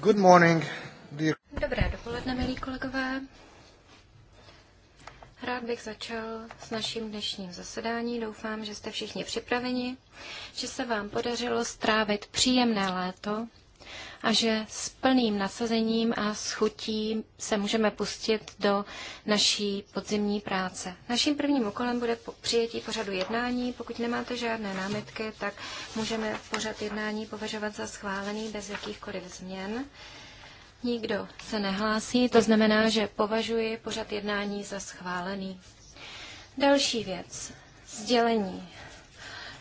Good morning, dear... Dobré dopoledne, milí kolegové. Rád bych začal s naším dnešním zasedání. Doufám, že jste všichni připraveni, že se vám podařilo strávit příjemné léto a že s plným nasazením a s chutí se můžeme pustit do naší podzimní práce. Naším prvním úkolem bude přijetí pořadu jednání. Pokud nemáte žádné námitky, tak můžeme pořad jednání považovat za schválený bez jakýchkoliv změn. Nikdo se nehlásí, to znamená, že považuji pořad jednání za schválený. Další věc. Sdělení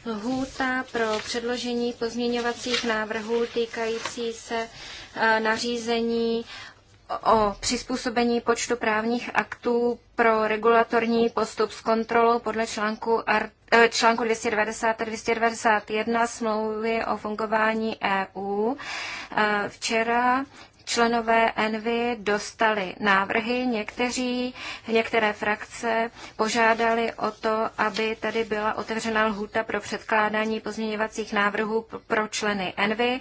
Lhůta pro předložení pozměňovacích návrhů týkající se eh, nařízení o přizpůsobení počtu právních aktů pro regulatorní postup s kontrolou podle článku, eh, článku 290 a 291 smlouvy o fungování EU. Eh, včera členové Envy dostali návrhy. Někteří, některé frakce požádali o to, aby tady byla otevřena lhůta pro předkládání pozměňovacích návrhů pro členy Envy.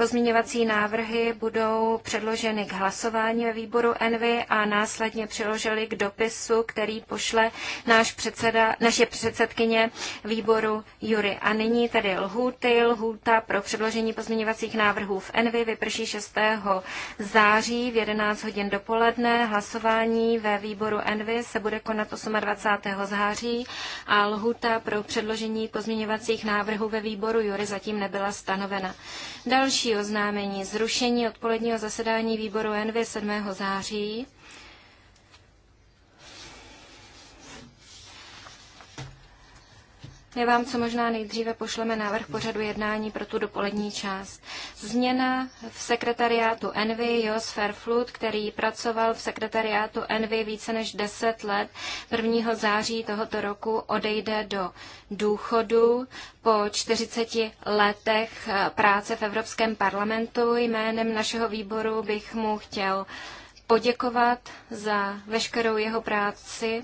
Pozměňovací návrhy budou předloženy k hlasování ve výboru Envy a následně přiloženy k dopisu, který pošle náš předseda, naše předsedkyně výboru Jury. A nyní tedy lhůty. Lhůta pro předložení pozměňovacích návrhů v Envy vyprší 6. září v 11 hodin dopoledne. Hlasování ve výboru Envy se bude konat 28. září a lhůta pro předložení pozměňovacích návrhů ve výboru Jury zatím nebyla stanovena. Další oznámení. Zrušení odpoledního zasedání výboru NV 7. září. My vám co možná nejdříve pošleme návrh pořadu jednání pro tu dopolední část. Změna v sekretariátu Envy Jos Fairflut, který pracoval v sekretariátu Envy více než 10 let, 1. září tohoto roku odejde do důchodu po 40 letech eh, práce v Evropském parlamentu. Jménem našeho výboru bych mu chtěl poděkovat za veškerou jeho práci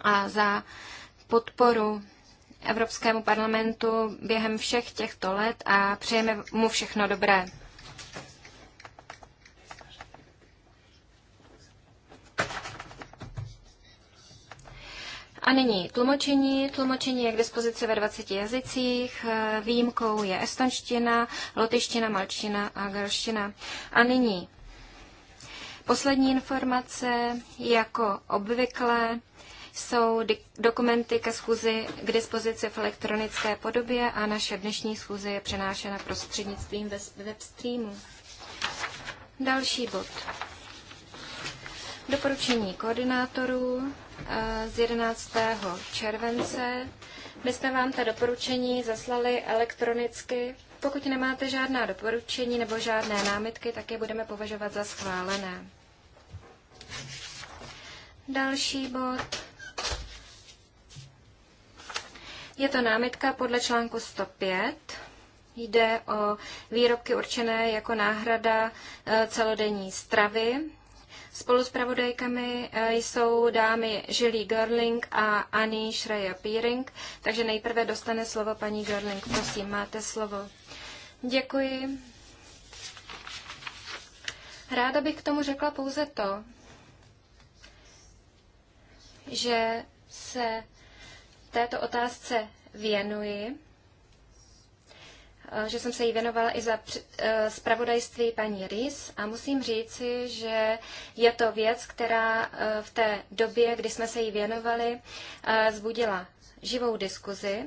a za podporu Evropskému parlamentu během všech těchto let a přejeme mu všechno dobré. A nyní tlumočení. Tlumočení je k dispozici ve 20 jazycích. Výjimkou je estonština, lotyština, malčtina a galština. A nyní poslední informace, jako obvykle, jsou dokumenty ke schůzi k dispozici v elektronické podobě a naše dnešní schůze je přenášena prostřednictvím streamu. Další bod. Doporučení koordinátorů eh, z 11. července. My jsme vám ta doporučení zaslali elektronicky. Pokud nemáte žádná doporučení nebo žádné námitky, tak je budeme považovat za schválené. Další bod. Je to námitka podle článku 105. Jde o výrobky určené jako náhrada e, celodenní stravy. Spolu s pravodajkami e, jsou dámy Julie Görling a Annie Schreyer Peering, takže nejprve dostane slovo paní Görling. Prosím, máte slovo. Děkuji. Ráda bych k tomu řekla pouze to, že se této otázce věnuji, eh, že jsem se jí věnovala i za eh, zpravodajství paní Rys a musím říci, že je to věc, která eh, v té době, kdy jsme se jí věnovali, zbudila živou diskuzi.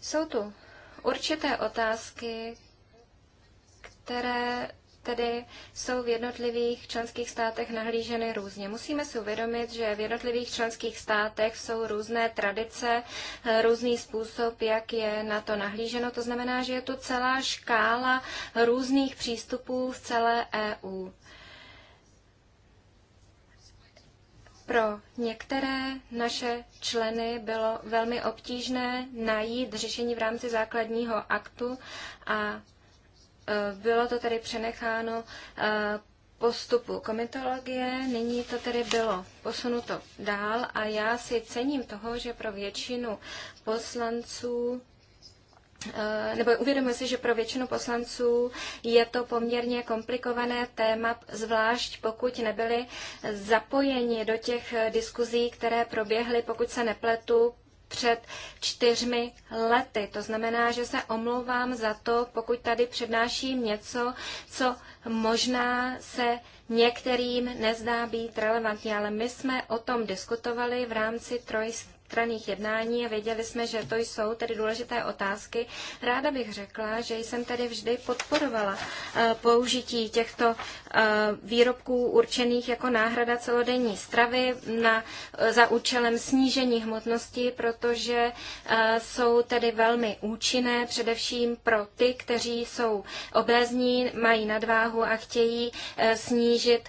Jsou tu určité otázky, které tedy jsou v jednotlivých členských státech nahlíženy různě. Musíme si uvědomit, že v jednotlivých členských státech jsou různé tradice, eh, různý způsob, jak je na to nahlíženo. To znamená, že je tu celá škála různých přístupů v celé EU. Pro některé naše členy bylo velmi obtížné najít řešení v rámci základního aktu a Eh, bylo to tedy přenecháno eh, postupu komitologie, nyní to tedy bylo posunuto dál a já si cením toho, že pro většinu poslanců eh, nebo uvědomuji si, že pro většinu poslanců je to poměrně komplikované téma, zvlášť pokud nebyli zapojeni do těch diskuzí, které proběhly, pokud se nepletu, před čtyřmi lety. To znamená, že se omlouvám za to, pokud tady přednáším něco, co možná se některým nezdá být relevantní, ale my jsme o tom diskutovali v rámci trojství dvoustranných jednání a věděli jsme, že to jsou tedy důležité otázky. Ráda bych řekla, že jsem tedy vždy podporovala eh, použití těchto eh, výrobků určených jako náhrada celodenní stravy na, eh, za účelem snížení hmotnosti, protože jsou tedy velmi účinné, především pro ty, kteří jsou obézní, mají nadváhu a chtějí snížit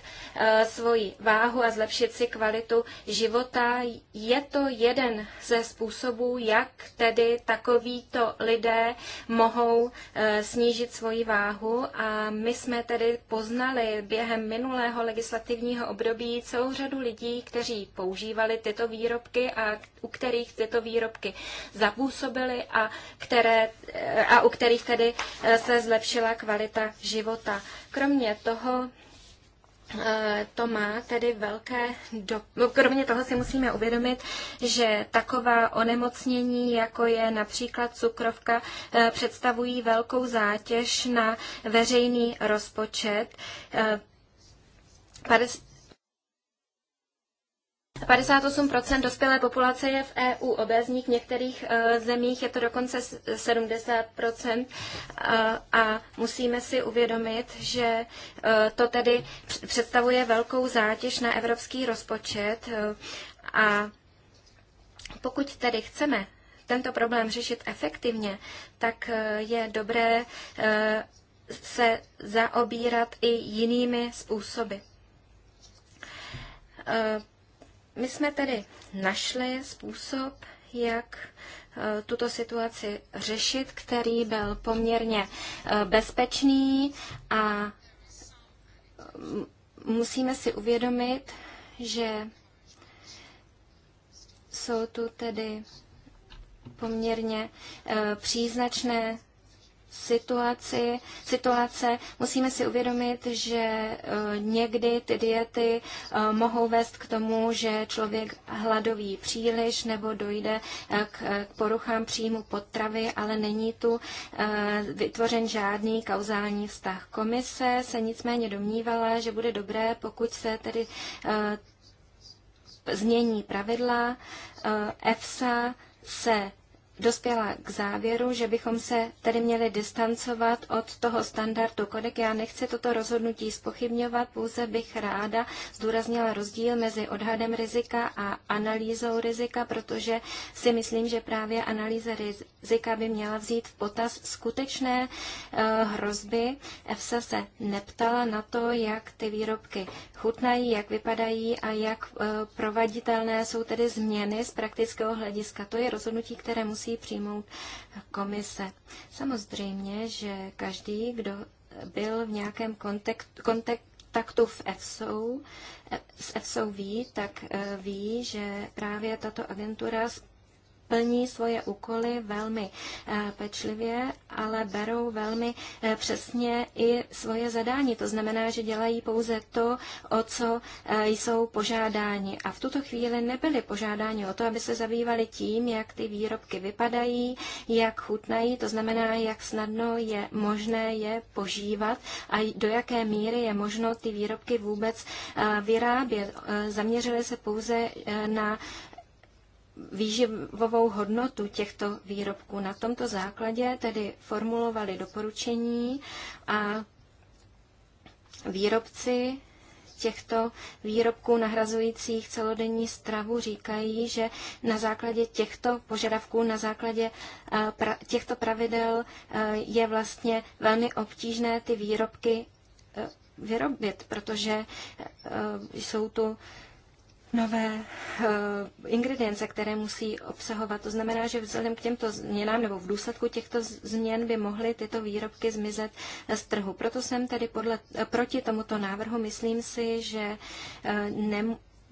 svoji váhu a zlepšit si kvalitu života. Je to jeden jeden ze způsobů, jak tedy takovýto lidé mohou eh, snížit svoji váhu a my jsme tedy poznali během minulého legislativního období celou řadu lidí, kteří používali tyto výrobky a u kterých tyto výrobky zapůsobily a, které, eh, a u kterých tedy eh, se zlepšila kvalita života. Kromě toho Eh, to má tedy velké do... No, kromě toho si musíme uvědomit, že taková onemocnění, jako je například cukrovka, eh, představují velkou zátěž na veřejný rozpočet. 50 eh, 58 dospělé populace je v EU obézní, v některých e, zemích je to dokonce 70 e, a musíme si uvědomit, že e, to tedy představuje velkou zátěž na evropský rozpočet a pokud tedy chceme tento problém řešit efektivně, tak je dobré se zaobírat i jinými způsoby. My jsme tedy našli způsob, jak e, tuto situaci řešit, který byl poměrně e, bezpečný a musíme si uvědomit, že jsou tu tedy poměrně e, příznačné situaci, situace. Musíme si uvědomit, že eh, někdy ty diety eh, mohou vést k tomu, že člověk hladoví příliš nebo dojde eh, k poruchám příjmu potravy, ale není tu vytvořen žádný kauzální vztah. Komise se nicméně domnívala, že bude dobré, pokud se tedy změní pravidla. EFSA se dospěla k závěru, že bychom se tedy měli distancovat od toho standardu kodek. Já nechci toto rozhodnutí spochybňovat, pouze bych ráda zdůraznila rozdíl mezi odhadem rizika a analýzou rizika, protože si myslím, že právě analýza rizika by měla vzít v potaz skutečné eh, hrozby. EFSA se neptala na to, jak ty výrobky chutnají, jak vypadají a jak eh, proveditelné jsou tedy změny z praktického hlediska. To je rozhodnutí, které musí musí přijmout komise. Samozřejmě, že každý, kdo byl v nějakém kontakt, kontakt, kontaktu v EFSOU, e, s EFSOU ví, tak e, ví, že právě tato agentura plní svoje úkoly velmi eh, pečlivě, ale berou velmi eh, přesně i svoje zadání. To znamená, že dělají pouze to, o co eh, jsou požádáni. A v tuto chvíli nebyli požádáni o to, aby se zabývali tím, jak ty výrobky vypadají, jak chutnají, to znamená, jak snadno je možné je požívat a do jaké míry je možno ty výrobky vůbec vyrábět. Zaměřili se pouze na výživovou hodnotu těchto výrobků. Na tomto základě tedy formulovali doporučení a výrobci těchto výrobků nahrazujících celodenní stravu říkají, že na základě těchto požadavků, na základě eh, těchto pravidel eh, je vlastně velmi obtížné ty výrobky eh, vyrobit, protože jsou tu nové eh, ingredience, které musí obsahovat. To znamená, že vzhledem k těmto změnám nebo v důsledku těchto změn by mohly tyto výrobky zmizet z trhu. Proto jsem tedy podle, proti tomuto návrhu. Myslím si, že eh, ne,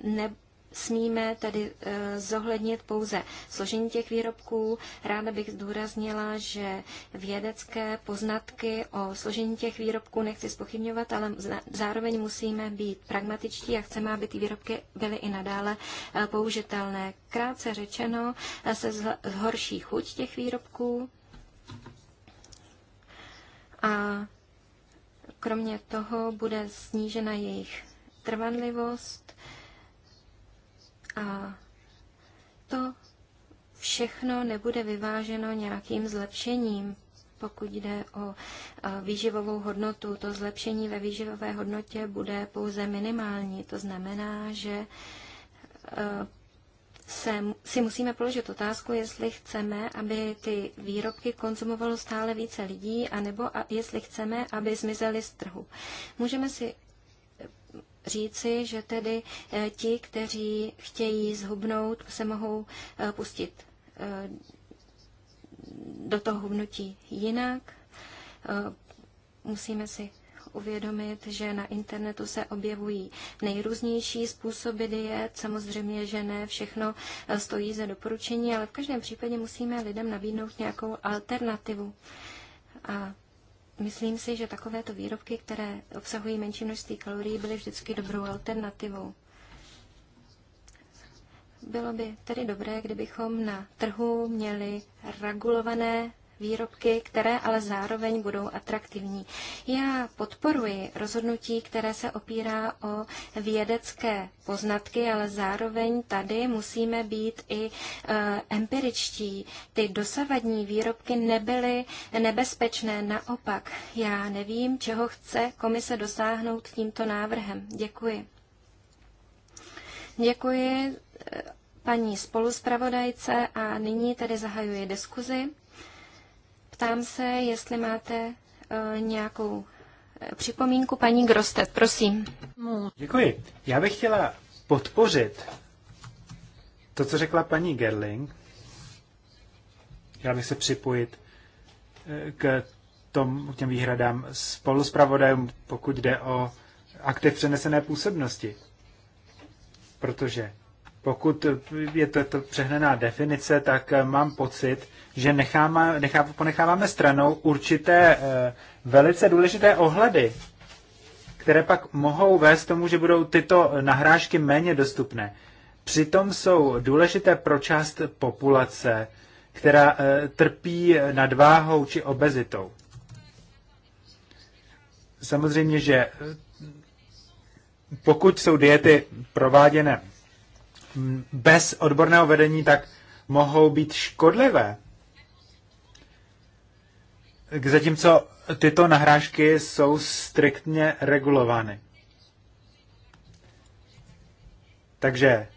ne, smíme tedy e, zohlednit pouze složení těch výrobků. Ráda bych zdůraznila, že vědecké poznatky o složení těch výrobků nechci spochybňovat, ale zároveň musíme být pragmatičtí a chceme, aby ty výrobky byly i nadále e, použitelné. Krátce řečeno e, se zhorší chuť těch výrobků a kromě toho bude snížena jejich trvanlivost a to všechno nebude vyváženo nějakým zlepšením, pokud jde o výživovou hodnotu. To zlepšení ve výživové hodnotě bude pouze minimální. To znamená, že se, si musíme položit otázku, jestli chceme, aby ty výrobky konzumovalo stále více lidí, anebo a, jestli chceme, aby zmizely z trhu. Můžeme si říci, že tedy eh, ti, kteří chtějí zhubnout, se mohou eh, pustit eh, do toho hubnutí jinak. Musíme si uvědomit, že na internetu se objevují nejrůznější způsoby diet. Samozřejmě, že ne všechno stojí za doporučení, ale v každém případě musíme lidem nabídnout nějakou alternativu. A Myslím si, že takovéto výrobky, které obsahují menší množství kalorií, byly vždycky dobrou alternativou. Bylo by tedy dobré, kdybychom na trhu měli regulované výrobky, které ale zároveň budou atraktivní. Já podporuji rozhodnutí, které se opírá o vědecké poznatky, ale zároveň tady musíme být i e, empiričtí. Ty dosavadní výrobky nebyly nebezpečné, naopak. Já nevím, čeho chce komise dosáhnout tímto návrhem. Děkuji. Děkuji e, paní spoluspravodajce a nyní tedy zahajuji diskuzi. Ptám se, jestli máte eh, nějakou eh, připomínku. Paní Grostet, prosím. Děkuji. Já bych chtěla podpořit to, co řekla paní Gerling. Já bych se připojit eh, k tom, těm výhradám spolu s pravodajem, pokud jde o aktiv přenesené působnosti. Protože pokud je to, to přehnaná definice, tak eh, mám pocit, že necháme, nechá, ponecháváme stranou určité eh, velice důležité ohledy, které pak mohou vést tomu, že budou tyto nahrážky méně dostupné. Přitom jsou důležité pro část populace, která eh, trpí nadváhou či obezitou. Samozřejmě, že pokud jsou diety prováděné bez odborného vedení, tak mohou být škodlivé. Zatímco tyto nahrážky jsou striktně regulovány. Takže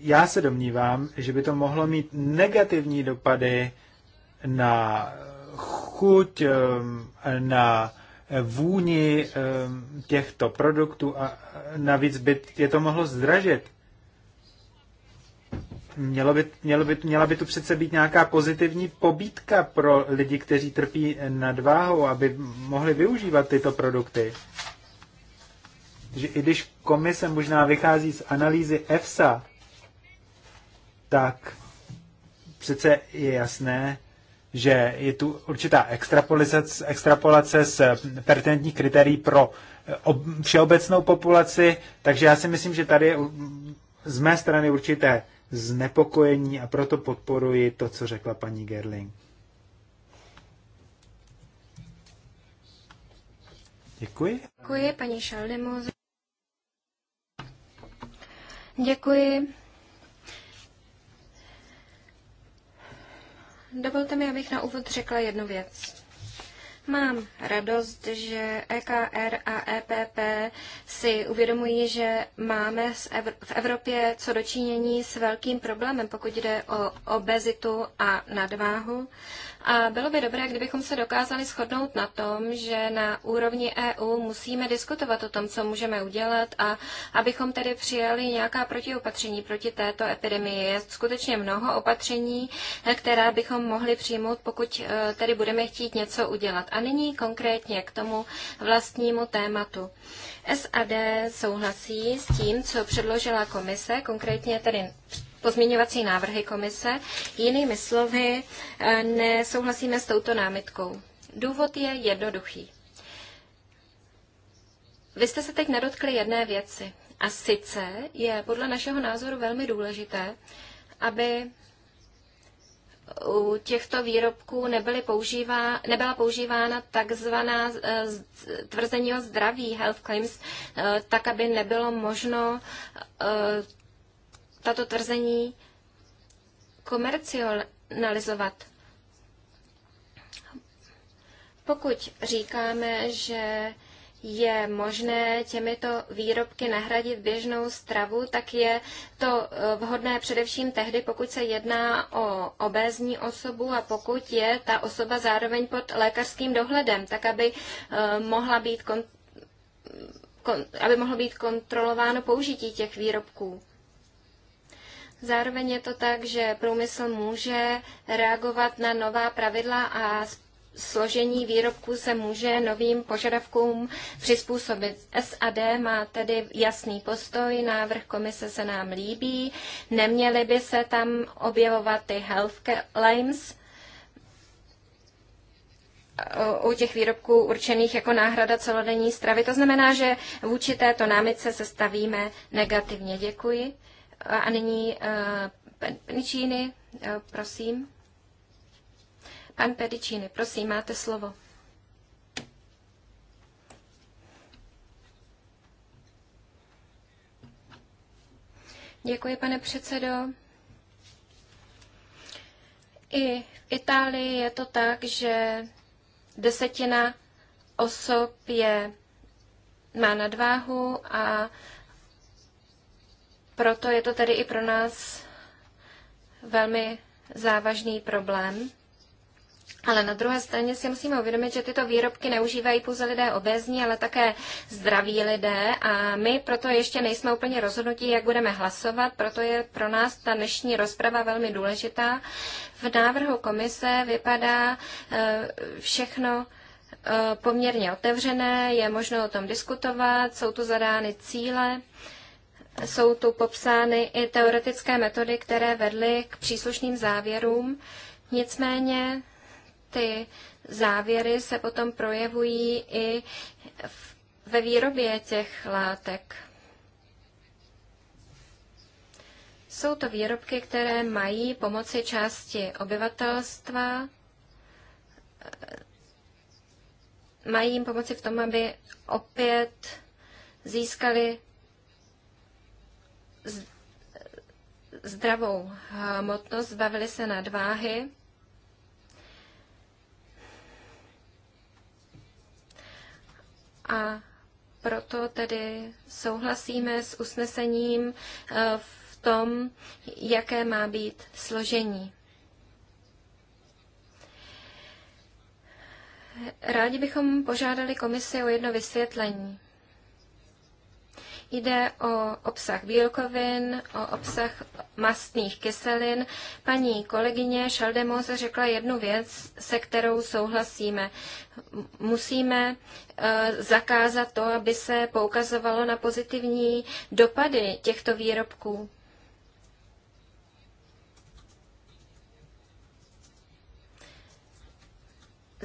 já se domnívám, že by to mohlo mít negativní dopady na chuť, na vůni těchto produktů a navíc by je to mohlo zdražit mělo by, mělo by, měla by tu přece být nějaká pozitivní pobídka pro lidi, kteří trpí nadváhou, aby mohli využívat tyto produkty. že i když komise možná vychází z analýzy EFSA, tak přece je jasné, že je tu určitá extrapolace, z pertinentních kritérií pro eh, všeobecnou populaci, takže já si myslím, že tady je z mé strany určité znepokojení a proto podporuji to, co řekla paní Gerling. Děkuji. Děkuji paní Šaldemu. Děkuji. Dovolte mi, abych na úvod řekla jednu věc. Mám radost, že EKR a EPP si uvědomují, že máme v Evropě co dočinění s velkým problémem, pokud jde o obezitu a nadváhu. A bylo by dobré, kdybychom se dokázali shodnout na tom, že na úrovni EU musíme diskutovat o tom, co můžeme udělat a abychom tedy přijali nějaká protiopatření proti této epidemii. Je skutečně mnoho opatření, která bychom mohli přijmout, pokud e, tedy budeme chtít něco udělat. A nyní konkrétně k tomu vlastnímu tématu. SAD souhlasí s tím, co předložila komise, konkrétně tedy pozměňovací návrhy komise. Jinými slovy, eh, nesouhlasíme s touto námitkou. Důvod je jednoduchý. Vy jste se teď nedotkli jedné věci. A sice je podle našeho názoru velmi důležité, aby u těchto výrobků nebyly používá, nebyla používána takzvaná eh, tvrzení o zdraví, health claims, eh, tak, aby nebylo možno tato tvrzení komercionalizovat. Pokud říkáme, že je možné těmito výrobky nahradit běžnou stravu, tak je to eh, vhodné především tehdy, pokud se jedná o obézní osobu a pokud je ta osoba zároveň pod lékařským dohledem, tak aby eh, mohla být kon, kon, aby mohlo být kontrolováno použití těch výrobků. Zároveň je to tak, že průmysl může reagovat na nová pravidla a složení výrobků se může novým požadavkům přizpůsobit. SAD má tedy jasný postoj, návrh komise se nám líbí, neměly by se tam objevovat ty health claims, u těch výrobků určených jako náhrada celodenní stravy. To znamená, že vůči této námitce se stavíme negativně. Děkuji. A nyní eh, Pedicini, eh, prosím. Pan Pedičíny, prosím, máte slovo. Děkuji, pane předsedo. I v Itálii je to tak, že desetina osob je, má nadváhu a proto je to tedy i pro nás velmi závažný problém. Ale na druhé straně si musíme uvědomit, že tyto výrobky neužívají pouze lidé obezní, ale také zdraví lidé a my proto ještě nejsme úplně rozhodnutí, jak budeme hlasovat, proto je pro nás ta dnešní rozprava velmi důležitá. V návrhu komise vypadá eh, všechno eh, poměrně otevřené, je možno o tom diskutovat, jsou tu zadány cíle jsou tu popsány i teoretické metody, které vedly k příslušným závěrům. Nicméně ty závěry se potom projevují i v, ve výrobě těch látek. Jsou to výrobky, které mají pomoci části obyvatelstva, mají jim pomoci v tom, aby opět získali zdravou hmotnost, zbavili se nadváhy. A proto tedy souhlasíme s usnesením eh, v tom, jaké má být složení. Rádi bychom požádali komisi o jedno vysvětlení. Jde o obsah bílkovin, o obsah mastných kyselin. Paní kolegyně Šaldemoze řekla jednu věc, se kterou souhlasíme. Musíme eh, zakázat to, aby se poukazovalo na pozitivní dopady těchto výrobků.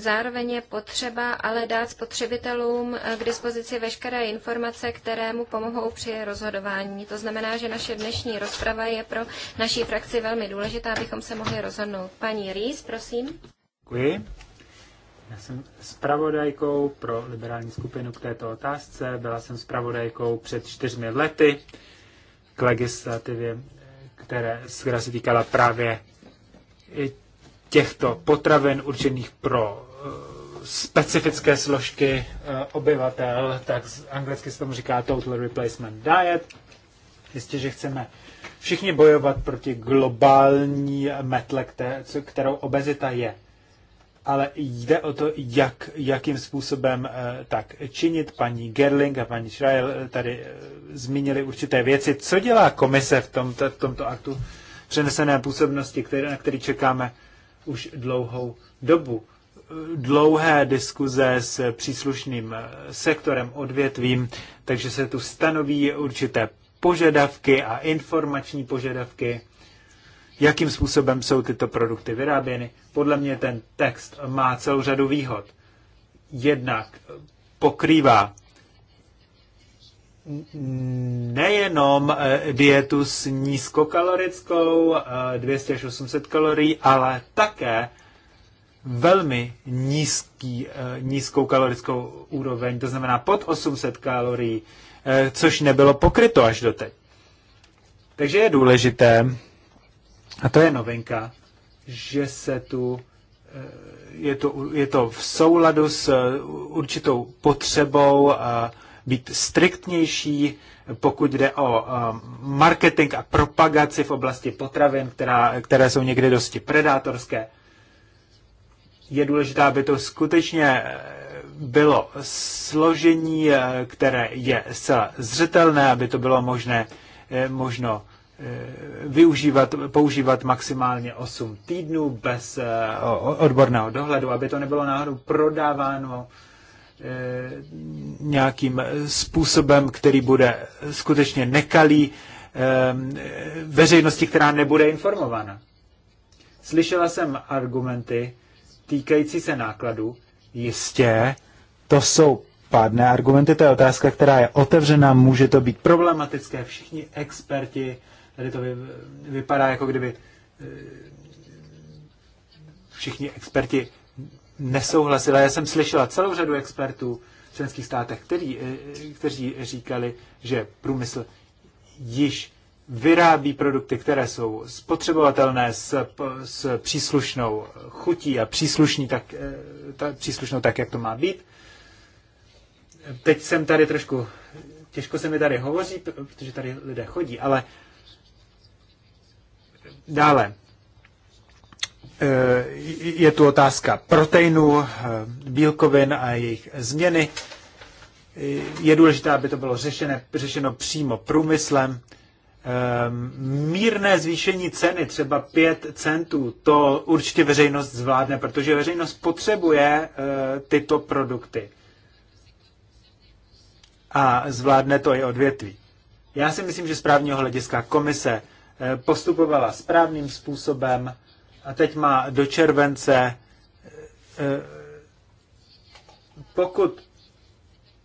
Zároveň je potřeba ale dát spotřebitelům eh, k dispozici veškeré informace, které mu pomohou při rozhodování. To znamená, že naše dnešní rozprava je pro naší frakci velmi důležitá, abychom se mohli rozhodnout. Paní Rýs, prosím. Děkuji. Já jsem spravodajkou pro liberální skupinu k této otázce. Byla jsem spravodajkou před čtyřmi lety k legislativě, které, která se týkala právě těchto potravin určených pro specifické složky eh, obyvatel, tak anglicky se tomu říká Total Replacement Diet. Jistě, že chceme všichni bojovat proti globální metle, kterou obezita je. Ale jde o to, jak, jakým způsobem eh, tak činit. Paní Gerling a paní Schreier eh, tady zmínili určité věci. Co dělá komise v, tomto, v tomto aktu přenesené působnosti, který, na který čekáme už dlouhou dobu? dlouhé diskuze s příslušným eh, sektorem odvětvím, takže se tu stanoví určité požadavky a informační požadavky, jakým způsobem jsou tyto produkty vyráběny. Podle mě ten text má celou řadu výhod. Jednak pokrývá nejenom eh, dietu s nízkokalorickou, eh, 200 až 800 kalorií, ale také velmi nízký, eh, nízkou kalorickou úroveň, to znamená pod 800 kalorií, eh, což nebylo pokryto až doteď. Takže je důležité, a to je novinka, že se tu eh, je to, je to v souladu s určitou potřebou být striktnější, pokud jde o marketing a propagaci v oblasti potravin, která, které jsou někdy dosti predátorské je důležité, aby to skutečně eh, bylo složení, eh, které je zcela zřetelné, aby to bylo možné, eh, možno využívat, používat maximálně 8 týdnů bez odborného dohledu, aby to nebylo náhodou prodáváno nějakým způsobem, který bude skutečně nekalý veřejnosti, která nebude informována. Slyšela jsem argumenty, týkající se nákladu, jistě, to jsou pádné argumenty, to je otázka, která je otevřená, může to být problematické, všichni experti, tady to vy, vypadá jako kdyby eh, všichni experti nesouhlasili. Já jsem slyšela celou řadu expertů v členských státech, který, eh, kteří říkali, že průmysl již vyrábí produkty, které jsou spotřebovatelné s, s příslušnou chutí a příslušní tak, eh, ta, příslušnou tak, jak to má být. Teď jsem tady trošku, těžko se mi tady hovoří, protože tady lidé chodí, ale dále. Eh, je tu otázka proteinů, eh, bílkovin a jejich změny. Je důležité, aby to bylo řešené, řešeno přímo průmyslem Ehm, mírné zvýšení ceny, třeba 5 centů, to určitě veřejnost zvládne, protože veřejnost potřebuje eh, tyto produkty. A zvládne to i odvětví. Já si myslím, že z právního hlediska komise eh, postupovala správným způsobem a teď má do července, eh, pokud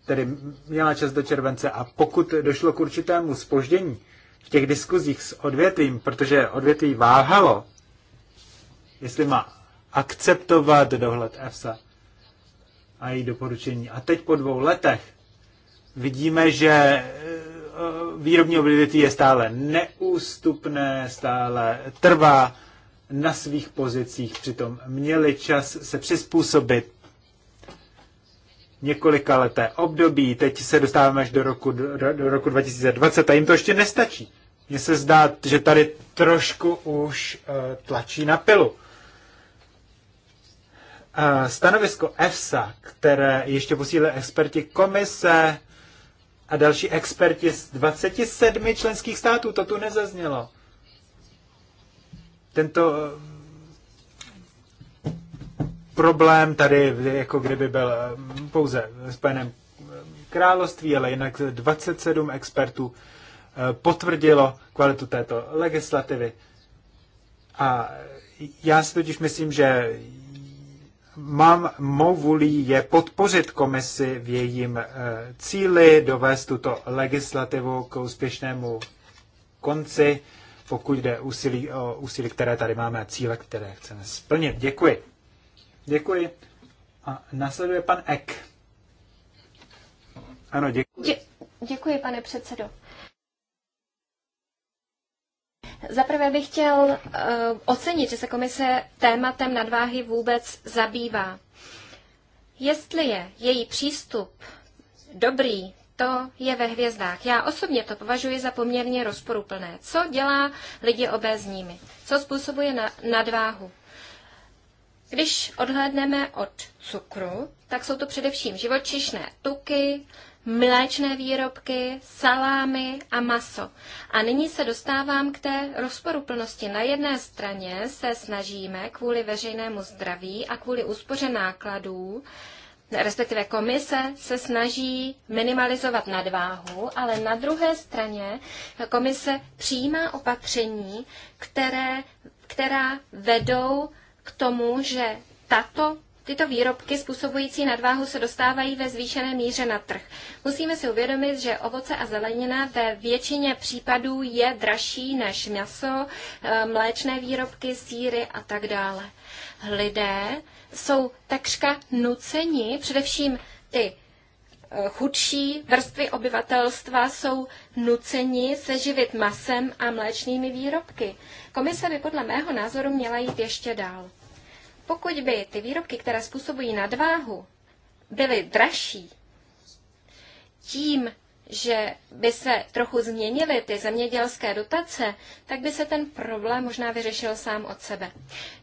tedy měla čas do července a pokud došlo k určitému spoždění, v těch diskuzích s odvětvím, protože odvětví váhalo, jestli má akceptovat dohled EFSA a její doporučení. A teď po dvou letech vidíme, že eh, výrobní odvětví je stále neústupné, stále trvá na svých pozicích, přitom měli čas se přizpůsobit několika leté období, teď se dostáváme až do roku, do, do roku 2020 a jim to ještě nestačí. Mně se zdá, že tady trošku už uh, tlačí na pilu. Uh, stanovisko EFSA, které ještě posílili experti komise a další experti z 27 členských států, to tu nezaznělo. Tento problém tady, jako kdyby byl eh, pouze Spojeném království, ale jinak 27 expertů eh, potvrdilo kvalitu této legislativy. A já si totiž myslím, že mám, mou vůlí je podpořit komisi v jejím eh, cíli, dovést tuto legislativu k úspěšnému konci, pokud jde úsilí, o úsilí, které tady máme a cíle, které chceme splnit. Děkuji. Děkuji. A nasleduje pan Ek. Ano, děkuji. Dě- děkuji, pane předsedo. Zaprvé bych chtěl uh, ocenit, že se komise tématem nadváhy vůbec zabývá. Jestli je její přístup dobrý, to je ve hvězdách. Já osobně to považuji za poměrně rozporuplné. Co dělá lidi obézními? Co způsobuje na, nadváhu? Když odhlédneme od cukru, tak jsou to především živočišné tuky, mléčné výrobky, salámy a maso. A nyní se dostávám k té rozporuplnosti. Na jedné straně se snažíme kvůli veřejnému zdraví a kvůli úspoře nákladů, respektive komise se snaží minimalizovat nadváhu, ale na druhé straně komise přijímá opatření, které, která vedou k tomu, že tato Tyto výrobky způsobující nadváhu se dostávají ve zvýšené míře na trh. Musíme si uvědomit, že ovoce a zelenina ve většině případů je dražší než maso, eh, mléčné výrobky, síry a tak dále. Lidé jsou takřka nuceni, především ty chudší vrstvy obyvatelstva jsou nuceni se živit masem a mléčnými výrobky. Komise by podle mého názoru měla jít ještě dál. Pokud by ty výrobky, které způsobují nadváhu, byly dražší, tím že by se trochu změnily ty zemědělské dotace, tak by se ten problém možná vyřešil sám od sebe.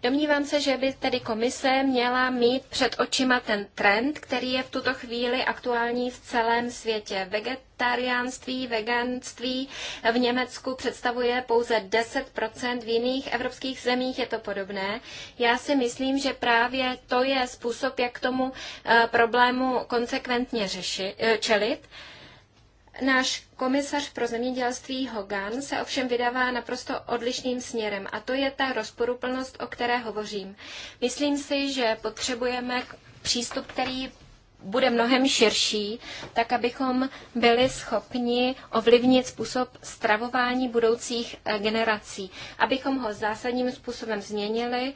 Domnívám se, že by tedy komise měla mít před očima ten trend, který je v tuto chvíli aktuální v celém světě. Vegetariánství, veganství v Německu představuje pouze 10%, v jiných evropských zemích je to podobné. Já si myslím, že právě to je způsob, jak tomu eh, problému konsekventně řeši, eh, čelit. Náš komisař pro zemědělství Hogan se ovšem vydává naprosto odlišným směrem a to je ta rozporuplnost, o které hovořím. Myslím si, že potřebujeme přístup, který bude mnohem širší, tak abychom byli schopni ovlivnit způsob stravování budoucích eh, generací, abychom ho zásadním způsobem změnili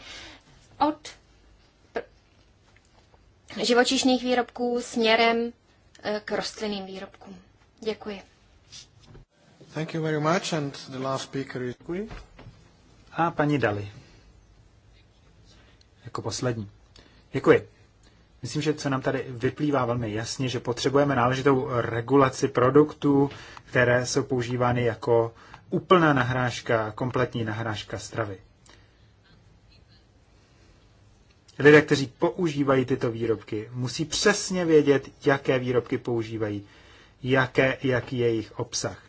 od živočišných výrobků směrem eh, k rostlinným výrobkům. Děkuji. Thank you very much and the last speaker is... Děkuji. A paní Dali. Jako poslední. Děkuji. Myslím, že co nám tady vyplývá velmi jasně, že potřebujeme náležitou regulaci produktů, které jsou používány jako úplná nahrážka, kompletní nahrážka stravy. Lidé, kteří používají tyto výrobky, musí přesně vědět, jaké výrobky používají, jaké, jaký je jejich obsah.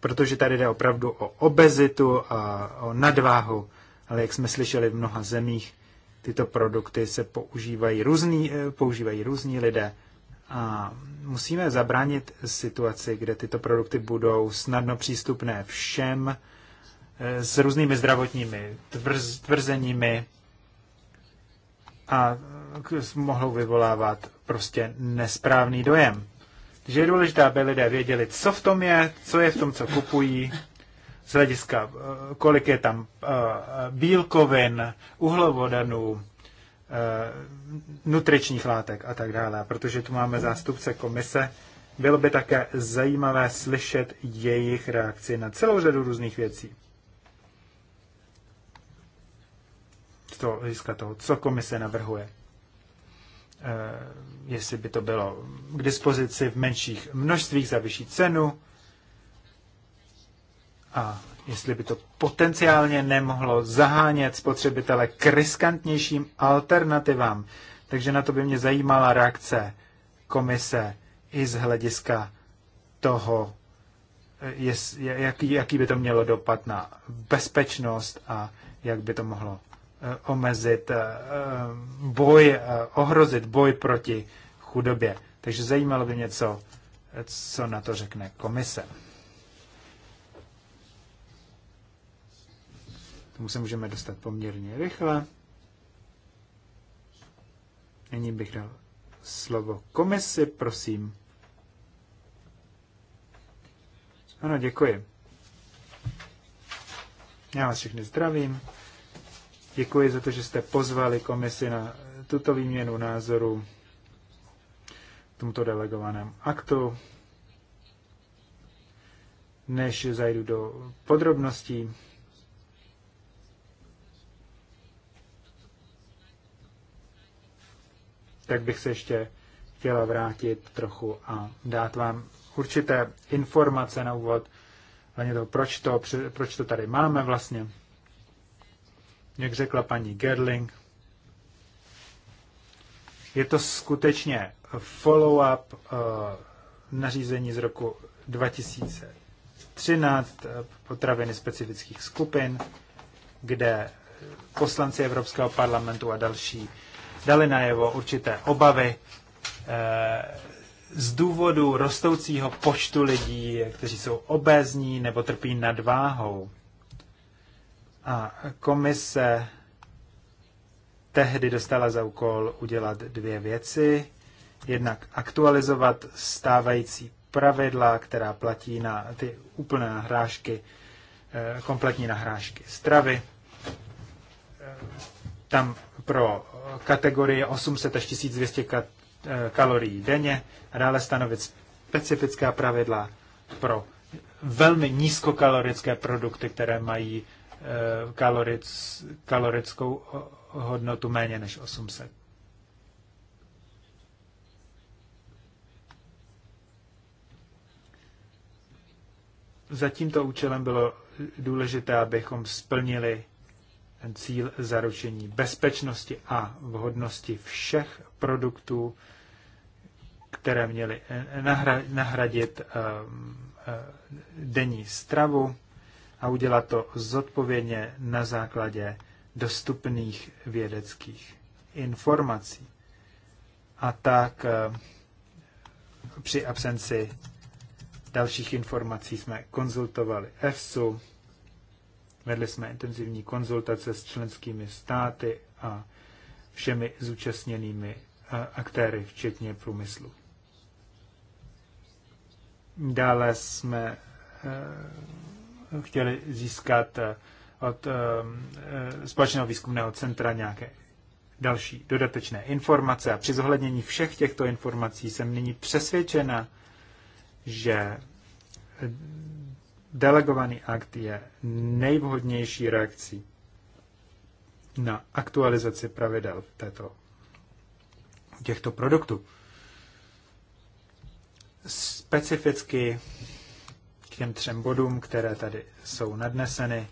Protože tady jde opravdu o obezitu a o nadváhu, ale jak jsme slyšeli v mnoha zemích, tyto produkty se používají různí, eh, používají různí lidé a musíme zabránit situaci, kde tyto produkty budou snadno přístupné všem eh, s různými zdravotními tvrz, tvrzeními a mohou vyvolávat prostě nesprávný dojem že je důležité, aby lidé věděli, co v tom je, co je v tom, co kupují, z hlediska, eh, kolik je tam eh, bílkovin, uhlovodanů, eh, nutričních látek a tak dále. Protože tu máme zástupce komise, bylo by také zajímavé slyšet jejich reakci na celou řadu různých věcí. Z hlediska toho, co komise navrhuje jestli by to bylo k dispozici v menších množstvích za vyšší cenu a jestli by to potenciálně nemohlo zahánět spotřebitele k riskantnějším alternativám. Takže na to by mě zajímala reakce komise i z hlediska toho, eh, jaký, jaký by to mělo dopad na bezpečnost a jak by to mohlo Eh, omezit eh, boj, eh, ohrozit boj proti chudobě. Takže zajímalo by mě, co, co na to řekne komise. Tomu se můžeme dostat poměrně rychle. Nyní bych dal slovo komisi, prosím. Ano, děkuji. Já vás všechny zdravím. Děkuji za to, že jste pozvali komisi na tuto výměnu názoru tomuto delegovaném aktu. Než zajdu do podrobností, tak bych se ještě chtěla vrátit trochu a dát vám určité informace na úvod, hlavně to, proč to, proč to tady máme vlastně jak řekla paní Gerling, je to skutečně follow-up eh, nařízení z roku 2013 eh, potraviny specifických skupin, kde poslanci Evropského parlamentu a další dali najevo určité obavy eh, z důvodu rostoucího počtu lidí, kteří jsou obézní nebo trpí nadváhou. A komise tehdy dostala za úkol udělat dvě věci. Jednak aktualizovat stávající pravidla, která platí na ty úplné nahrážky, eh, kompletní nahrážky stravy. Eh, tam pro kategorie 800 až 1200 eh, kalorií denně a dále stanovit specifická pravidla pro velmi nízkokalorické produkty, které mají Eh, kaloric, kalorickou hodnotu méně než 800. Za tímto účelem bylo důležité, abychom splnili ten cíl zaručení bezpečnosti a vhodnosti všech produktů, které měly eh, nahradit ehm, eh, denní stravu a udělat to zodpovědně na základě dostupných vědeckých informací. A tak eh, při absenci dalších informací jsme konzultovali EFSU, vedli jsme intenzivní konzultace s členskými státy a všemi zúčastněnými eh, aktéry, včetně průmyslu. Dále jsme eh, chtěli získat eh, od eh, eh, společného výzkumného centra nějaké další dodatečné informace a při zohlednění všech těchto informací jsem nyní přesvědčena, že delegovaný akt je nejvhodnější reakcí na aktualizaci pravidel této, těchto produktů. Specificky těm třem bodům, které tady jsou nadneseny.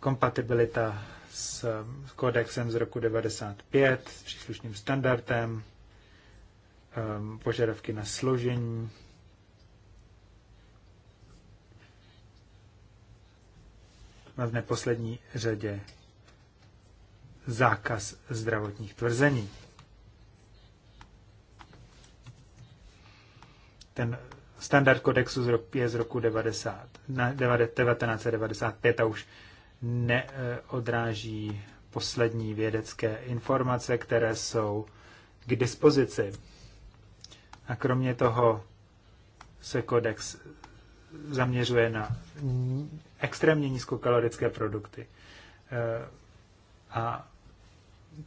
Kompatibilita s kodexem z roku 95, s příslušným standardem, ehm, požadavky na složení, a v neposlední řadě zákaz zdravotních tvrzení. Ten standard kodexu je z roku 90, 1995 a už neodráží poslední vědecké informace, které jsou k dispozici. A kromě toho se kodex zaměřuje na extrémně nízkokalorické produkty. Eh, a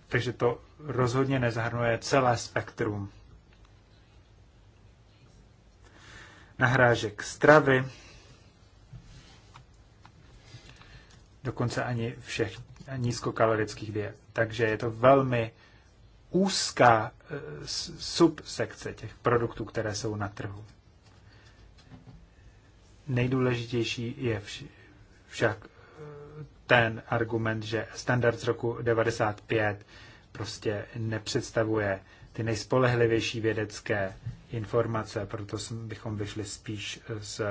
takže to rozhodně nezahrnuje celé spektrum nahrážek stravy, dokonce ani všech nízkokalorických diet. Takže je to velmi úzká eh, subsekce těch produktů, které jsou na trhu. Nejdůležitější je však eh, ten argument, že standard z roku 95 prostě nepředstavuje ty nejspolehlivější vědecké informace, proto bychom vyšli spíš eh, z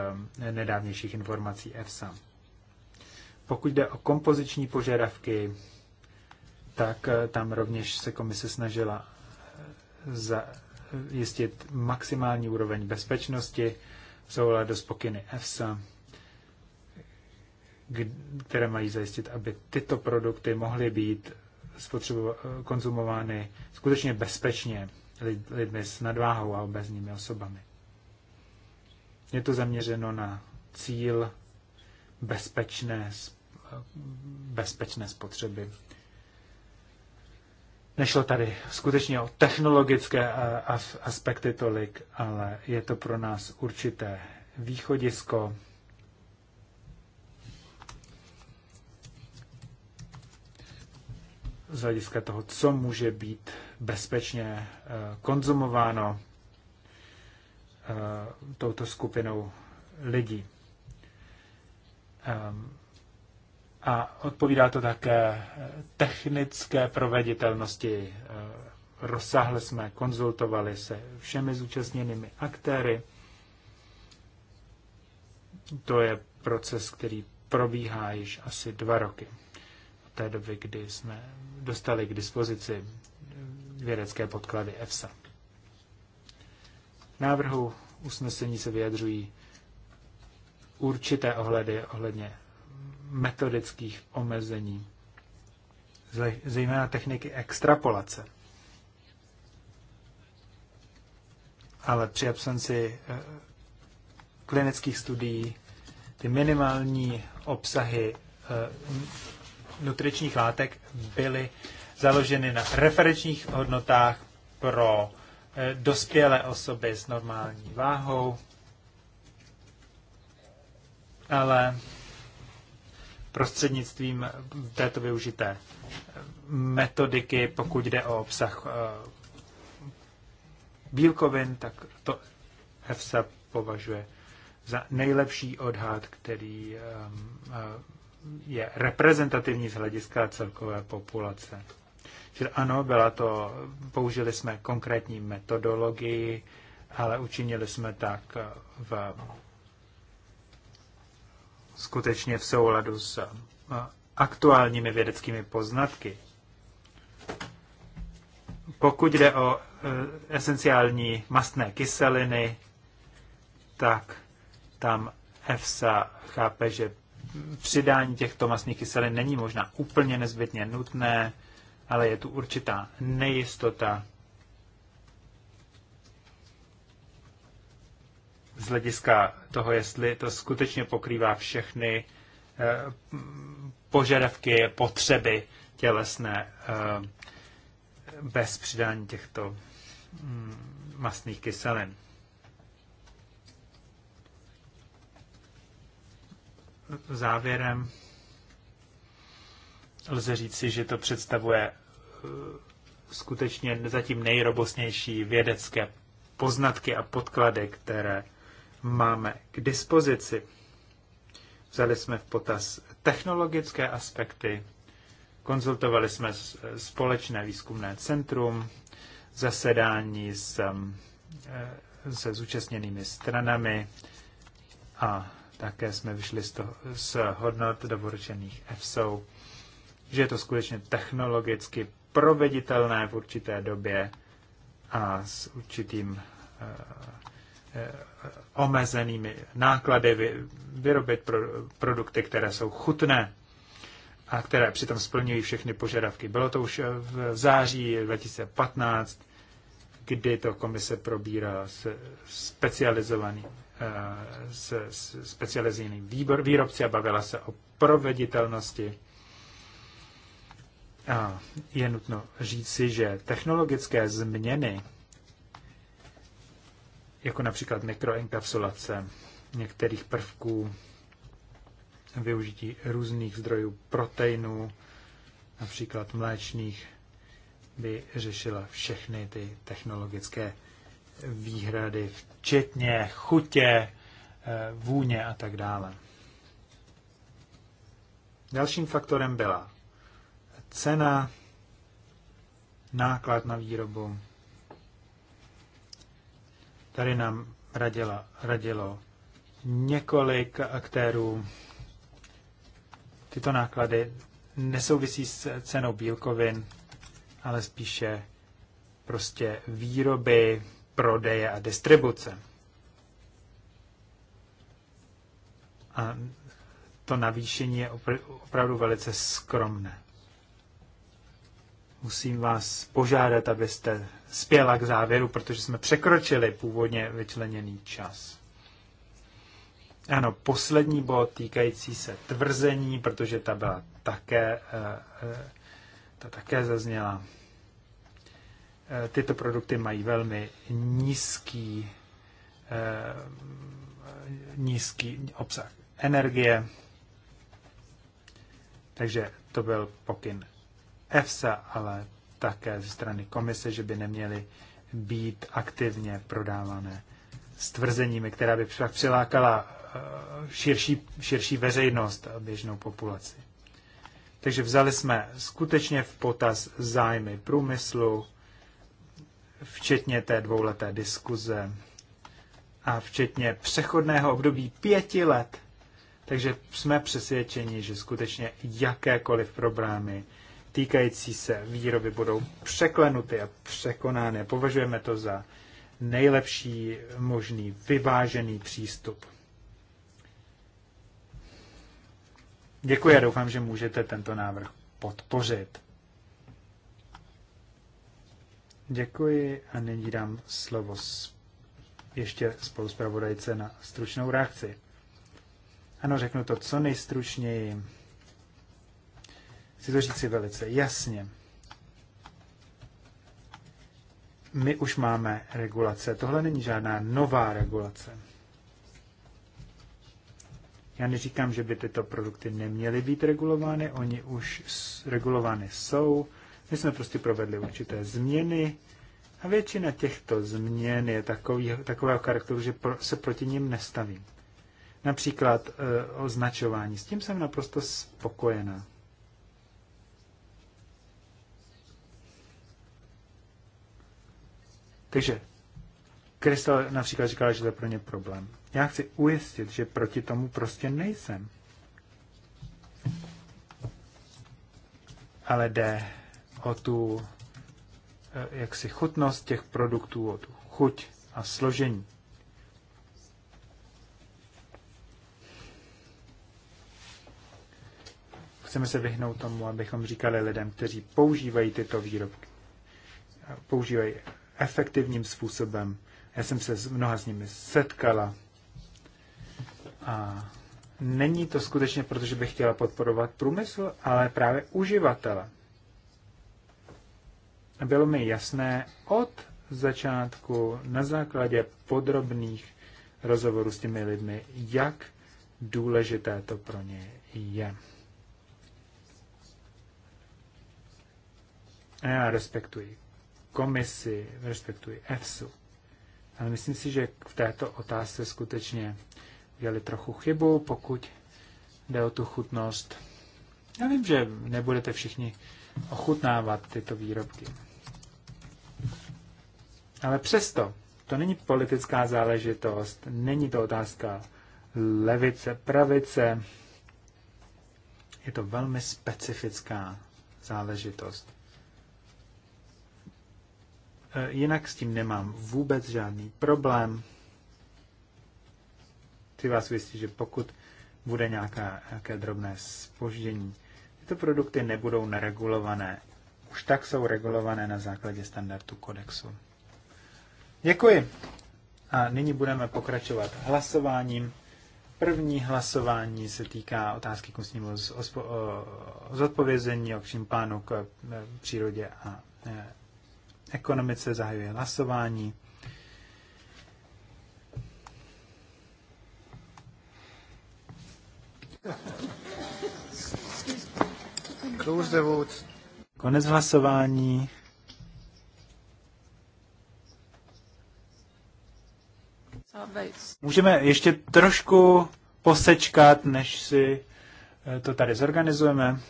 eh, nedávnějších informací EFSA. Pokud jde o kompoziční požadavky, tak eh, tam rovněž se komise snažila zajistit maximální úroveň bezpečnosti v souladu s pokyny EFSA, které mají zajistit, aby tyto produkty mohly být konzumovány skutečně bezpečně lidmi s nadváhou a obezními osobami. Je to zaměřeno na cíl bezpečné, bezpečné spotřeby. Nešlo tady skutečně o technologické aspekty tolik, ale je to pro nás určité východisko. Z hlediska toho, co může být bezpečně eh, konzumováno eh, touto skupinou lidí. Ehm, a odpovídá to také technické proveditelnosti. Eh, rozsáhle jsme konzultovali se všemi zúčastněnými aktéry. To je proces, který probíhá již asi dva roky. Od té doby, kdy jsme dostali k dispozici vědecké podklady EFSA. V návrhu usnesení se vyjadřují určité ohledy ohledně metodických omezení, zejména techniky extrapolace. Ale při absenci eh, klinických studií ty minimální obsahy eh, nutričních látek byly založeny na referenčních hodnotách pro eh, dospělé osoby s normální váhou, ale prostřednictvím této využité metodiky, pokud jde o obsah eh, bílkovin, tak to EFSA považuje za nejlepší odhad, který eh, je reprezentativní z hlediska celkové populace. Čili ano, byla to, použili jsme konkrétní metodologii, ale učinili jsme tak v, skutečně v souladu s aktuálními vědeckými poznatky. Pokud jde o e, esenciální mastné kyseliny, tak tam EFSA chápe, že přidání těchto mastných kyselin není možná úplně nezbytně nutné, ale je tu určitá nejistota z hlediska toho, jestli to skutečně pokrývá všechny eh, požadavky, potřeby tělesné eh, bez přidání těchto mm, masných kyselin. Závěrem lze říci, že to představuje skutečně zatím nejrobosnější vědecké poznatky a podklady, které máme k dispozici. Vzali jsme v potaz technologické aspekty, konzultovali jsme společné výzkumné centrum, zasedání s, eh, se zúčastněnými stranami a také jsme vyšli z, toho, z hodnot doporučených EFSO, že je to skutečně technologicky proveditelné v určité době a s určitým eh, eh, omezenými náklady vyrobit produkty, které jsou chutné a které přitom splňují všechny požadavky. Bylo to už eh, v září 2015, kdy to komise probírá s specializovaným s, s specializovaným výbor, výrobci a bavila se o proveditelnosti a je nutno říci, že technologické změny, jako například mikroenkapsulace některých prvků, využití různých zdrojů proteinů, například mléčných, by řešila všechny ty technologické výhrady, včetně chutě, eh, vůně a tak dále. Dalším faktorem byla cena, náklad na výrobu. Tady nám radila, radilo několik aktérů. Tyto náklady nesouvisí s cenou bílkovin, ale spíše prostě výroby, prodeje a distribuce. A to navýšení je opravdu velice skromné musím vás požádat, abyste spěla k závěru, protože jsme překročili původně vyčleněný čas. Ano, poslední bod týkající se tvrzení, protože ta byla také, eh, eh, ta také zazněla. Eh, tyto produkty mají velmi nízký, nízký obsah energie, takže to byl pokyn EFSA, ale také ze strany komise, že by neměly být aktivně prodávané s tvrzeními, která by však přilákala eh, širší, širší veřejnost a běžnou populaci. Takže vzali jsme skutečně v potaz zájmy průmyslu, včetně té dvouleté diskuze a včetně přechodného období pěti let. Takže jsme přesvědčeni, že skutečně jakékoliv problémy týkající se výroby budou překlenuty a překonány. Považujeme to za nejlepší možný vyvážený přístup. Děkuji a doufám, že můžete tento návrh podpořit. Děkuji a nyní dám slovo ještě spolu s na stručnou reakci. Ano, řeknu to co nejstručněji chci to si velice jasně. My už máme regulace. Tohle není žádná nová regulace. Já neříkám, že by tyto produkty neměly být regulovány, oni už regulovány jsou. My jsme prostě provedli určité změny a většina těchto změn je takový, takového charakteru, že pro, se proti ním nestavím. Například e, označování. S tím jsem naprosto spokojená. Takže Kristal například říkala, že to je pro ně problém. Já chci ujistit, že proti tomu prostě nejsem. Ale jde o tu eh, jaksi chutnost těch produktů, o tu chuť a složení. Chceme se vyhnout tomu, abychom říkali lidem, kteří používají tyto výrobky, používají efektivním způsobem. Já jsem se s mnoha z nimi setkala. A není to skutečně proto, že bych chtěla podporovat průmysl, ale právě uživatele. Bylo mi jasné od začátku na základě podrobných rozhovorů s těmi lidmi, jak důležité to pro ně je. A já respektuji komisi, respektuji EFSU. Ale myslím si, že v této otázce skutečně udělali trochu chybu, pokud jde o tu chutnost. Já vím, že nebudete všichni ochutnávat tyto výrobky. Ale přesto, to není politická záležitost, není to otázka levice, pravice. Je to velmi specifická záležitost. Eh, jinak s tím nemám vůbec žádný problém. Ty vás ujistí, že pokud bude nějaká, nějaké drobné spoždění, tyto produkty nebudou neregulované. Už tak jsou regulované na základě standardu kodexu. Děkuji. A nyní budeme pokračovat hlasováním. První hlasování se týká otázky k ústnímu zodpovězení o plánu k eh, přírodě a eh, ekonomice, zahajuje hlasování. Konec hlasování. Můžeme ještě trošku posečkat, než si eh, to tady zorganizujeme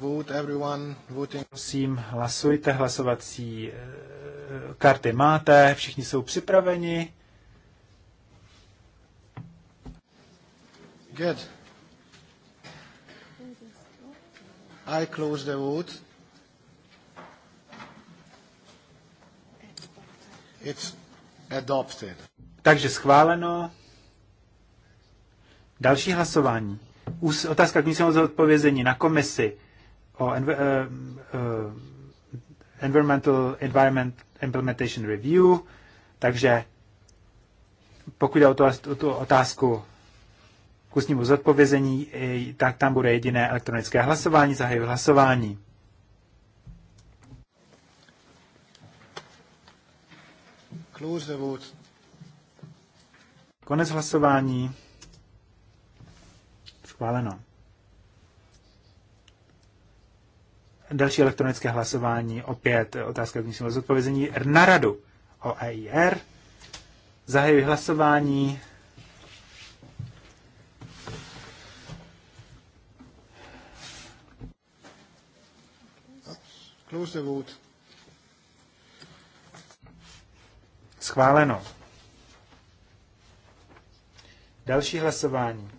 vote everyone voting. Prosím, hlasujte, hlasovací eh, karty máte, všichni jsou připraveni. Good. I close the vote. It's adopted. Takže schváleno. Další hlasování. Otázka k místnímu zodpovězení na komisi o env- uh, eh, uh, eh, Environmental Environment Implementation Review, takže pokud jde o to, o tu otázku k ústnímu zodpovězení, tak tam bude jediné elektronické hlasování, zahajuji hlasování. Close the vote. Konec hlasování. Schváleno. další elektronické hlasování, opět otázka k vnitřního zodpovězení na radu o EIR. Zahajuji hlasování. Close the vote. Schváleno. Další hlasování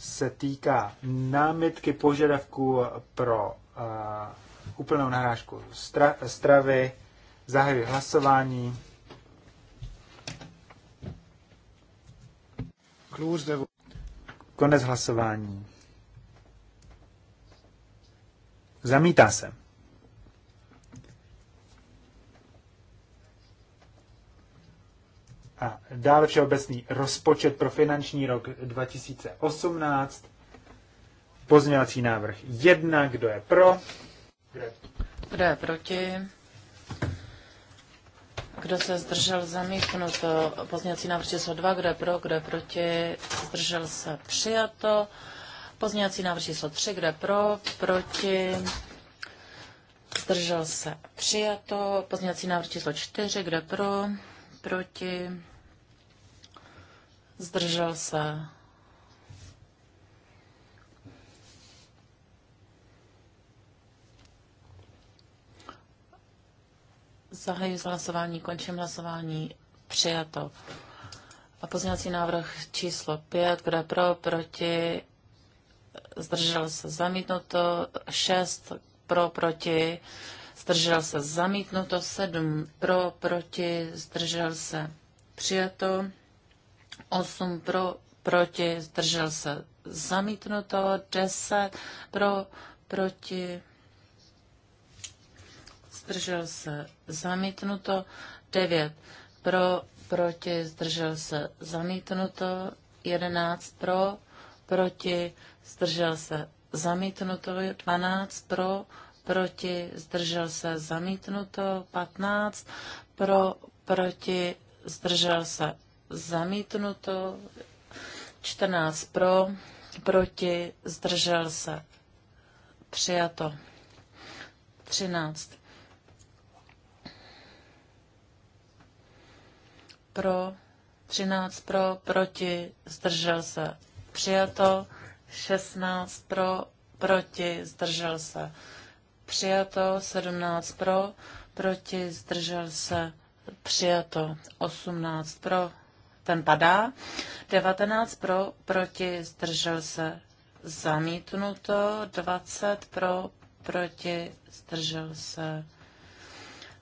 se týká námitky požadavků pro úplnou narážku stra, stravy, zahajuji hlasování. Konec hlasování. Zamítá se. A dále všeobecný rozpočet pro finanční rok 2018. Pozměňovací návrh 1, kdo je pro? Kdo je proti? Kdo se zdržel zamítnuto? Pozměňovací návrh číslo 2, kdo je pro, kdo je proti? Zdržel se přijato. Pozměňovací návrh číslo 3, kdo je pro, proti? Zdržel se přijato. Pozměňovací návrh číslo 4, kdo je pro, proti? Zdržel se Zahajuji hlasování, končím hlasování. Přijato. A pozměňovací návrh číslo 5, kdo je pro, proti, zdržel se zamítnuto, 6 pro, proti, zdržel se zamítnuto, 7 pro, proti, zdržel se přijato, 8 pro, proti, zdržel se zamítnuto, 10 pro, proti, zdržel se, zamítnuto. 9 pro, proti, zdržel se, zamítnuto. 11 pro, proti, zdržel se, zamítnuto. 12 pro, proti, zdržel se, zamítnuto. 15 pro, proti, zdržel se, zamítnuto. 14 pro, proti, zdržel se, přijato. 13 pro, 13 pro, proti, zdržel se. Přijato, 16 pro, proti, zdržel se. Přijato, 17 pro, proti, zdržel se. Přijato, 18 pro, ten padá. 19 pro, proti, zdržel se. Zamítnuto, 20 pro, proti, zdržel se.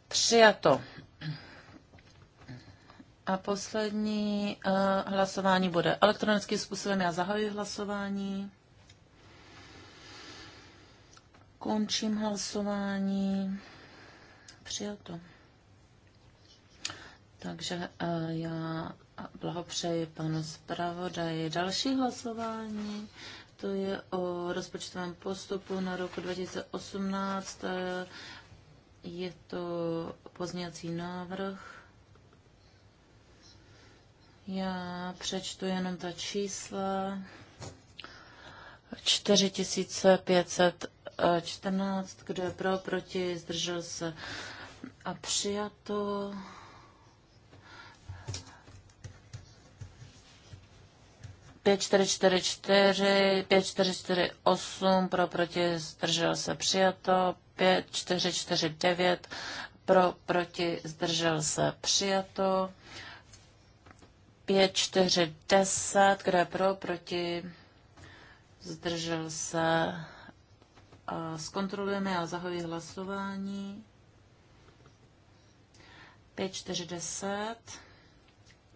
Přijato. A poslední uh, hlasování bude elektronickým způsobem. Já zahajuji hlasování. Končím hlasování. Přijato. Takže uh, já blahopřeji panu zpravodaji. Další hlasování, to je o rozpočtovém postupu na roku 2018. Eh, je to pozněcí návrh já přečtu jenom ta čísla. 4514, kdo je pro, proti, zdržel se a přijato. Pět čtyři čtyři čtyři, pět čtyři čtyři osm, pro proti zdržel se přijato, pět čtyři čtyři devět, pro proti zdržel se přijato. 5, 4, 10, kdo je pro, proti, zdržel se. A zkontrolujeme a zahoji hlasování. 5, 4, 10.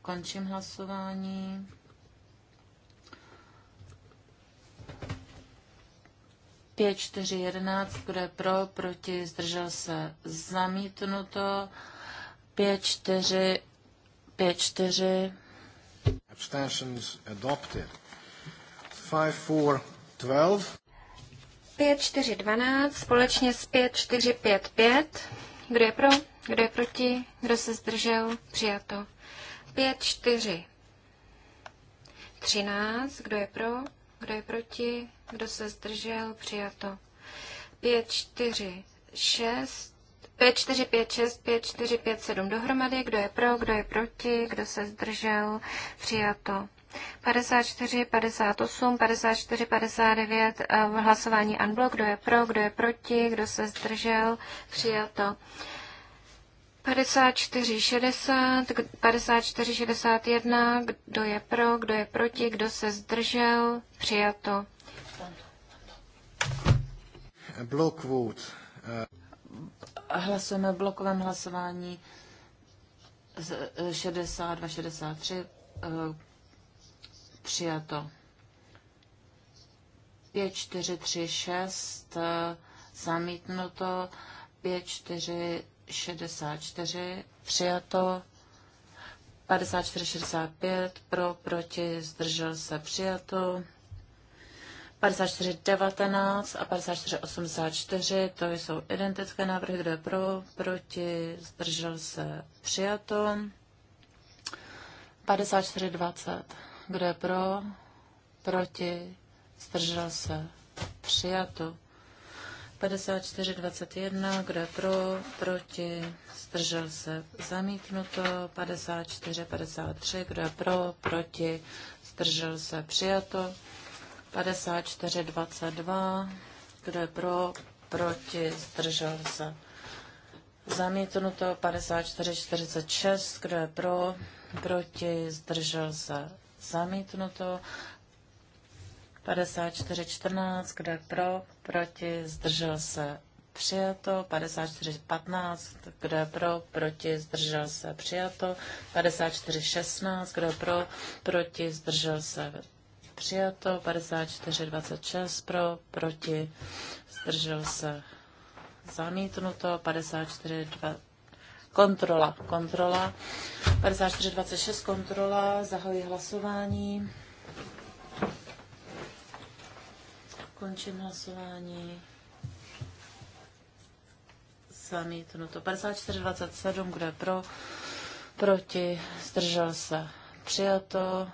Končím hlasování. Pět, čtyři, jedenáct, kdo je pro, proti, zdržel se, zamítnuto. Pět, čtyři, pět, čtyři. Abstentions adopted. 5412. 5412 společně s 5455. Kdo je pro? Kdo je proti? Kdo se zdržel? Přijato. 5, 4, 13. Kdo je pro? Kdo je proti? Kdo se zdržel? Přijato. 5, 4, 6. 5, 4, 5, 6, 5, 4, 5, 7 dohromady. Kdo je pro, kdo je proti, kdo se zdržel, přijato. 54, 58, 54, 59 v hlasování unblock. Kdo je pro, kdo je proti, kdo se zdržel, přijato. 54, 60, 54, 61, kdo je pro, kdo je proti, kdo se zdržel, přijato. Block vote. Uh hlasujeme v blokovém hlasování 62, 63 eh, eh, přijato. 5, 4, 3, 6 zamítnuto, 5, 4, 64 přijato, 54, 65 pro, proti, zdržel se přijato. 54.19 a 54.84, to jsou identické návrhy, kdo je pro, proti, zdržel se, přijato. 54.20, kdo je pro, proti, zdržel se, přijato. 54.21, kdo je pro, proti, zdržel se, zamítnuto. 54.53, kdo je pro, proti, zdržel se, přijato. 5422. Kdo je pro? Proti? Zdržel se. Zamítnuto 5446. Kdo je pro? Proti? Zdržel se. Zamítnuto 5414. Kdo je pro? Proti? Zdržel se. Přijato 5415, kdo je pro, proti, zdržel se, přijato 5416, kdo je pro, proti, zdržel se, přijato, 54, 26 pro, proti, zdržel se zamítnuto, 54, 26 kontrola, kontrola, 54, 26 kontrola, zahoji hlasování, končím hlasování, zamítnuto, 54, 27, kdo je pro, proti, zdržel se přijato,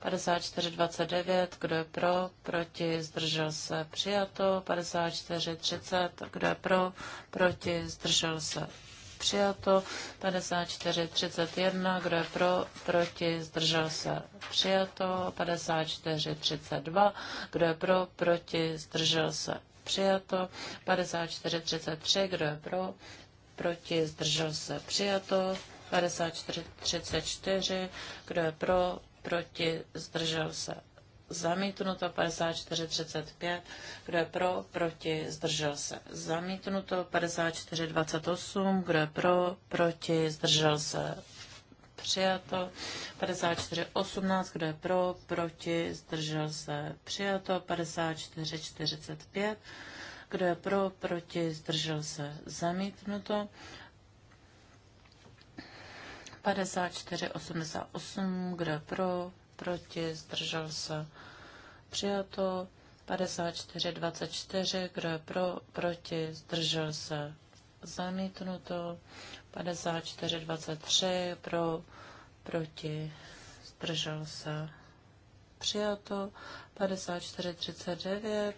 5429, kdo je pro, proti, zdržel se, přijato. 5430, kdo je pro, proti, zdržel se, přijato. 5431, kdo je pro, proti, zdržel se, přijato. 5432, kdo je pro, proti, zdržel se, přijato. 5433, kdo je pro, proti, zdržel se, přijato. 5434, kdo je pro, proti, zdržel se. Zamítnuto 54,35. Kdo je pro, proti, zdržel se. Zamítnuto 54,28. Kdo je pro, proti, zdržel se. Přijato 54,18. Kdo je pro, proti, zdržel se. Přijato 54,45. Kdo je pro, proti, zdržel se. Zamítnuto 54,88, kdo pro, proti, zdržel se, přijato. 54,24, kdo je pro, proti, zdržel se, zamítnuto. 54,23, pro, proti, zdržel se, přijato. 54,39,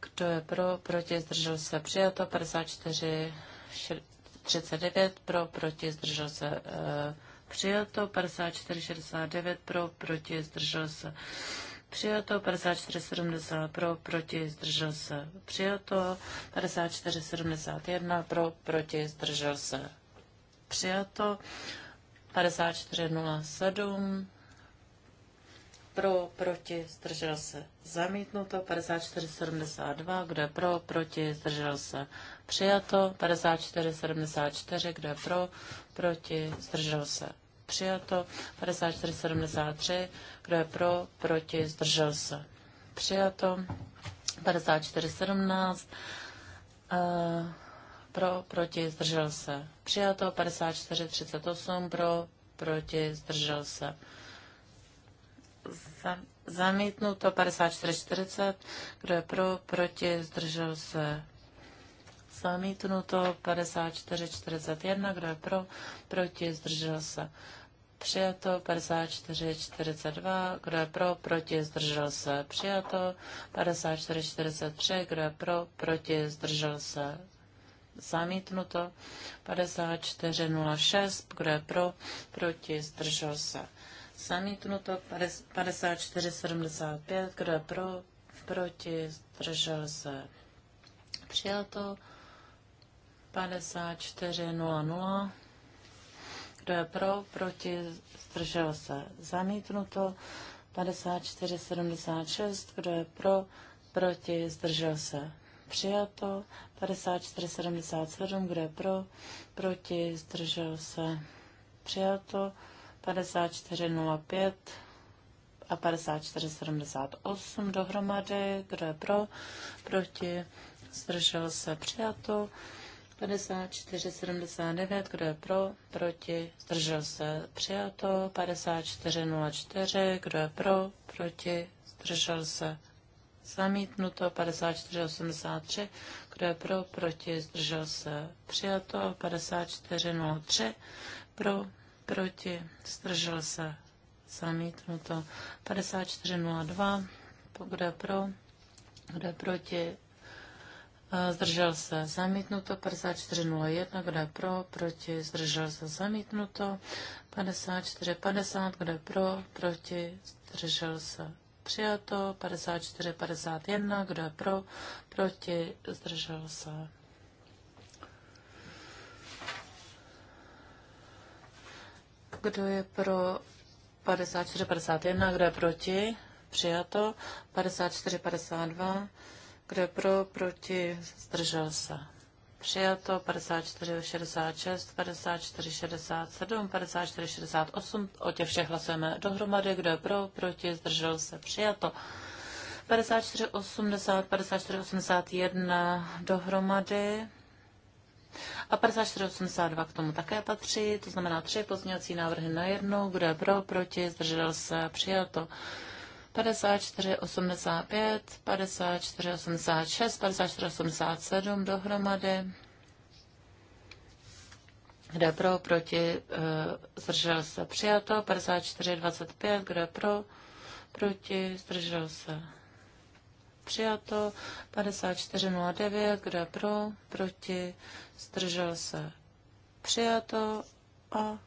kdo je pro, proti, zdržel se, přijato. 54, 39 eh, pro, proti, zdržel se přijato, 54,69 pro, proti, zdržel se přijato, 54,70 pro, proti, zdržel se přijato, 54,71 pro, proti, zdržel se přijato, 54,07 pro, proti, zdržel se zamítnuto, 54,72, kdo je pro, proti, zdržel se Přijato. 54,74. Kdo je pro? Proti? Zdržel se. Přijato. 54,73. Kdo je pro? Proti? Zdržel se. Přijato. 54,17. Uh, eh, pro, proti, zdržel se. Přijato 54-38, pro, proti, zdržel se. Zamítnuto 54-40, kdo je pro, proti, zdržel se zamítnuto, 54-41, kdo je pro, proti, zdržel se. Přijato 54, 42, kdo je pro, proti, zdržel se. Přijato 54, 43, kdo je pro, proti, zdržel se. Zamítnuto 54, 06, kdo je pro, proti, zdržel se. Zamítnuto 54, 75, kdo je pro, proti, zdržel se. Přijato 54.00. Kdo je pro, proti, zdržel se, zamítnuto. 54.76. Kdo je pro, proti, zdržel se, přijato. 54.77. Kdo je pro, proti, zdržel se, přijato. 54.05 a 54.78 dohromady. Kdo je pro, proti, zdržel se, přijato. 54,79, kdo je pro, proti, zdržel se, přijato. 54,04, kdo je pro, proti, zdržel se, zamítnuto. 54,83, kdo je pro, proti, zdržel se, přijato. 54,03, pro, proti, zdržel se, zamítnuto. 54,02, kdo je pro, kdo je proti, zdržel se zamítnuto, 5401, kdo je pro, proti, zdržel se zamítnuto, 5450, kdo je pro, proti, zdržel se přijato, 5451, kdo je pro, proti, zdržel se. Kdo je pro 5451, kdo je proti, přijato, 5452, kdo je pro, proti, zdržel se. Přijato 54, 66, 54, 67, 54, 68. O těch všech hlasujeme dohromady. Kdo je pro, proti, zdržel se. Přijato 54, 80, 54, 81 dohromady. A 54, 82 k tomu také patří, to znamená tři pozměňovací návrhy na jednu. kdo je pro, proti, zdržel se, přijato. 54, 5485, 5486, 5487 dohromady. Eh, kdo je pro, proti, zdržel se, přijato. 5425, kdo je pro, proti, zdržel se, přijato. 5409, kdo je pro, proti, zdržel se, přijato. A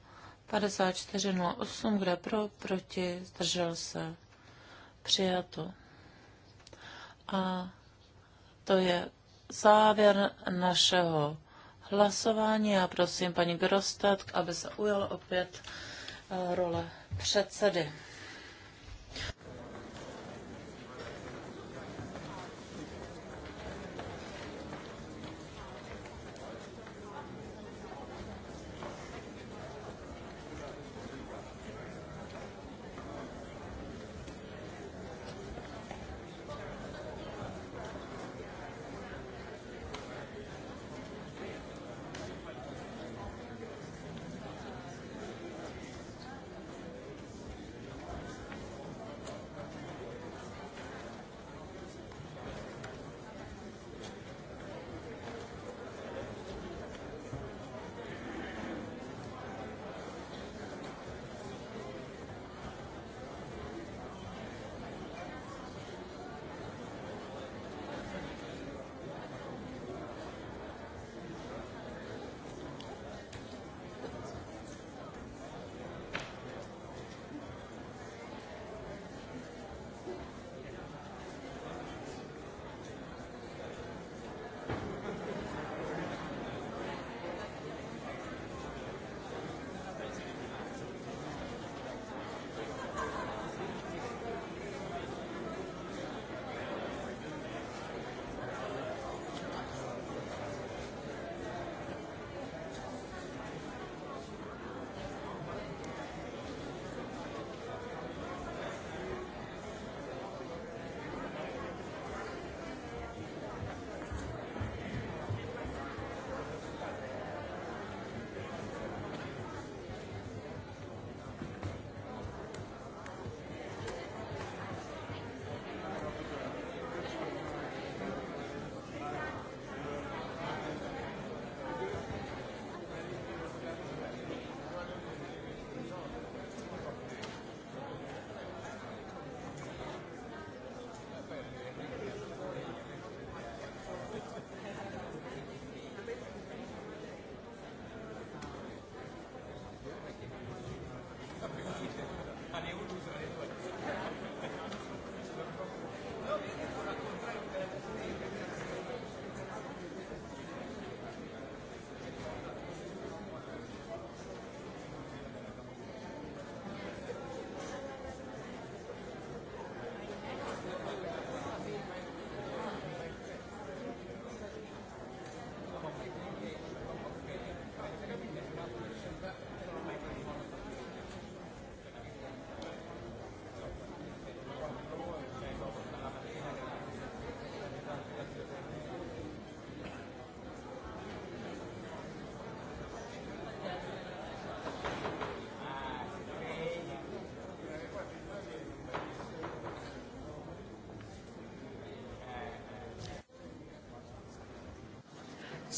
5408, kdo je pro, proti, zdržel se, Přijato. A to je závěr našeho hlasování. Já prosím paní Grostat, aby se ujal opět eh, role předsedy.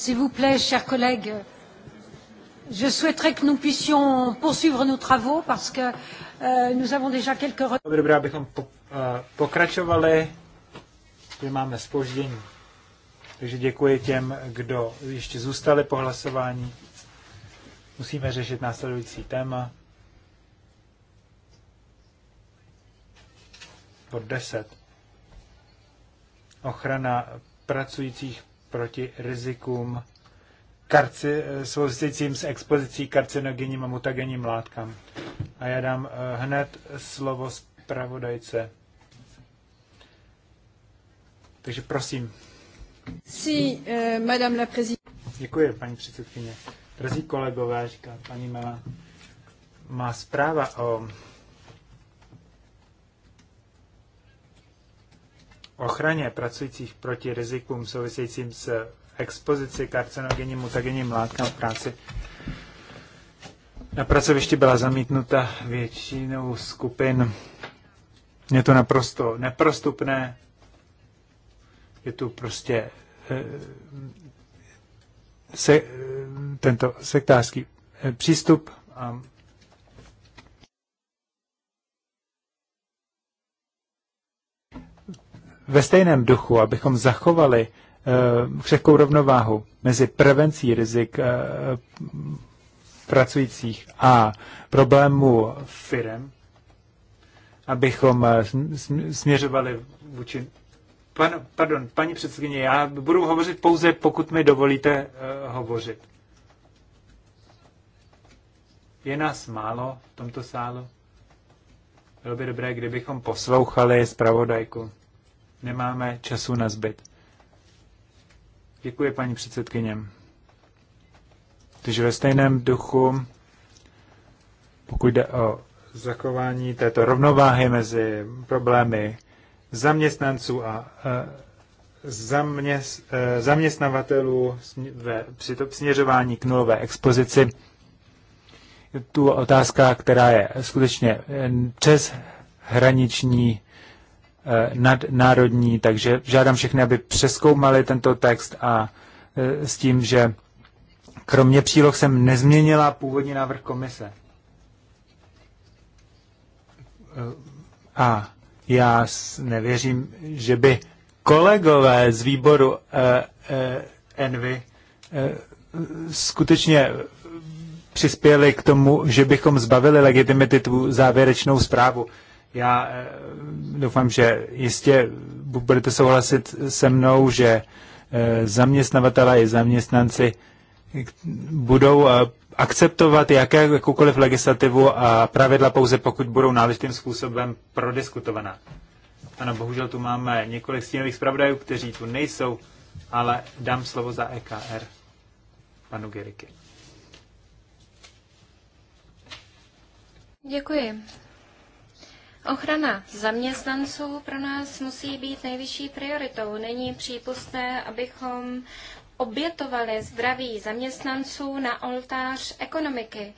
S'il vous plaît, chers collègues, je souhaiterais que nous puissions poursuivre nos travaux parce que euh, nous avons déjà quelques... Dobré, abychom po, uh, pokračovali, že máme spoždění. Takže děkuji těm, kdo ještě zůstali po hlasování. Musíme řešit následující téma. Pod 10. Ochrana pracujících proti rizikům karci, eh, souvisejícím s expozicí karcinogenním a mutagenním látkám. A já dám eh, hned slovo zpravodajce. Takže prosím. Si, uh, madame la Děkuji, paní předsedkyně. Drazí kolegové, říká paní Mela, má zpráva o ochraně pracujících proti rizikům souvisejícím s expozici karcinogenním mutagenním látkám v práci na pracovišti byla zamítnuta většinou skupin. Je to naprosto neprostupné. Je tu prostě eh, se, eh, tento sektářský eh, přístup a ve stejném duchu, abychom zachovali eh, křehkou rovnováhu mezi prevencí rizik eh, pracujících a problémů firem, abychom eh, směřovali vůči... Pan, pardon, paní předsedkyně, já budu hovořit pouze, pokud mi dovolíte uh, hovořit. Je nás málo v tomto sálu. Bylo by dobré, kdybychom poslouchali zpravodajku. Nemáme času na zbyt. Děkuji, paní předsedkyně. Takže ve stejném duchu, pokud jde o zachování této rovnováhy mezi problémy zaměstnanců a e, zaměst, e, zaměstnavatelů při to směřování k nulové expozici. Tu otázka, která je skutečně e, přes hraniční Eh, nadnárodní, takže žádám všechny, aby přeskoumali tento text a eh, s tím, že kromě příloh jsem nezměnila původní návrh komise. Eh, a já nevěřím, že by kolegové z výboru Envy skutečně přispěli k tomu, že bychom zbavili legitimitu závěrečnou zprávu. Já eh, doufám, že jistě budete souhlasit se mnou, že eh, zaměstnavatele i zaměstnanci budou eh, akceptovat jakoukoliv legislativu a pravidla pouze pokud budou náležitým způsobem prodiskutovaná. Ano, bohužel tu máme několik stínových zpravodajů, kteří tu nejsou, ale dám slovo za EKR panu Geriky. Děkuji. Ochrana zaměstnanců pro nás musí být nejvyšší prioritou. Není přípustné, abychom obětovali zdraví zaměstnanců na oltář ekonomiky,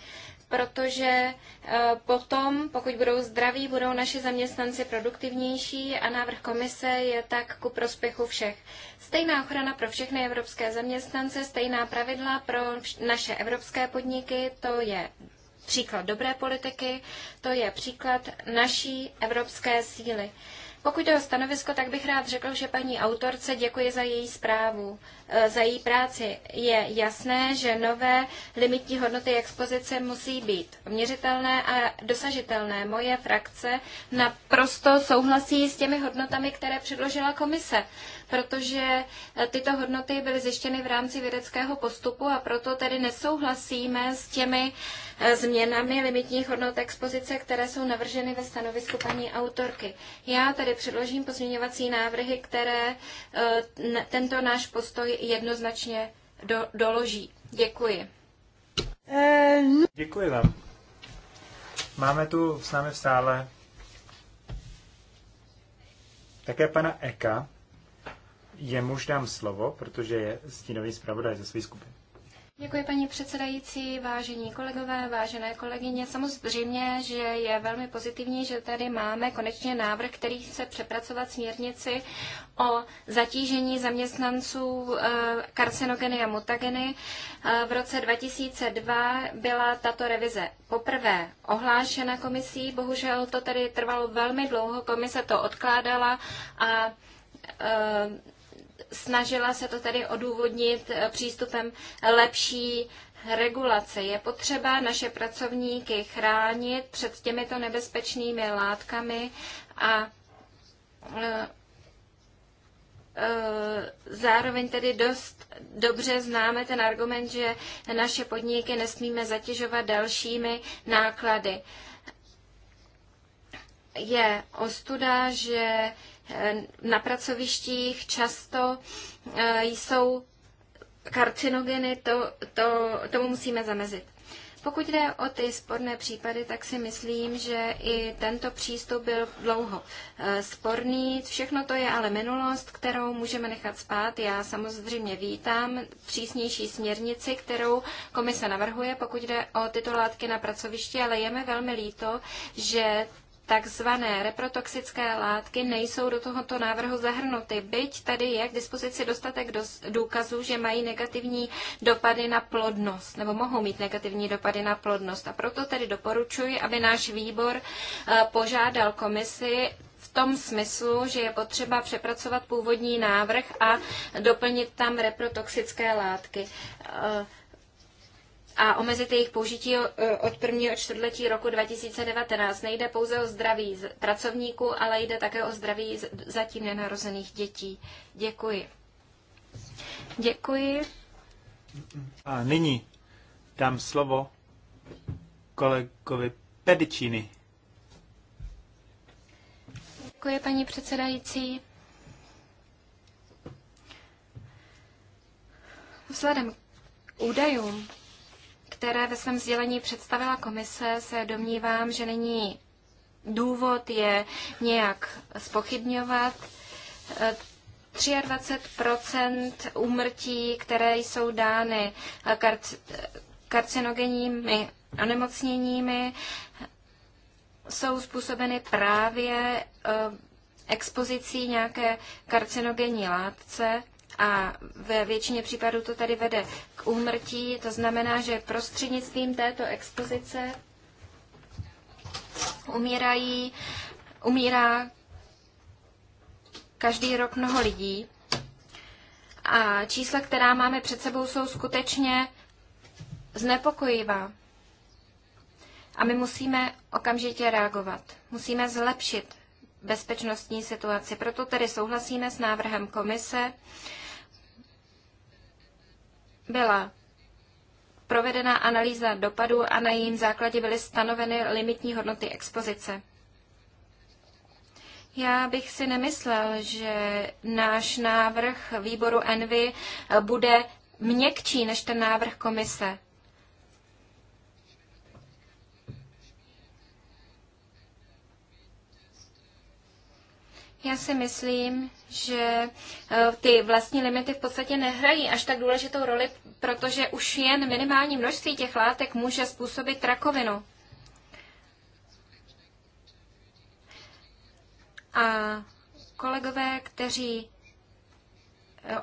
protože eh, potom, pokud budou zdraví, budou naši zaměstnanci produktivnější a návrh komise je tak ku prospěchu všech. Stejná ochrana pro všechny evropské zaměstnance, stejná pravidla pro naše evropské podniky, to je příklad dobré politiky, to je příklad naší evropské síly. Pokud jde o stanovisko, tak bych rád řekl, že paní autorce děkuji za její zprávu. Eh, za její práci. Je jasné, že nové limitní hodnoty expozice musí být měřitelné a dosažitelné. Moje frakce naprosto souhlasí s těmi hodnotami, které předložila komise protože eh, tyto hodnoty byly zjištěny v rámci vědeckého postupu a proto tedy nesouhlasíme s těmi eh, změnami limitních hodnot expozice, které jsou navrženy ve stanovisku paní autorky. Já tedy předložím pozměňovací návrhy, které tento náš postoj jednoznačně do, doloží. Děkuji. Děkuji vám. Máme tu s námi v sále také pana Eka. Jemuž dám slovo, protože je stínový zpravodaj ze své skupiny. Děkuji, paní předsedající, vážení kolegové, vážené kolegyně. Samozřejmě, že je velmi pozitivní, že tady máme konečně návrh, který chce přepracovat směrnici o zatížení zaměstnanců eh, karcinogeny a mutageny. Eh, v roce 2002 byla tato revize poprvé ohlášena komisí. Bohužel to tady trvalo velmi dlouho, komise to odkládala a eh, snažila se to tady odůvodnit eh, přístupem lepší regulace. Je potřeba naše pracovníky chránit před těmito nebezpečnými látkami a eh, eh, zároveň tedy dost dobře známe ten argument, že naše podniky nesmíme zatěžovat dalšími náklady. Je ostuda, že Eh, na pracovištích často eh, jsou karcinogeny, to, to, tomu musíme zamezit. Pokud jde o ty sporné případy, tak si myslím, že i tento přístup byl dlouho eh, sporný. Všechno to je ale minulost, kterou můžeme nechat spát. Já samozřejmě vítám přísnější směrnici, kterou komise navrhuje, pokud jde o tyto látky na pracovišti, ale je mi velmi líto, že takzvané reprotoxické látky nejsou do tohoto návrhu zahrnuty, byť tady je k dispozici dostatek důkazů, že mají negativní dopady na plodnost, nebo mohou mít negativní dopady na plodnost. A proto tedy doporučuji, aby náš výbor e, požádal komisi v tom smyslu, že je potřeba přepracovat původní návrh a doplnit tam reprotoxické látky. E, a omezit jejich použití eh, od prvního čtvrtletí roku 2019. Nejde pouze o zdraví pracovníků, ale jde také o zdraví zatím nenarozených dětí. Děkuji. Děkuji. A nyní dám slovo kolegovi Pedicini. Děkuji, paní předsedající. Vzhledem k údajům, které ve svém sdělení představila komise, se domnívám, že není důvod je nějak spochybňovat. 23 úmrtí, které jsou dány karcinogenními onemocněními, jsou způsobeny právě eh, expozicí nějaké karcinogenní látce. A ve většině případů to tady vede k úmrtí. To znamená, že prostřednictvím této expozice umírají, umírá každý rok mnoho lidí. A čísla, která máme před sebou, jsou skutečně znepokojivá. A my musíme okamžitě reagovat. Musíme zlepšit bezpečnostní situaci. Proto tedy souhlasíme s návrhem komise byla provedena analýza dopadů a na jejím základě byly stanoveny limitní hodnoty expozice. Já bych si nemyslel, že náš návrh výboru Envy bude měkčí než ten návrh komise. Já si myslím, že eh, ty vlastní limity v podstatě nehrají až tak důležitou roli, protože už jen minimální množství těch látek může způsobit rakovinu. A kolegové, kteří eh,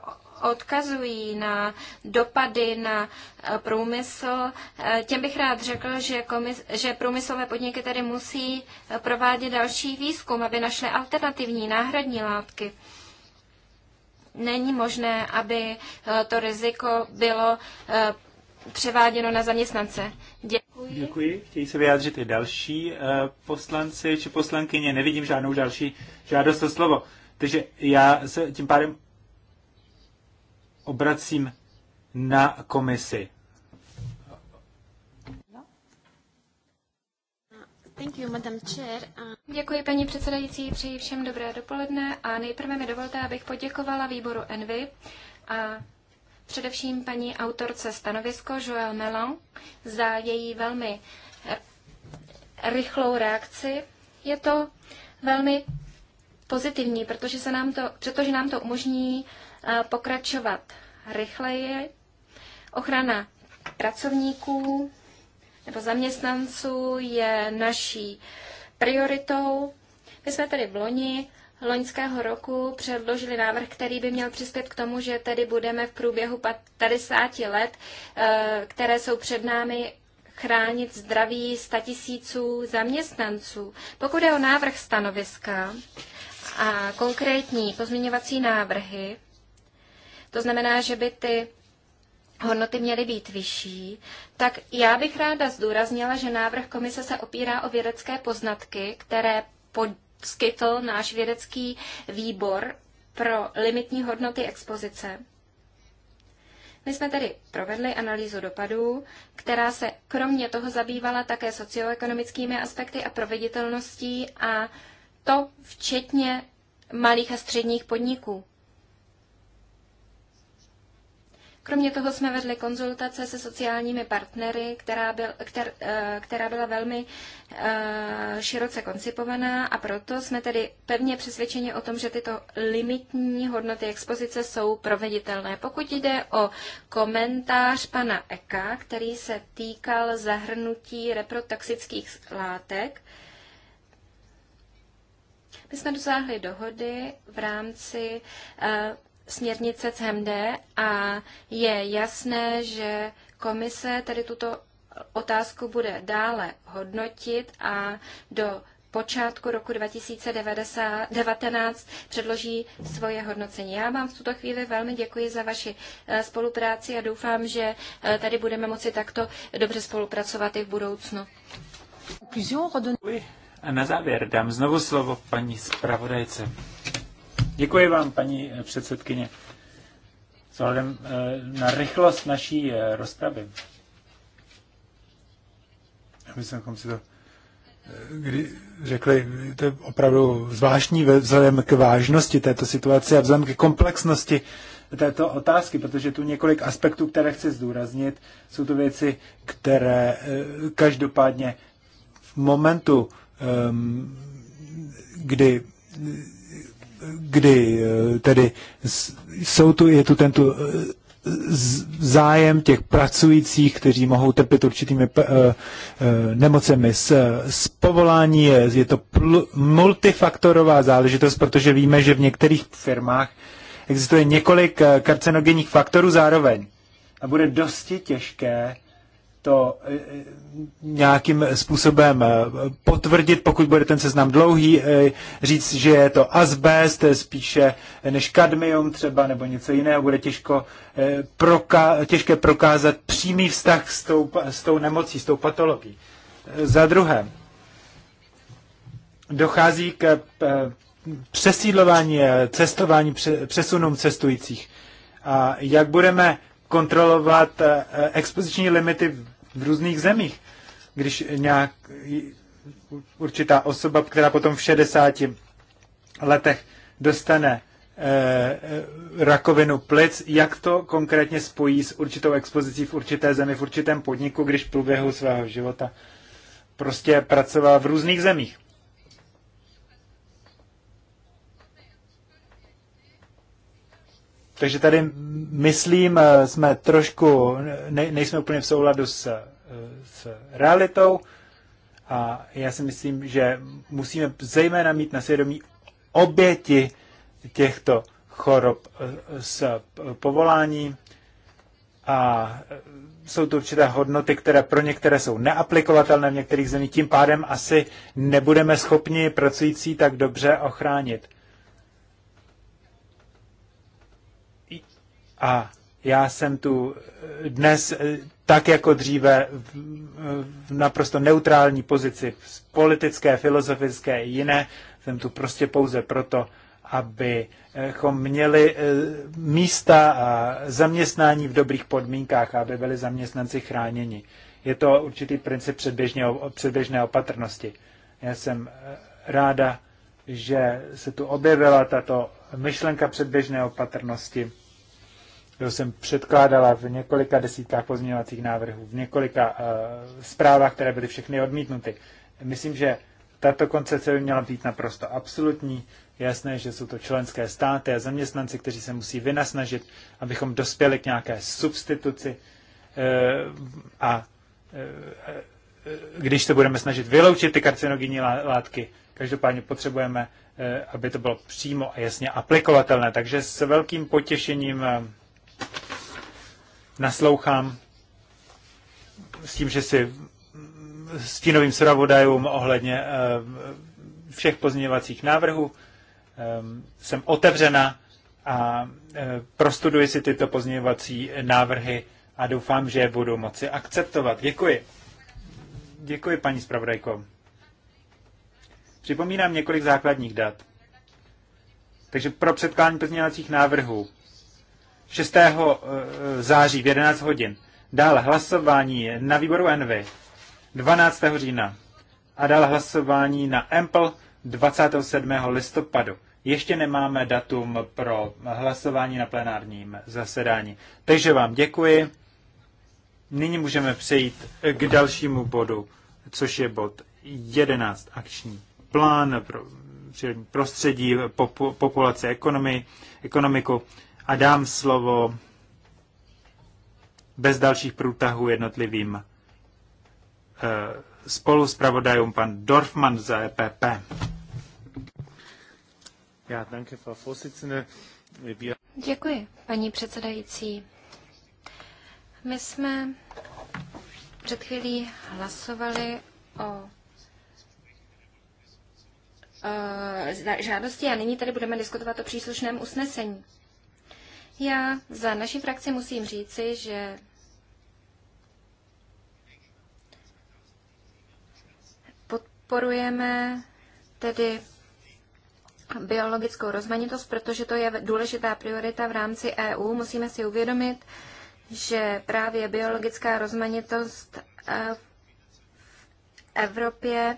odkazují na dopady na eh, průmysl. Eh, Těm bych rád řekl, že, komis, že průmyslové podniky tedy musí eh, provádět další výzkum, aby našly alternativní náhradní látky. Není možné, aby to riziko bylo převáděno na zaměstnance. Děkuji. Děkuji. Chtějí se vyjádřit i další poslanci či poslankyně. Nevidím žádnou další žádost o slovo. Takže já se tím pádem obracím na komisi. Děkuji, paní předsedající, přeji všem dobré dopoledne a nejprve mi dovolte, abych poděkovala výboru Envy a především paní autorce stanovisko Joël Melon za její velmi rychlou reakci. Je to velmi pozitivní, protože, se nám to, protože nám to umožní pokračovat rychleji. Ochrana pracovníků nebo zaměstnanců je naší prioritou. My jsme tedy v loni loňského roku předložili návrh, který by měl přispět k tomu, že tedy budeme v průběhu 50 let, eh, které jsou před námi, chránit zdraví statisíců zaměstnanců. Pokud je o návrh stanoviska a konkrétní pozměňovací návrhy, to znamená, že by ty hodnoty měly být vyšší, tak já bych ráda zdůraznila, že návrh komise se opírá o vědecké poznatky, které poskytl náš vědecký výbor pro limitní hodnoty expozice. My jsme tedy provedli analýzu dopadů, která se kromě toho zabývala také socioekonomickými aspekty a proveditelností a to včetně malých a středních podniků. Kromě toho jsme vedli konzultace se sociálními partnery, která, byl, kter, eh, která byla velmi eh, široce koncipovaná a proto jsme tedy pevně přesvědčeni o tom, že tyto limitní hodnoty expozice jsou proveditelné. Pokud jde o komentář pana Eka, který se týkal zahrnutí reprotoxických látek, my jsme dosáhli dohody v rámci eh, směrnice CMD a je jasné, že komise tady tuto otázku bude dále hodnotit a do počátku roku 2019 předloží svoje hodnocení. Já vám v tuto chvíli velmi děkuji za vaši eh, spolupráci a doufám, že eh, tady budeme moci takto dobře spolupracovat i v budoucnu. A na závěr dám znovu slovo paní zpravodajce. Děkuji vám, paní eh, předsedkyně. Vzhledem eh, na rychlost naší eh, rozpravy. Abychom si to kdy řekli, to je opravdu zvláštní vzhledem k vážnosti této situace a vzhledem ke komplexnosti této otázky, protože tu několik aspektů, které chci zdůraznit, jsou to věci, které každopádně v momentu, ehm, kdy kdy eh, tedy jsou tu, je tu tento eh, zájem těch pracujících, kteří mohou trpět určitými eh, nemocemi z, povolání. Je, je to multifaktorová záležitost, protože víme, že v některých firmách existuje několik karcinogenních faktorů zároveň. A bude dosti těžké to nějakým způsobem eh, potvrdit, pokud bude ten seznam dlouhý, eh, říct, že je to asbest, eh, spíše než kadmium třeba, nebo něco jiného, bude těžko proka- těžké prokázat přímý vztah s tou, s tou nemocí, s tou patologií. Za druhé, dochází k přesídlování, cestování, přesunům cestujících. A jak budeme kontrolovat expoziční limity v různých zemích. Když nějak určitá osoba, která potom v 60 letech dostane eh, eh, rakovinu plic, jak to konkrétně spojí s určitou expozicí v určité zemi, v určitém podniku, když v průběhu svého života prostě pracoval v různých zemích. Takže tady, myslím, eh, jsme trošku, ne, nejsme úplně v souladu s, eh, s realitou a já si myslím, že musíme zejména mít na svědomí oběti těchto chorob eh, s povolání a jsou to určité hodnoty, které pro některé jsou neaplikovatelné v některých zemích, tím pádem asi nebudeme schopni pracující tak dobře ochránit. A já jsem tu eh, dnes eh, tak jako dříve v naprosto neutrální pozici politické, filozofické i jiné. Jsem tu prostě pouze proto, abychom měli eh, místa a zaměstnání v dobrých podmínkách, aby byli zaměstnanci chráněni. Je to určitý princip předběžné, předběžné opatrnosti. Já jsem ráda, že se tu objevila tato myšlenka předběžné opatrnosti kterou jsem předkládala v několika desítkách pozměňovacích návrhů, v několika uh, zprávách, které byly všechny odmítnuty. Myslím, že tato koncepce by měla být naprosto absolutní. jasné, že jsou to členské státy a zaměstnanci, kteří se musí vynasnažit, abychom dospěli k nějaké substituci eh, a eh, když se budeme snažit vyloučit ty karcinogenní látky, každopádně potřebujeme, aby to bylo přímo a jasně aplikovatelné. Takže s velkým potěšením naslouchám s tím, že si stínovým sravodajům ohledně eh, všech pozměňovacích návrhů. Eh, jsem otevřena a eh, prostuduji si tyto pozměňovací návrhy a doufám, že je budu moci akceptovat. Děkuji. Děkuji, paní zpravodajko. Připomínám několik základních dat. Takže pro předkládání pozměňovacích návrhů 6. Eh, září v 11 hodin. Dále hlasování na výboru Envy 12. října. A dále hlasování na Ample 27. listopadu. Ještě nemáme datum pro hlasování na plenárním zasedání. Takže vám děkuji. Nyní můžeme přejít k dalšímu bodu, což je bod 11. Akční plán pro přírodní prostředí, populace, ekonomii, ekonomiku a dám slovo bez dalších průtahů jednotlivým eh, spolu s pravodajům pan Dorfman za EPP. Já, danke, Frau Děkuji, paní předsedající. My jsme před chvílí hlasovali o eh, žádosti a nyní tady budeme diskutovat o příslušném usnesení. Já za naši frakci musím říci, že podporujeme tedy biologickou rozmanitost, protože to je důležitá priorita v rámci EU. Musíme si uvědomit, že právě biologická rozmanitost eh, Evropě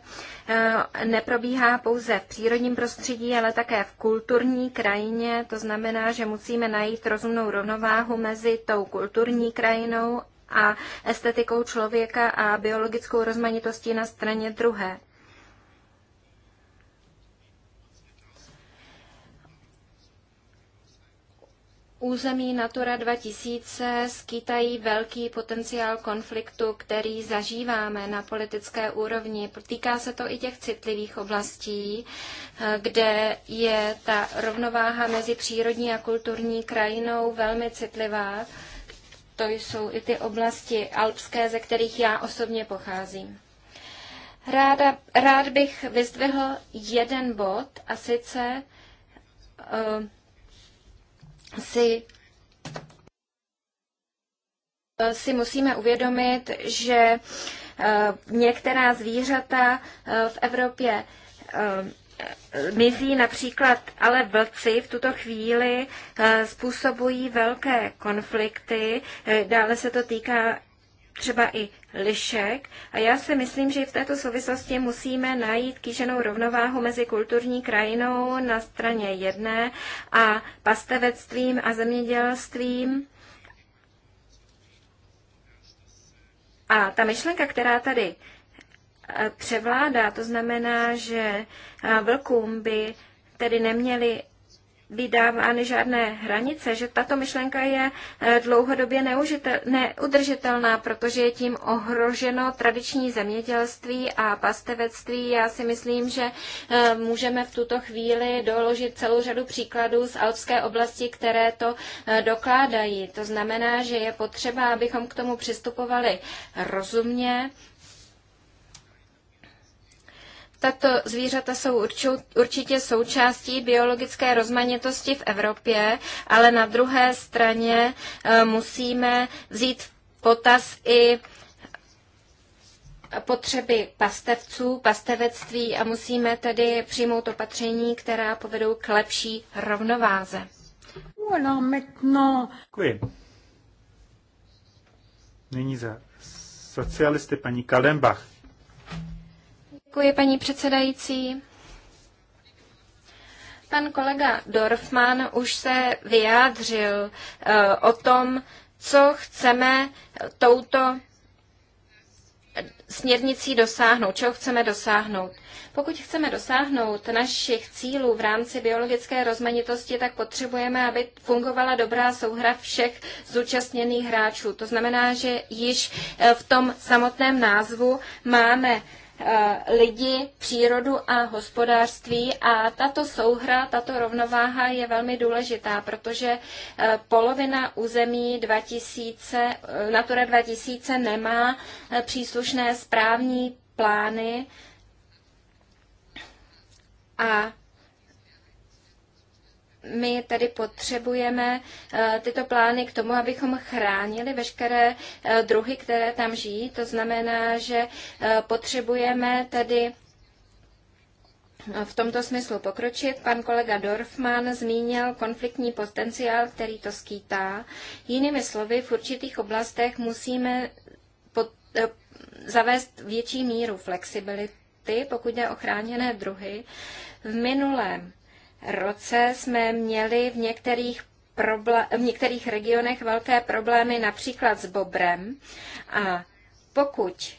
eh, neprobíhá pouze v přírodním prostředí, ale také v kulturní krajině. To znamená, že musíme najít rozumnou rovnováhu mezi tou kulturní krajinou a estetikou člověka a biologickou rozmanitostí na straně druhé. Území Natura 2000 skýtají velký potenciál konfliktu, který zažíváme na politické úrovni. Týká se to i těch citlivých oblastí, eh, kde je ta rovnováha mezi přírodní a kulturní krajinou velmi citlivá. To jsou i ty oblasti alpské, ze kterých já osobně pocházím. Ráda, rád bych vyzdvihl jeden bod, a sice uh, si si musíme uvědomit, že eh, některá zvířata eh, v Evropě eh, mizí například, ale vlci v tuto chvíli způsobují velké konflikty. Dále se to týká třeba i lišek. A já si myslím, že i v této souvislosti musíme najít kýženou rovnováhu mezi kulturní krajinou na straně jedné a pastevectvím a zemědělstvím. A ta myšlenka, která tady eh, převládá, to znamená, že eh, vlkům by tedy neměli vydávány žádné hranice, že tato myšlenka je eh, dlouhodobě neudržitelná, protože je tím ohroženo tradiční zemědělství a pastevectví. Já si myslím, že eh, můžeme v tuto chvíli doložit celou řadu příkladů z alpské oblasti, které to eh, dokládají. To znamená, že je potřeba, abychom k tomu přistupovali rozumně, tato zvířata jsou určitě součástí biologické rozmanitosti v Evropě, ale na druhé straně eh, musíme vzít v potaz i potřeby pastevců, pastevectví a musíme tedy přijmout opatření, která povedou k lepší rovnováze. Děkuji. Nyní za socialisty paní Kalembach. Děkuji, paní předsedající. Pan kolega Dorfman už se vyjádřil eh, o tom, co chceme touto směrnicí dosáhnout, čeho chceme dosáhnout. Pokud chceme dosáhnout našich cílů v rámci biologické rozmanitosti, tak potřebujeme, aby fungovala dobrá souhra všech zúčastněných hráčů. To znamená, že již eh, v tom samotném názvu máme Eh, lidi, přírodu a hospodářství a tato souhra, tato rovnováha je velmi důležitá, protože eh, polovina území 2000, eh, Natura 2000 nemá příslušné správní plány a my tedy potřebujeme eh, tyto plány k tomu, abychom chránili veškeré eh, druhy, které tam žijí. To znamená, že eh, potřebujeme tedy v tomto smyslu pokročit. Pan kolega Dorfman zmínil konfliktní potenciál, který to skýtá. Jinými slovy, v určitých oblastech musíme pod, zavést větší míru flexibility, pokud jde o chráněné druhy. V minulém roce jsme měli v některých v některých regionech velké problémy například s bobrem a pokud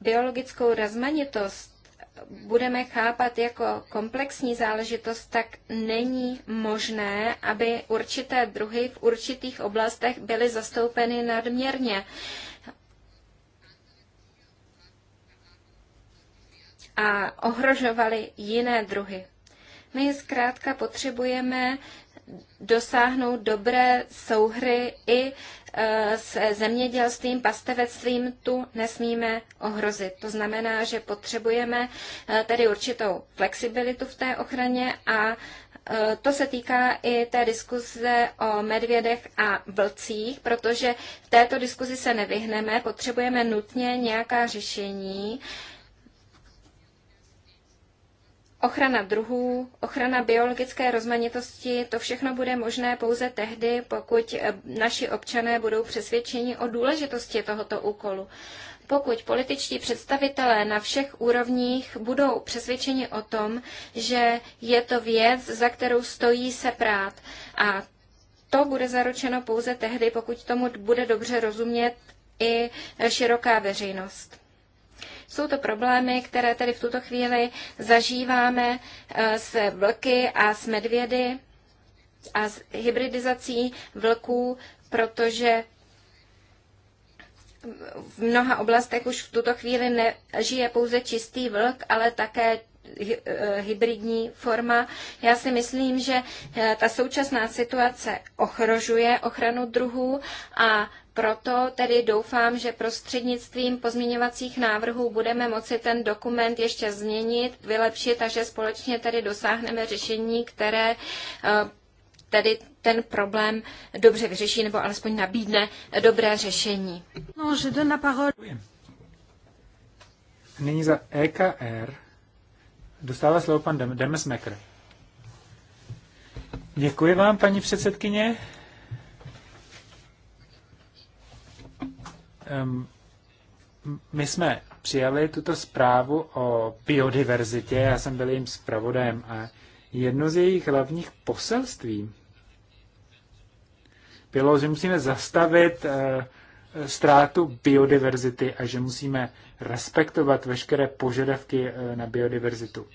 biologickou rozmanitost budeme chápat jako komplexní záležitost, tak není možné, aby určité druhy v určitých oblastech byly zastoupeny nadměrně. a ohrožovali jiné druhy. My zkrátka potřebujeme dosáhnout dobré souhry i e, s zemědělstvím, pastevectvím tu nesmíme ohrozit. To znamená, že potřebujeme e, tedy určitou flexibilitu v té ochraně a e, to se týká i té diskuze o medvědech a vlcích, protože v této diskuzi se nevyhneme, potřebujeme nutně nějaká řešení. Ochrana druhů, ochrana biologické rozmanitosti, to všechno bude možné pouze tehdy, pokud eh, naši občané budou přesvědčeni o důležitosti tohoto úkolu. Pokud političtí představitelé na všech úrovních budou přesvědčeni o tom, že je to věc, za kterou stojí se prát a to bude zaručeno pouze tehdy, pokud tomu bude dobře rozumět i široká veřejnost. Jsou to problémy, které tedy v tuto chvíli zažíváme eh, s vlky a s medvědy a s hybridizací vlků, protože v mnoha oblastech už v tuto chvíli nežije pouze čistý vlk, ale také Eh, hybridní forma. Já si myslím, že eh, ta současná situace ohrožuje ochranu druhů a proto tedy doufám, že prostřednictvím pozměňovacích návrhů budeme moci ten dokument ještě změnit, vylepšit a že společně tedy dosáhneme řešení, které eh, tedy ten problém dobře vyřeší nebo alespoň nabídne dobré řešení. No, že jde na Nyní za EKR Dostává slovo pan Dem- Mekr. Děkuji vám, paní předsedkyně. Um, my jsme přijali tuto zprávu o biodiverzitě, já jsem byl jejím zpravodajem a jedno z jejich hlavních poselství bylo, že musíme zastavit eh, ztrátu biodiverzity a že musíme respektovat veškeré požadavky eh, na biodiverzitu.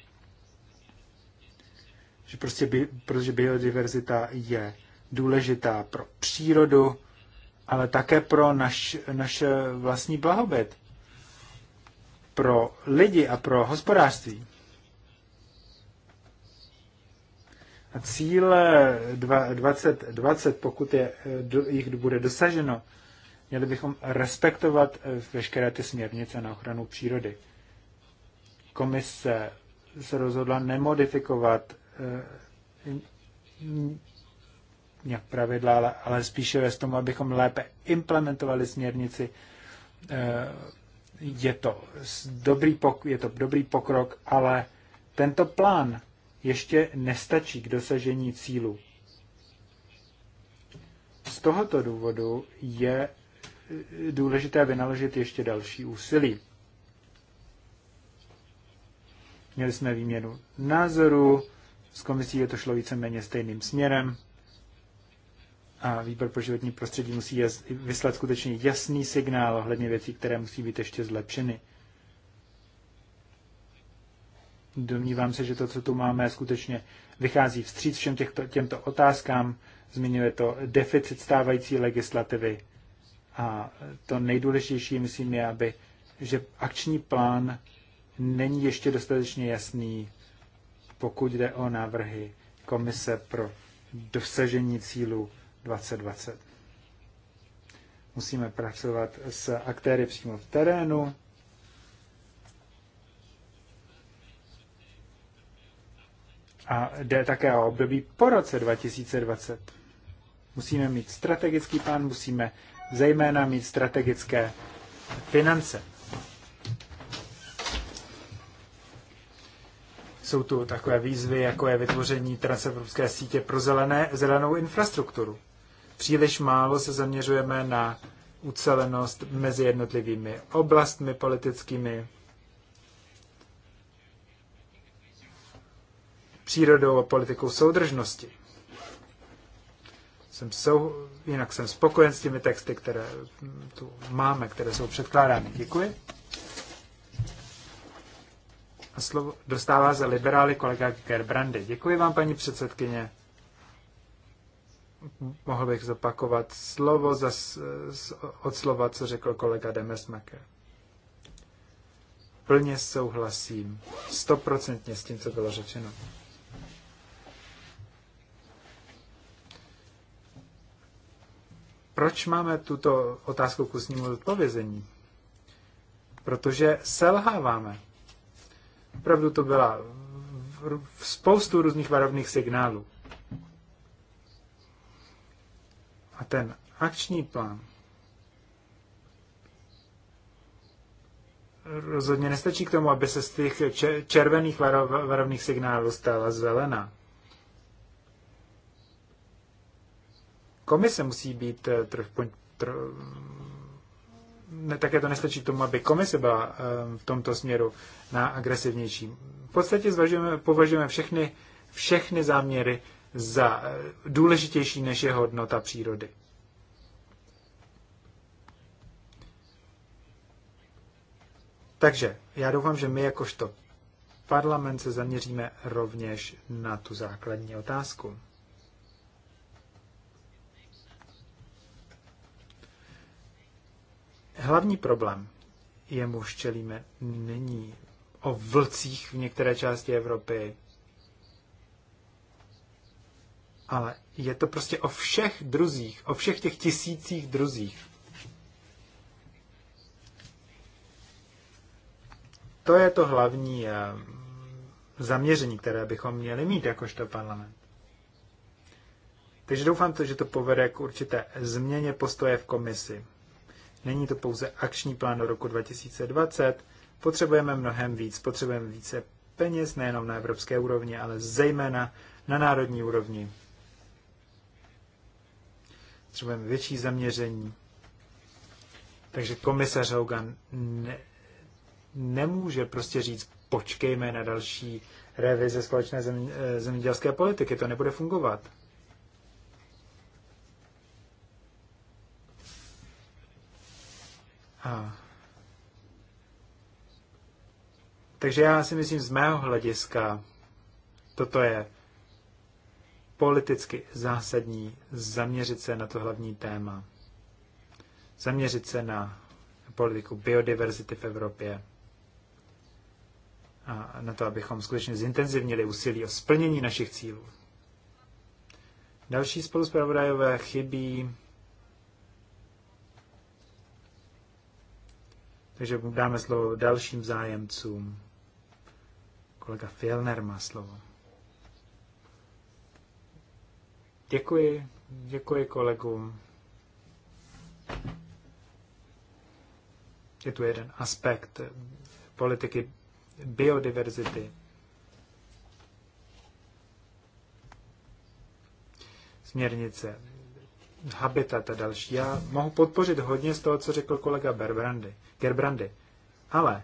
Že prostě, protože biodiverzita je důležitá pro přírodu, ale také pro naš, naše vlastní blahobyt, pro lidi a pro hospodářství. A cíle 2020, 20, pokud je, eh, jich bude dosaženo, Měli bychom respektovat eh, veškeré ty směrnice na ochranu přírody. Komise se rozhodla nemodifikovat eh, nějak pravidla, ale, spíše vést tomu, abychom lépe implementovali směrnici. Eh, je to, dobrý pokrok, je to dobrý pokrok, ale tento plán ještě nestačí k dosažení cílu. Z tohoto důvodu je důležité vynaložit ještě další úsilí. Měli jsme výměnu názoru, s komisí je to šlo víceméně stejným směrem a výbor pro životní prostředí musí jas, vyslat skutečně jasný signál ohledně věcí, které musí být ještě zlepšeny. Domnívám se, že to, co tu máme, skutečně vychází vstříc všem těchto, těmto otázkám. Zmiňuje to deficit stávající legislativy a to nejdůležitější, myslím, je, aby, že akční plán není ještě dostatečně jasný, pokud jde o návrhy Komise pro dosažení cílu 2020. Musíme pracovat s aktéry přímo v terénu, A jde také o období po roce 2020. Musíme mít strategický plán, musíme zejména mít strategické finance. Jsou tu takové výzvy, jako je vytvoření transevropské sítě pro zelené, zelenou infrastrukturu. Příliš málo se zaměřujeme na ucelenost mezi jednotlivými oblastmi politickými, přírodou a politikou soudržnosti jsem sou, jinak jsem spokojen s těmi texty, které tu máme, které jsou předkládány. Děkuji. A slovo dostává za liberály kolega Gerbrandy. Děkuji vám, paní předsedkyně. Mohl bych zopakovat slovo za, od slova, co řekl kolega Demesmaker. Plně souhlasím, stoprocentně s tím, co bylo řečeno. Proč máme tuto otázku k ústnímu odpovězení? Protože selháváme. Opravdu to byla spoustu různých varovných signálů. A ten akční plán rozhodně nestačí k tomu, aby se z těch červených varovných signálů stala zelená. komise musí být eh, trošku ne, také to nestačí tomu, aby komise byla eh, v tomto směru na agresivnější. V podstatě zvažujeme, považujeme všechny, všechny záměry za eh, důležitější než je hodnota přírody. Takže já doufám, že my jakožto parlament se zaměříme rovněž na tu základní otázku. Hlavní problém, jemu čelíme, není o vlcích v některé části Evropy, ale je to prostě o všech druzích, o všech těch tisících druzích. To je to hlavní eh, zaměření, které bychom měli mít jakožto parlament. Takže doufám, že to povede k určité změně postoje v komisi. Není to pouze akční plán do roku 2020, potřebujeme mnohem víc, potřebujeme více peněz nejenom na evropské úrovni, ale zejména na národní úrovni. Potřebujeme větší zaměření. Takže komisař Hogan ne, nemůže prostě říct, počkejme na další revize společné zem, eh, zemědělské politiky, to nebude fungovat. A. Takže já si myslím, z mého hlediska, toto je politicky zásadní zaměřit se na to hlavní téma. Zaměřit se na politiku biodiverzity v Evropě a na to, abychom skutečně zintenzivnili úsilí o splnění našich cílů. Další spoluspravodajové chybí Takže dáme slovo dalším zájemcům. Kolega Fielner má slovo. Děkuji, děkuji kolegům. Je tu jeden aspekt politiky biodiverzity. Směrnice Habitat a další. Já mohu podpořit hodně z toho, co řekl kolega Berbrandy. Gerbrandy. Ale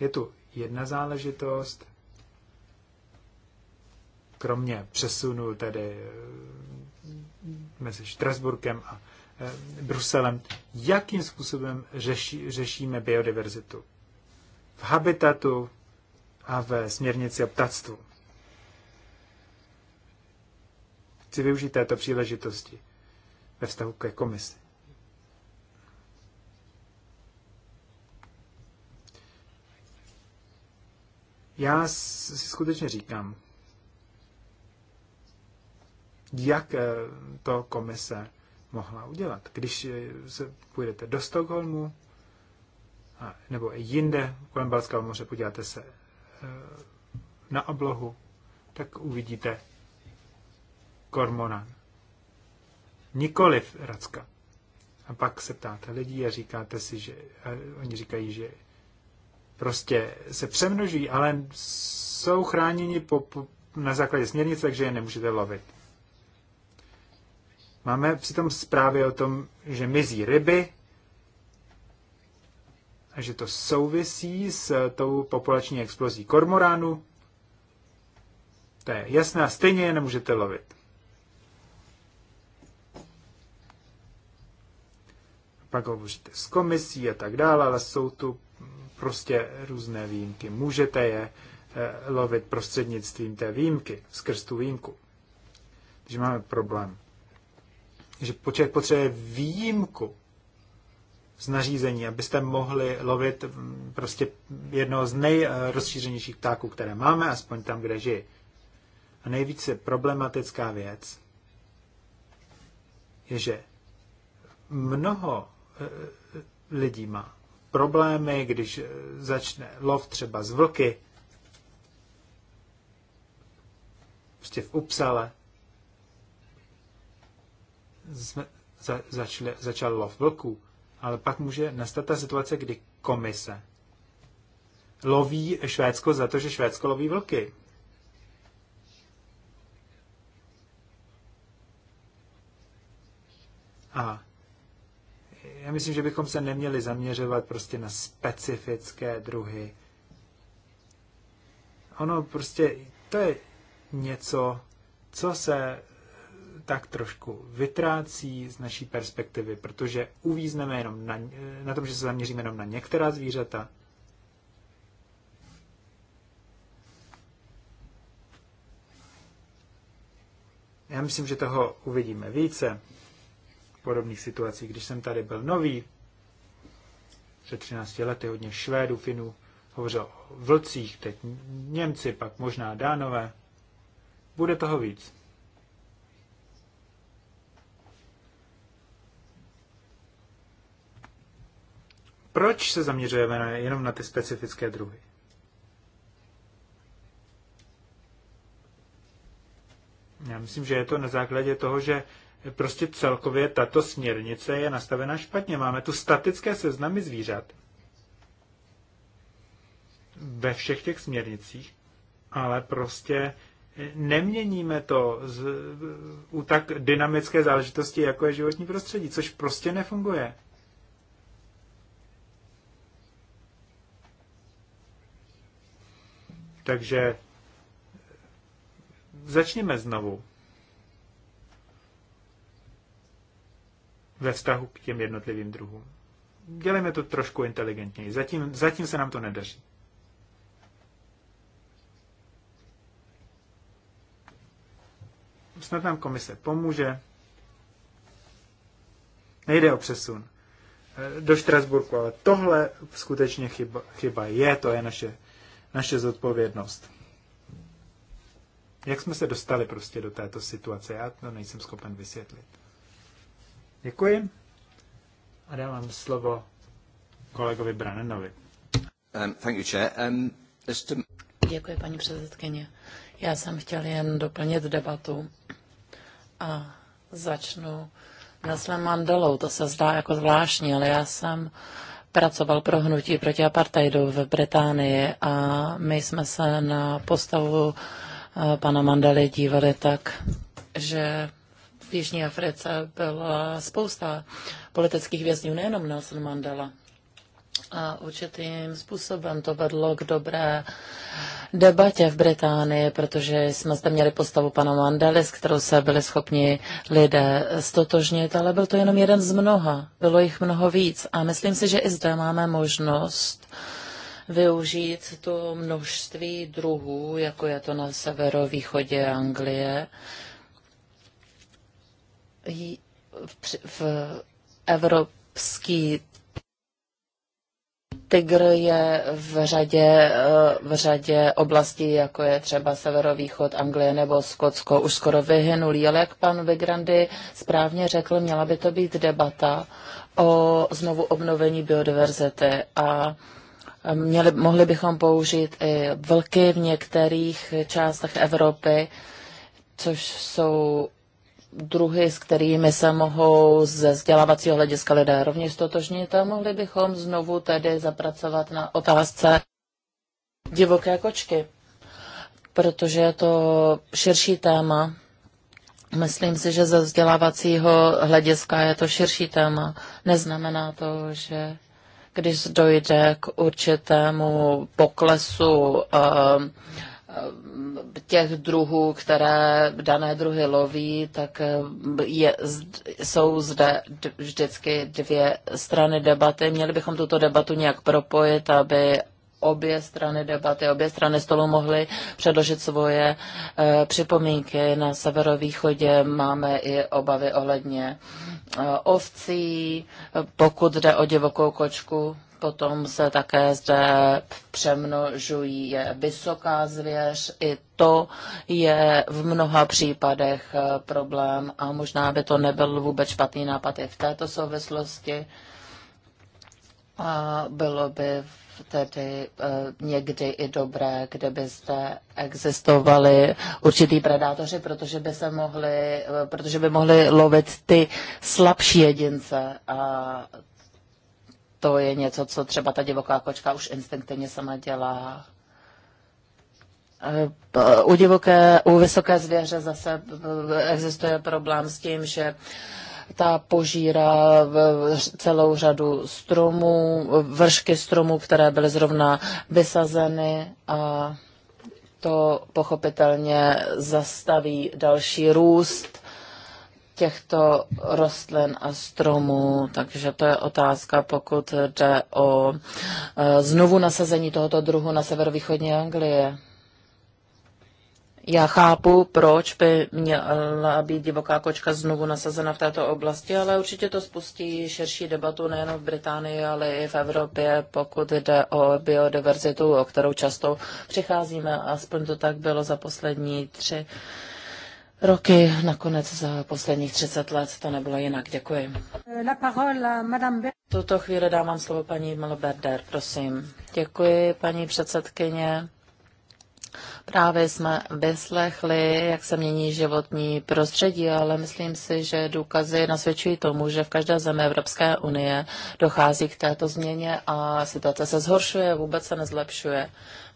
je tu jedna záležitost, kromě přesunu tedy eh, mezi Štrasburkem a eh, Bruselem, jakým způsobem řeší, řešíme biodiverzitu v habitatu a ve směrnici o ptactvu. Chci využít této příležitosti ve vztahu ke komisi. Já si skutečně říkám, jak eh, to komise mohla udělat. Když eh, se půjdete do Stockholmu nebo jinde kolem Balského moře, podíváte se eh, na oblohu, tak uvidíte kormonan. Nikoliv Racka. A pak se ptáte lidí a říkáte si, že a oni říkají, že prostě se přemnoží, ale jsou chráněni po, po, na základě směrnice, takže je nemůžete lovit. Máme přitom zprávy o tom, že mizí ryby a že to souvisí s tou populační explozí kormoránu To je jasné, stejně je nemůžete lovit. pak můžete s komisí a tak dále, ale jsou tu prostě různé výjimky. Můžete je eh, lovit prostřednictvím té výjimky, skrz tu výjimku. Takže máme problém. Že člověk potřebuje výjimku z nařízení, abyste mohli lovit mm, prostě jedno z nejrozšířenějších ptáků, které máme, aspoň tam, kde žijí. A nejvíce problematická věc je, že mnoho lidí má problémy, když začne lov třeba z vlky, prostě v Upsale, jsme, za, začali, začal lov vlků, ale pak může nastat ta situace, kdy komise loví Švédsko za to, že Švédsko loví vlky. A já myslím, že bychom se neměli zaměřovat prostě na specifické druhy. Ono prostě, to je něco, co se tak trošku vytrácí z naší perspektivy, protože uvízneme jenom na, na tom, že se zaměříme jenom na některá zvířata. Já myslím, že toho uvidíme více podobných situací. Když jsem tady byl nový, před 13 lety, hodně Švédů, Finů, hovořil o vlcích, teď Němci, pak možná Dánové. Bude toho víc. Proč se zaměřujeme jenom na ty specifické druhy? Já myslím, že je to na základě toho, že prostě celkově tato směrnice je nastavena špatně. Máme tu statické seznamy zvířat ve všech těch směrnicích, ale prostě neměníme to z, u tak dynamické záležitosti, jako je životní prostředí, což prostě nefunguje. Takže začněme znovu. ve vztahu k těm jednotlivým druhům. Dělejme to trošku inteligentněji. Zatím, zatím se nám to nedaří. Snad nám komise pomůže. Nejde o přesun eh, do Štrasburku, ale tohle skutečně chyba, chyba je, to je naše, naše zodpovědnost. Jak jsme se dostali prostě do této situace, já to nejsem schopen vysvětlit. Děkuji a dávám slovo kolegovi Branenovi. Um, thank you, chair. Um, to... Děkuji, paní předsedkyně. Já jsem chtěl jen doplnit debatu a začnu Nelsem Mandelou. To se zdá jako zvláštní, ale já jsem pracoval pro hnutí proti apartheidu v Británii a my jsme se na postavu eh, pana Mandely dívali tak, že v Jižní Africe byla spousta politických vězňů, nejenom Nelson Mandela. A určitým způsobem to vedlo k dobré debatě v Británii, protože jsme zde měli postavu pana Mandely, s kterou se byli schopni lidé stotožnit, ale byl to jenom jeden z mnoha. Bylo jich mnoho víc. A myslím si, že i zde máme možnost využít to množství druhů, jako je to na severovýchodě Anglie, v evropský Tygr je v řadě, eh, v řadě oblastí, jako je třeba severovýchod Anglie nebo Skotsko, už skoro vyhynulý. Ale jak pan Vigrandy správně řekl, měla by to být debata o znovu obnovení biodiverzity a měli, mohli bychom použít i vlky v některých částech Evropy, což jsou druhy, s kterými se mohou ze vzdělávacího hlediska lidé rovněž totožnit a mohli bychom znovu tedy zapracovat na otázce divoké kočky, protože je to širší téma. Myslím si, že ze vzdělávacího hlediska je to širší téma. Neznamená to, že když dojde k určitému poklesu uh, těch druhů, které dané druhy loví, tak eh, je, jsou zde vždycky dvě strany debaty. Měli bychom tuto debatu nějak propojit, aby obě strany debaty, obě strany stolu mohly předložit svoje e, připomínky. Na severovýchodě máme i obavy ohledně e, ovcí, pokud jde o divokou kočku, potom se také zde přemnožují je vysoká zvěř. I to je v mnoha případech eh, problém a možná by to nebyl vůbec špatný nápad i v této souvislosti. A bylo by tedy eh, někdy i dobré, kdyby zde existovali určitý predátoři, protože by se mohli, eh, protože by mohli lovit ty slabší jedince a to je něco, co třeba ta divoká kočka už instinktivně sama dělá. Eh, u, divoké, u vysoké zvěře zase eh, existuje problém s tím, že ta požírá celou řadu stromů, vršky stromů, které byly zrovna vysazeny a to pochopitelně zastaví další růst těchto rostlin a stromů, takže to je otázka, pokud jde o e, znovu nasazení tohoto druhu na severovýchodní Anglie. Já chápu, proč by měla být divoká kočka znovu nasazena v této oblasti, ale určitě to spustí širší debatu nejen v Británii, ale i v Evropě, pokud jde o biodiverzitu, o kterou často přicházíme. Aspoň to tak bylo za poslední tři roky, nakonec za posledních 30 let to nebylo jinak. Děkuji. La parole, madame Tuto chvíli dávám slovo paní Melberder, prosím. Děkuji, paní předsedkyně. Právě jsme vyslechli, jak se mění životní prostředí, ale myslím si, že důkazy nasvědčují tomu, že v každé zemi Evropské unie dochází k této změně a situace se zhoršuje, vůbec se nezlepšuje.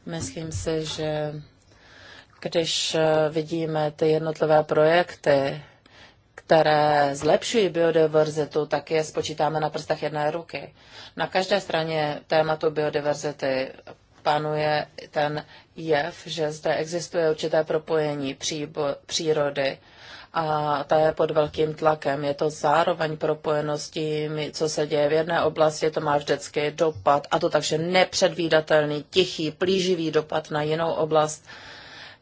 Myslím si, že když eh, vidíme ty jednotlivé projekty, které zlepšují biodiverzitu, tak je spočítáme na prstech jedné ruky. Na každé straně tématu biodiverzity panuje ten jev, že zde existuje určité propojení příbo- přírody a ta je pod velkým tlakem. Je to zároveň propojeno s tím, co se děje v jedné oblasti, to má vždycky dopad a to takže nepředvídatelný, tichý, plíživý dopad na jinou oblast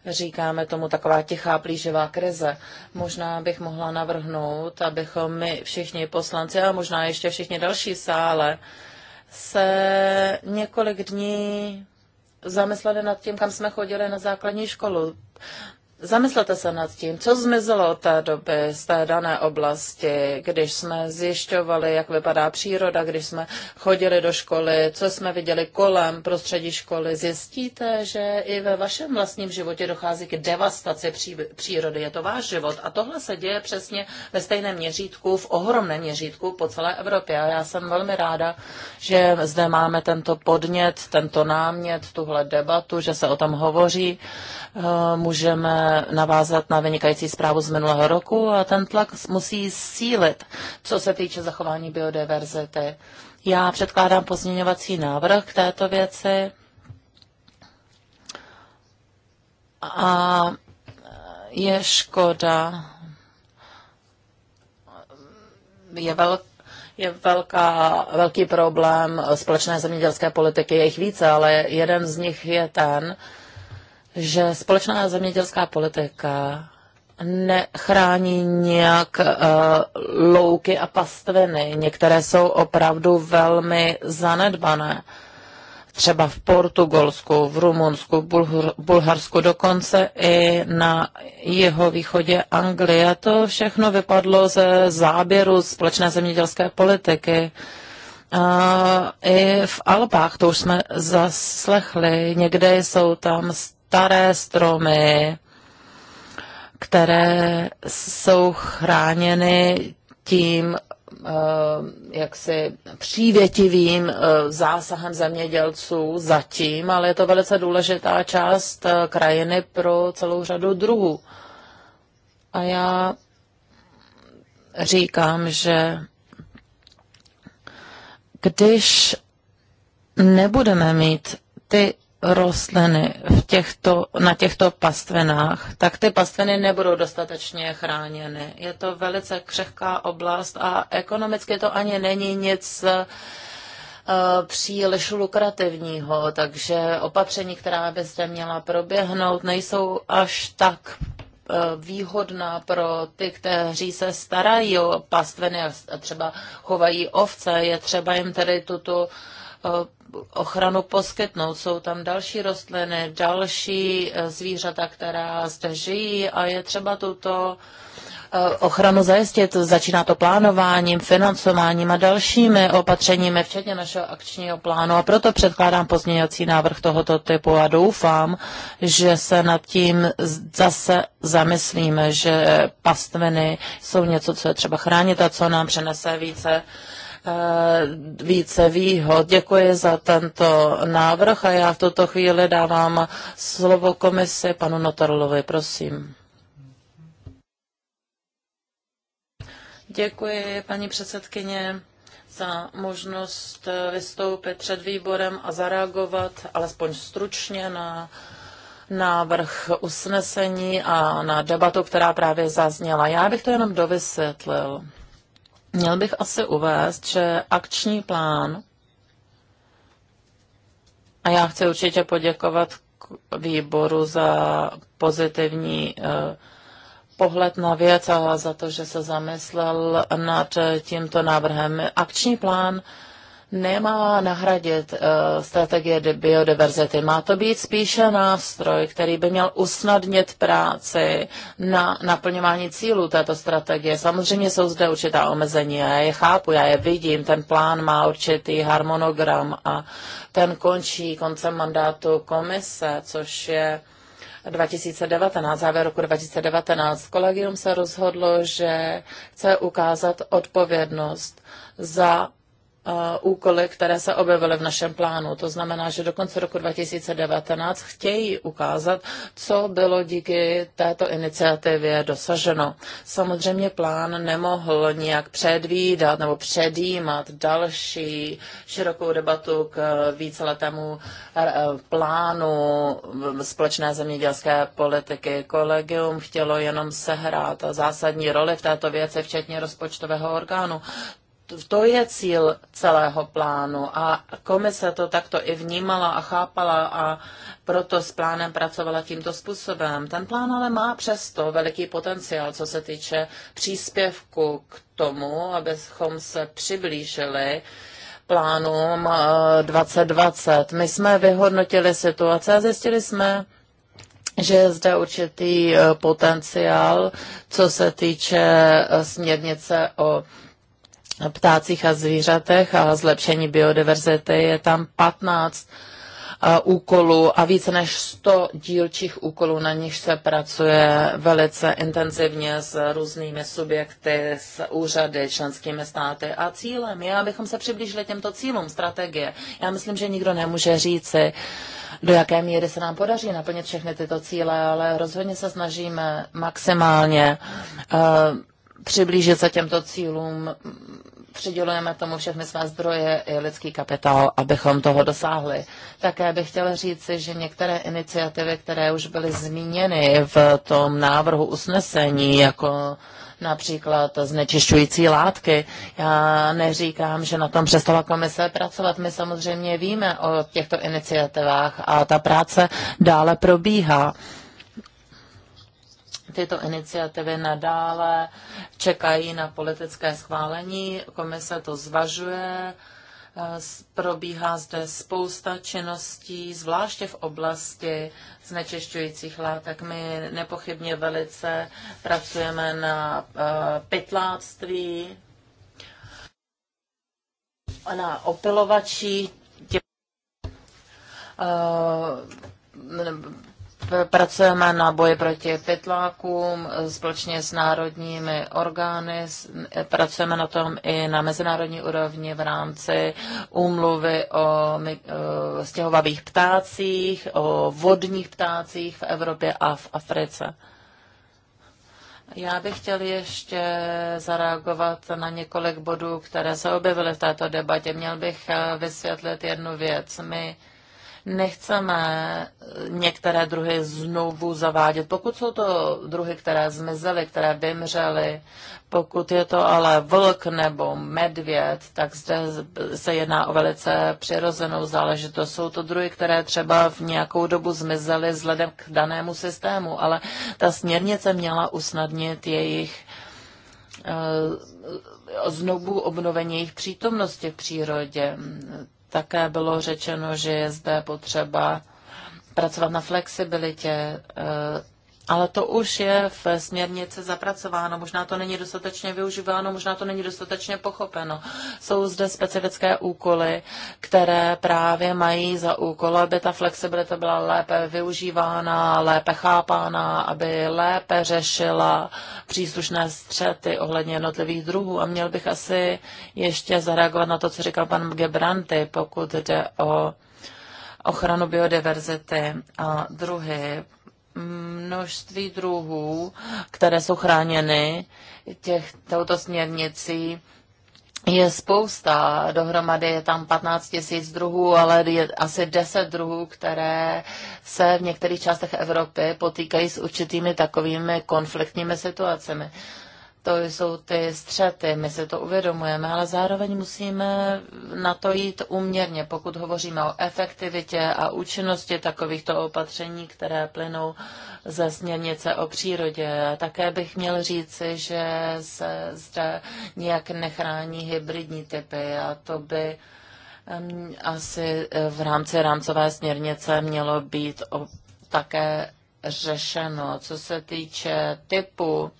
říkáme tomu taková tichá plíživá krize. Možná bych mohla navrhnout, abychom my všichni poslanci a možná ještě všichni další sále se několik dní zamysleli nad tím, kam jsme chodili na základní školu. Zamyslete se nad tím, co zmizelo od té doby z té dané oblasti, když jsme zjišťovali, jak vypadá příroda, když jsme chodili do školy, co jsme viděli kolem prostředí školy. Zjistíte, že i ve vašem vlastním životě dochází k devastaci pří, přírody. Je to váš život. A tohle se děje přesně ve stejném měřítku, v ohromném měřítku po celé Evropě. A já jsem velmi ráda, že zde máme tento podnět, tento námět, tuhle debatu, že se o tom hovoří. Eh, můžeme navázat na vynikající zprávu z minulého roku a ten tlak musí sílit, co se týče zachování biodiverzity. Já předkládám pozměňovací návrh k této věci a je škoda, je velká je velká, velký problém společné zemědělské politiky, je jich více, ale jeden z nich je ten, že společná zemědělská politika nechrání nějak uh, louky a pastviny. Některé jsou opravdu velmi zanedbané. Třeba v Portugalsku, v Rumunsku, Bulhur, Bulharsku, dokonce i na jeho východě Anglie. To všechno vypadlo ze záběru společné zemědělské politiky. Uh, I v Alpách, to už jsme zaslechli, někde jsou tam staré stromy, které jsou chráněny tím eh, jaksi přívětivým eh, zásahem zemědělců zatím, ale je to velice důležitá část eh, krajiny pro celou řadu druhů. A já říkám, že když nebudeme mít ty rostliny v těchto, na těchto pastvinách, tak ty pastviny nebudou dostatečně chráněny. Je to velice křehká oblast a ekonomicky to ani není nic eh, příliš lukrativního, takže opatření, která by zde měla proběhnout, nejsou až tak eh, výhodná pro ty, kteří se starají o pastviny a třeba chovají ovce. Je třeba jim tedy tuto Eh, ochranu poskytnout. Jsou tam další rostliny, další eh, zvířata, která zde žijí a je třeba tuto eh, ochranu zajistit. Začíná to plánováním, financováním a dalšími opatřeními, včetně našeho akčního plánu. A proto předkládám pozměňovací návrh tohoto typu a doufám, že se nad tím zase zamyslíme, že pastviny jsou něco, co je třeba chránit a co nám přenese více Eh, více výhod. Děkuji za tento návrh a já v tuto chvíli dávám slovo komisi panu Notarlovi, prosím. Děkuji, paní předsedkyně, za možnost vystoupit před výborem a zareagovat alespoň stručně na návrh usnesení a na debatu, která právě zazněla. Já bych to jenom dovysvětlil. Měl bych asi uvést, že akční plán, a já chci určitě poděkovat výboru za pozitivní eh, pohled na věc a za to, že se zamyslel nad tímto návrhem. Akční plán nemá nahradit eh, strategie biodiverzity. Má to být spíše nástroj, který by měl usnadnit práci na naplňování cílů této strategie. Samozřejmě jsou zde určitá omezení, já je chápu, já je vidím, ten plán má určitý harmonogram a ten končí koncem mandátu komise, což je 2019, závěr roku 2019, kolegium se rozhodlo, že chce ukázat odpovědnost za Uh, úkoly, které se objevily v našem plánu. To znamená, že do konce roku 2019 chtějí ukázat, co bylo díky této iniciativě dosaženo. Samozřejmě plán nemohl nijak předvídat nebo předjímat další širokou debatu k víceletému eh, plánu společné zemědělské politiky. Kolegium chtělo jenom sehrát zásadní roli v této věci, včetně rozpočtového orgánu to je cíl celého plánu a komise to takto i vnímala a chápala a proto s plánem pracovala tímto způsobem. Ten plán ale má přesto veliký potenciál, co se týče příspěvku k tomu, abychom se přiblížili plánům 2020. Eh, My jsme vyhodnotili situaci a zjistili jsme, že je zde určitý eh, potenciál, co se týče eh, směrnice o ptácích a zvířatech a zlepšení biodiverzity. Je tam 15 úkolů a více než 100 dílčích úkolů, na nich se pracuje velice intenzivně s různými subjekty, s úřady, členskými státy. A cílem je, abychom se přiblížili těmto cílům strategie. Já myslím, že nikdo nemůže říci, do jaké míry se nám podaří naplnit všechny tyto cíle, ale rozhodně se snažíme maximálně uh, přiblížit se těmto cílům. Přidělujeme tomu všechny své zdroje i lidský kapitál, abychom toho dosáhli. Také bych chtěla říci, že některé iniciativy, které už byly zmíněny v tom návrhu usnesení, jako například znečišťující látky. Já neříkám, že na tom přestala komise pracovat. My samozřejmě víme o těchto iniciativách a ta práce dále probíhá. Tyto iniciativy nadále čekají na politické schválení. Komise to zvažuje. Eh, probíhá zde spousta činností, zvláště v oblasti znečišťujících látek. My nepochybně velice pracujeme na eh, pytláctví, na opilovačí, eh, Pracujeme na boji proti pytlákům společně s národními orgány. Pracujeme na tom i na mezinárodní úrovni v rámci úmluvy o stěhovavých ptácích, o vodních ptácích v Evropě a v Africe. Já bych chtěl ještě zareagovat na několik bodů, které se objevily v této debatě. Měl bych eh, vysvětlit jednu věc. My Nechceme některé druhy znovu zavádět. Pokud jsou to druhy, které zmizely, které vymřely, pokud je to ale vlk nebo medvěd, tak zde se jedná o velice přirozenou záležitost. Jsou to druhy, které třeba v nějakou dobu zmizely vzhledem k danému systému, ale ta směrnice měla usnadnit jejich eh, znovu obnovení jejich přítomnosti v přírodě. Také bylo řečeno, že je zde potřeba pracovat na flexibilitě eh, ale to už je v směrnici zapracováno, možná to není dostatečně využíváno, možná to není dostatečně pochopeno. Jsou zde specifické úkoly, které právě mají za úkol, aby ta flexibilita byla lépe využívána, lépe chápána, aby lépe řešila příslušné střety ohledně jednotlivých druhů. A měl bych asi ještě zareagovat na to, co říkal pan Gebranty, pokud jde o ochranu biodiverzity a druhy množství druhů, které jsou chráněny těch, touto směrnicí, je spousta, dohromady je tam 15 tisíc druhů, ale je asi 10 druhů, které se v některých částech Evropy potýkají s určitými takovými konfliktními situacemi. To jsou ty střety, my se to uvědomujeme, ale zároveň musíme na to jít uměrně, pokud hovoříme o efektivitě a účinnosti takovýchto opatření, které plynou ze směrnice o přírodě. Také bych měl říci, že se zde nijak nechrání hybridní typy a to by asi eh, v rámci rámcové směrnice mělo být také řešeno. Co se týče typu,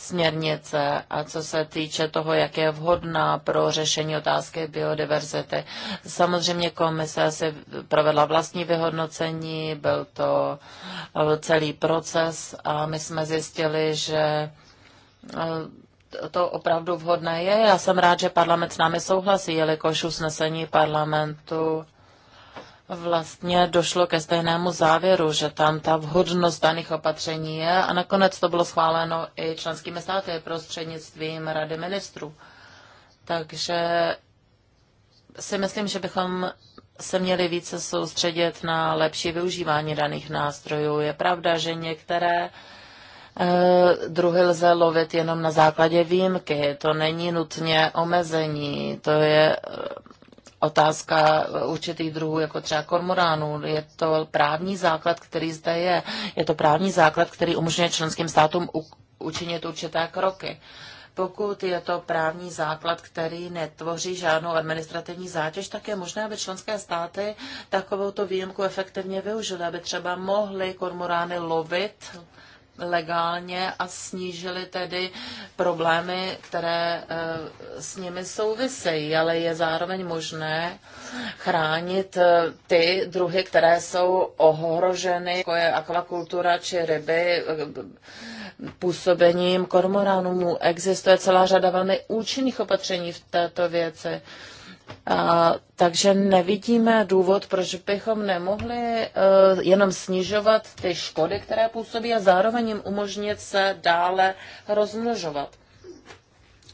směrnice a co se týče toho, jak je vhodná pro řešení otázky biodiverzity. Samozřejmě komise si provedla vlastní vyhodnocení, byl to eh, celý proces a my jsme zjistili, že eh, to opravdu vhodné je. Já jsem rád, že parlament s námi souhlasí, jelikož usnesení parlamentu vlastně došlo ke stejnému závěru, že tam ta vhodnost daných opatření je a nakonec to bylo schváleno i členskými státy prostřednictvím Rady ministrů. Takže si myslím, že bychom se měli více soustředit na lepší využívání daných nástrojů. Je pravda, že některé eh, druhy lze lovit jenom na základě výjimky. To není nutně omezení, to je eh, otázka určitých druhů, jako třeba kormoránů. Je to právní základ, který zde je. Je to právní základ, který umožňuje členským státům učinit určité kroky pokud je to právní základ, který netvoří žádnou administrativní zátěž, tak je možné, aby členské státy takovouto výjimku efektivně využily, aby třeba mohly kormorány lovit legálně a snížili tedy problémy, které eh, s nimi souvisejí, ale je zároveň možné chránit eh, ty druhy, které jsou ohroženy, jako je akvakultura či ryby, eh, působením kormoránů. Existuje celá řada velmi účinných opatření v této věci takže nevidíme důvod, proč bychom nemohli uh, jenom snižovat ty škody, které působí a zároveň jim umožnit se dále rozmnožovat.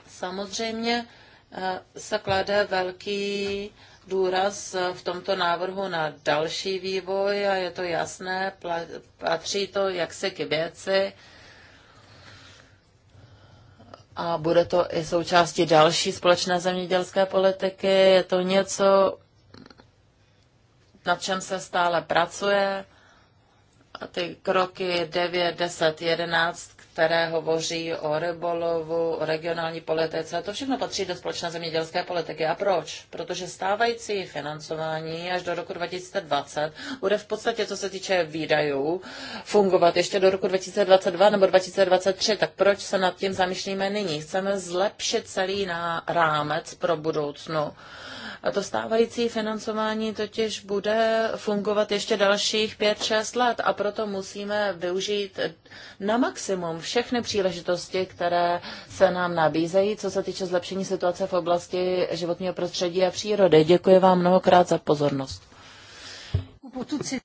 Samozřejmě uh, se klade velký důraz v tomto návrhu na další vývoj a je to jasné, patří to jaksi k věci. Uh, a bude to i součástí další společné zemědělské politiky. Je to něco, na čem se stále pracuje. A ty kroky 9, 10, 11 které hovoří o rybolovu, o regionální politice. To všechno patří do společné zemědělské politiky. A proč? Protože stávající financování až do roku 2020 bude v podstatě, co se týče výdajů, fungovat ještě do roku 2022 nebo 2023. Tak proč se nad tím zamýšlíme nyní? Chceme zlepšit celý na rámec pro budoucnu. A to stávající financování totiž bude fungovat ještě dalších 5-6 let a proto musíme využít na maximum všechny příležitosti, které se nám nabízejí, co se týče zlepšení situace v oblasti životního prostředí a přírody. Děkuji vám mnohokrát za pozornost.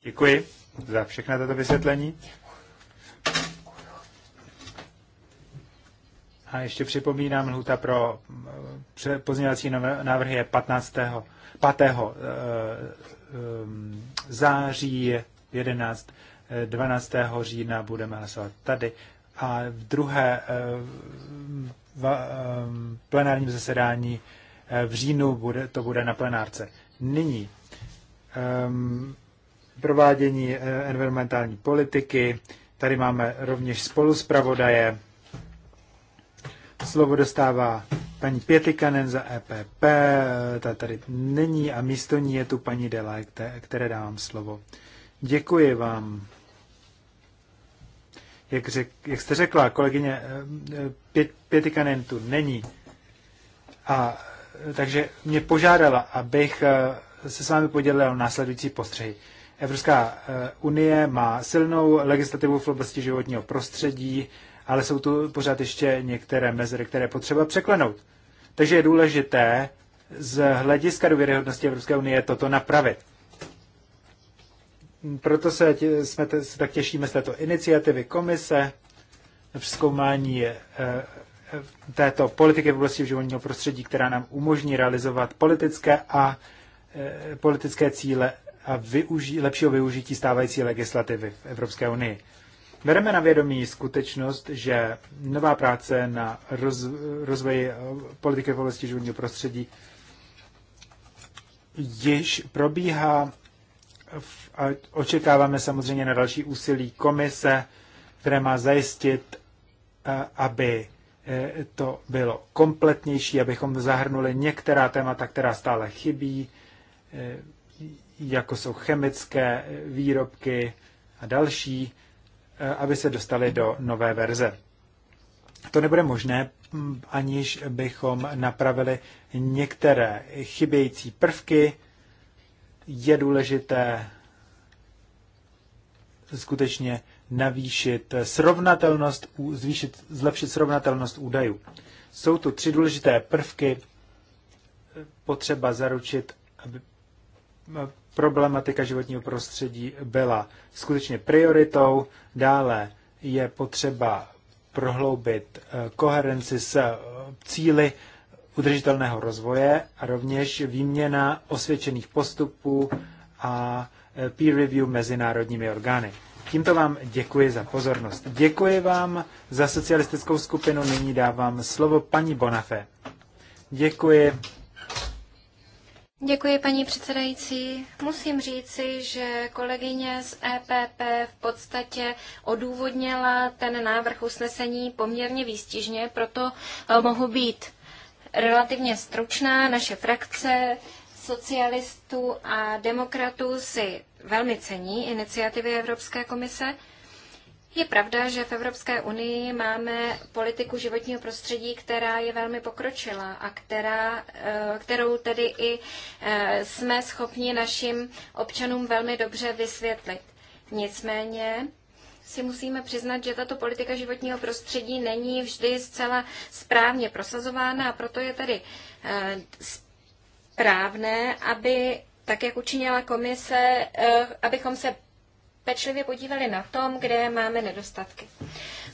Děkuji za všechna tato vysvětlení. A ještě připomínám, lhuta pro eh, pozměňovací návrhy je 15. 5. Eh, eh, září, 11. 12. října budeme hlasovat tady a v druhé v plenárním zasedání v říjnu bude, to bude na plenárce. Nyní provádění environmentální politiky. Tady máme rovněž spolu zpravodaje. Slovo dostává paní Pětikanen za EPP, ta tady není a místo ní je tu paní Dela, které dávám slovo. Děkuji vám. Jak, řek, jak jste řekla, kolegyně eh, eh, Pět, Pětikanen tu není. A, eh, takže mě požádala, abych se s vámi podělil o následující postřehy. Evropská unie má silnou legislativu v oblasti životního prostředí, ale jsou tu pořád ještě některé mezery, které potřeba překlenout. Takže je důležité z hlediska důvěryhodnosti Evropské unie toto napravit. Proto se, tě, jsme te, se tak těšíme z této iniciativy komise na přeskoumání e, eh, eh, této politiky v oblasti životního prostředí, která nám umožní realizovat politické a e, politické cíle a využí, lepšího využití stávající legislativy v Evropské unii. Bereme na vědomí skutečnost, že nová práce na roz, rozvoji eh, politiky v oblasti životního prostředí již probíhá a očekáváme samozřejmě na další úsilí komise, které má zajistit, eh, aby eh, to bylo kompletnější, abychom zahrnuli některá témata, která stále chybí, jako jsou chemické výrobky a další Eh, aby se dostali do nové verze. To nebude možné, hm, aniž bychom napravili některé chybějící prvky. Je důležité skutečně navýšit srovnatelnost, zvýšit, zlepšit srovnatelnost údajů. Jsou tu tři důležité prvky, eh, potřeba zaručit, aby problematika životního prostředí byla skutečně prioritou. Dále je potřeba prohloubit eh, koherenci s eh, cíly udržitelného rozvoje a rovněž výměna osvědčených postupů a eh, peer review mezinárodními orgány. Tímto vám děkuji za pozornost. Děkuji vám za socialistickou skupinu. Nyní dávám slovo paní Bonafé. Děkuji. Děkuji, paní předsedající. Musím říci, že kolegyně z EPP v podstatě odůvodnila ten návrh usnesení poměrně výstižně, proto eh, mohu být relativně stručná. Naše frakce socialistů a demokratů si velmi cení iniciativy Evropské komise. Je pravda, že v Evropské unii máme politiku životního prostředí, která je velmi pokročila a která, eh, kterou tedy i eh, jsme schopni našim občanům velmi dobře vysvětlit. Nicméně si musíme přiznat, že tato politika životního prostředí není vždy zcela správně prosazována a proto je tedy eh, správné, aby tak, jak učinila komise, abychom se pečlivě podívali na tom, kde máme nedostatky.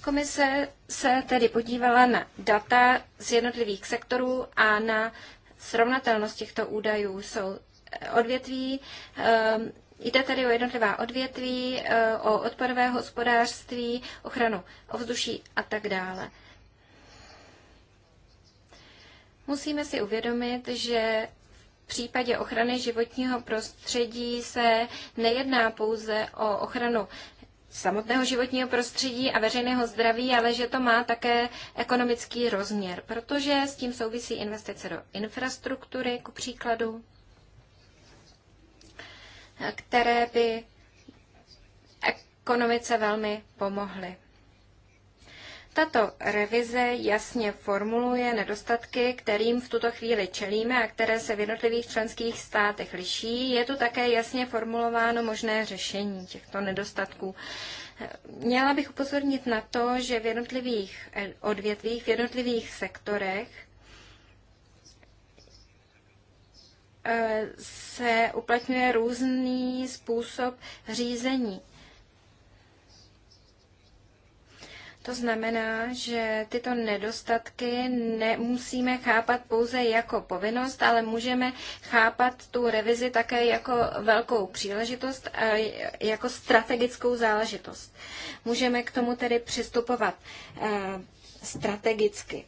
Komise se tedy podívala na data z jednotlivých sektorů a na srovnatelnost těchto údajů. Jsou eh, odvětví, ehm, jde tedy o jednotlivá odvětví, eh, o odpadové hospodářství, ochranu ovzduší a tak dále. Musíme si uvědomit, že případě ochrany životního prostředí se nejedná pouze o ochranu samotného životního prostředí a veřejného zdraví, ale že to má také ekonomický rozměr, protože s tím souvisí investice do infrastruktury, ku příkladu, které by ekonomice velmi pomohly. Tato revize jasně formuluje nedostatky, kterým v tuto chvíli čelíme a které se v jednotlivých členských státech liší. Je tu také jasně formulováno možné řešení těchto nedostatků. Měla bych upozornit na to, že v jednotlivých eh, odvětvích, v jednotlivých sektorech eh, se uplatňuje různý způsob řízení To znamená, že tyto nedostatky nemusíme chápat pouze jako povinnost, ale můžeme chápat tu revizi také jako velkou příležitost, jako strategickou záležitost. Můžeme k tomu tedy přistupovat eh, strategicky.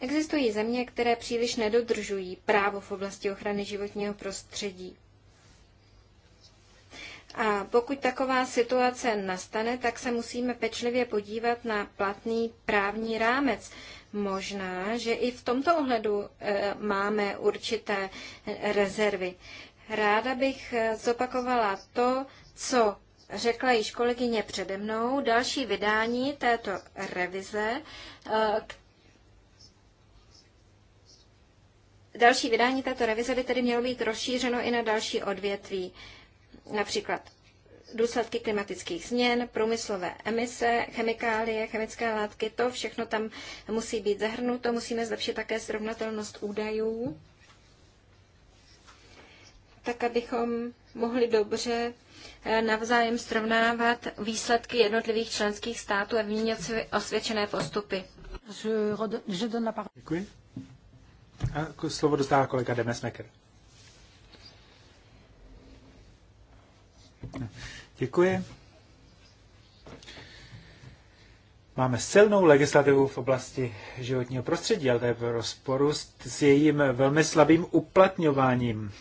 Existují země, které příliš nedodržují právo v oblasti ochrany životního prostředí. A pokud taková situace nastane, tak se musíme pečlivě podívat na platný právní rámec. Možná, že i v tomto ohledu e, máme určité rezervy. Ráda bych e, zopakovala to, co řekla již kolegyně přede mnou. Další vydání této revize, e, Další vydání této revize by tedy mělo být rozšířeno i na další odvětví například důsledky klimatických změn, průmyslové emise, chemikálie, chemické látky, to všechno tam musí být zahrnuto. Musíme zlepšit také srovnatelnost údajů, tak abychom mohli dobře eh, navzájem srovnávat výsledky jednotlivých členských států a vyměnit si osvědčené postupy. Děkuji. A slovo dostává kolega Demesmeker. Děkuji. Máme silnou legislativu v oblasti životního prostředí, ale to je v rozporu s, s jejím velmi slabým uplatňováním.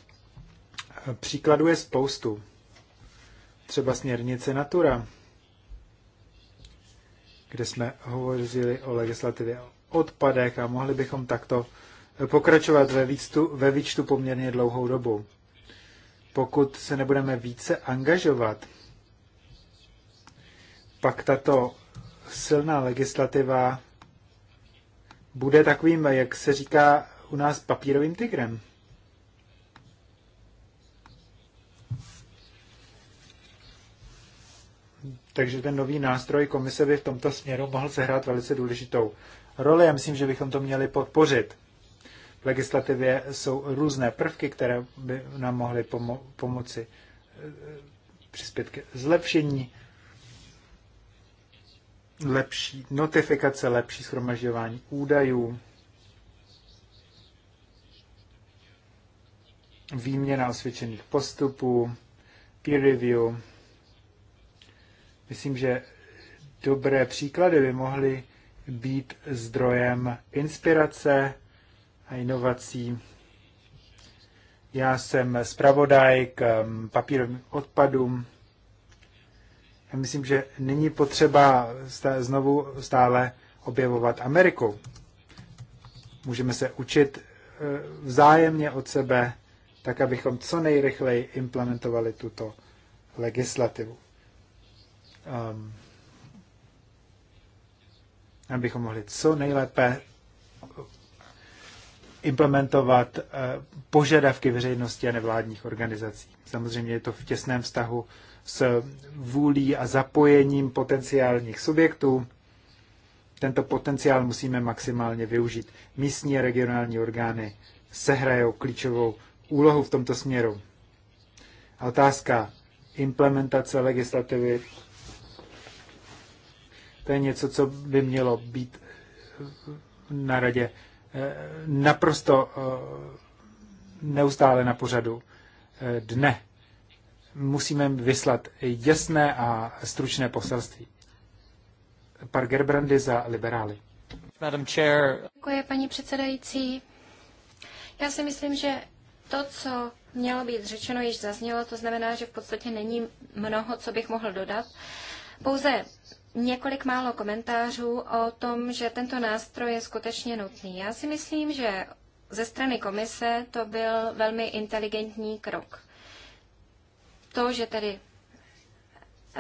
Příkladů je spoustu. Třeba směrnice Natura, kde jsme hovořili o legislativě o odpadech a mohli bychom takto pokračovat ve výčtu, ve výčtu poměrně dlouhou dobu pokud se nebudeme více angažovat, pak tato silná legislativa bude takovým, jak se říká u nás, papírovým tigrem. Takže ten nový nástroj komise by v tomto směru mohl sehrát velice důležitou roli Já myslím, že bychom to měli podpořit legislativě jsou různé prvky, které by nám mohly pomo- pomoci eh, přispět k zlepšení, lepší notifikace, lepší schromažďování údajů, výměna osvědčených postupů, peer review. Myslím, že dobré příklady by mohly být zdrojem inspirace a inovací. Já jsem zpravodaj k um, papírovým odpadům. Já myslím, že není potřeba znovu stále objevovat Ameriku. Můžeme se učit uh, vzájemně od sebe, tak abychom co nejrychleji implementovali tuto legislativu. Um, abychom mohli co nejlépe implementovat eh, požadavky veřejnosti a nevládních organizací. Samozřejmě je to v těsném vztahu s vůlí a zapojením potenciálních subjektů. Tento potenciál musíme maximálně využít. Místní a regionální orgány sehrajou klíčovou úlohu v tomto směru. A otázka implementace legislativy, to je něco, co by mělo být na radě Eh, naprosto eh, neustále na pořadu eh, dne. Musíme vyslat jasné a stručné poselství. Par Gerbrandy za liberály. Děkuji, paní předsedající. Já si myslím, že to, co mělo být řečeno, již zaznělo, to znamená, že v podstatě není mnoho, co bych mohl dodat. Pouze několik málo komentářů o tom, že tento nástroj je skutečně nutný. Já si myslím, že ze strany komise to byl velmi inteligentní krok. To, že tedy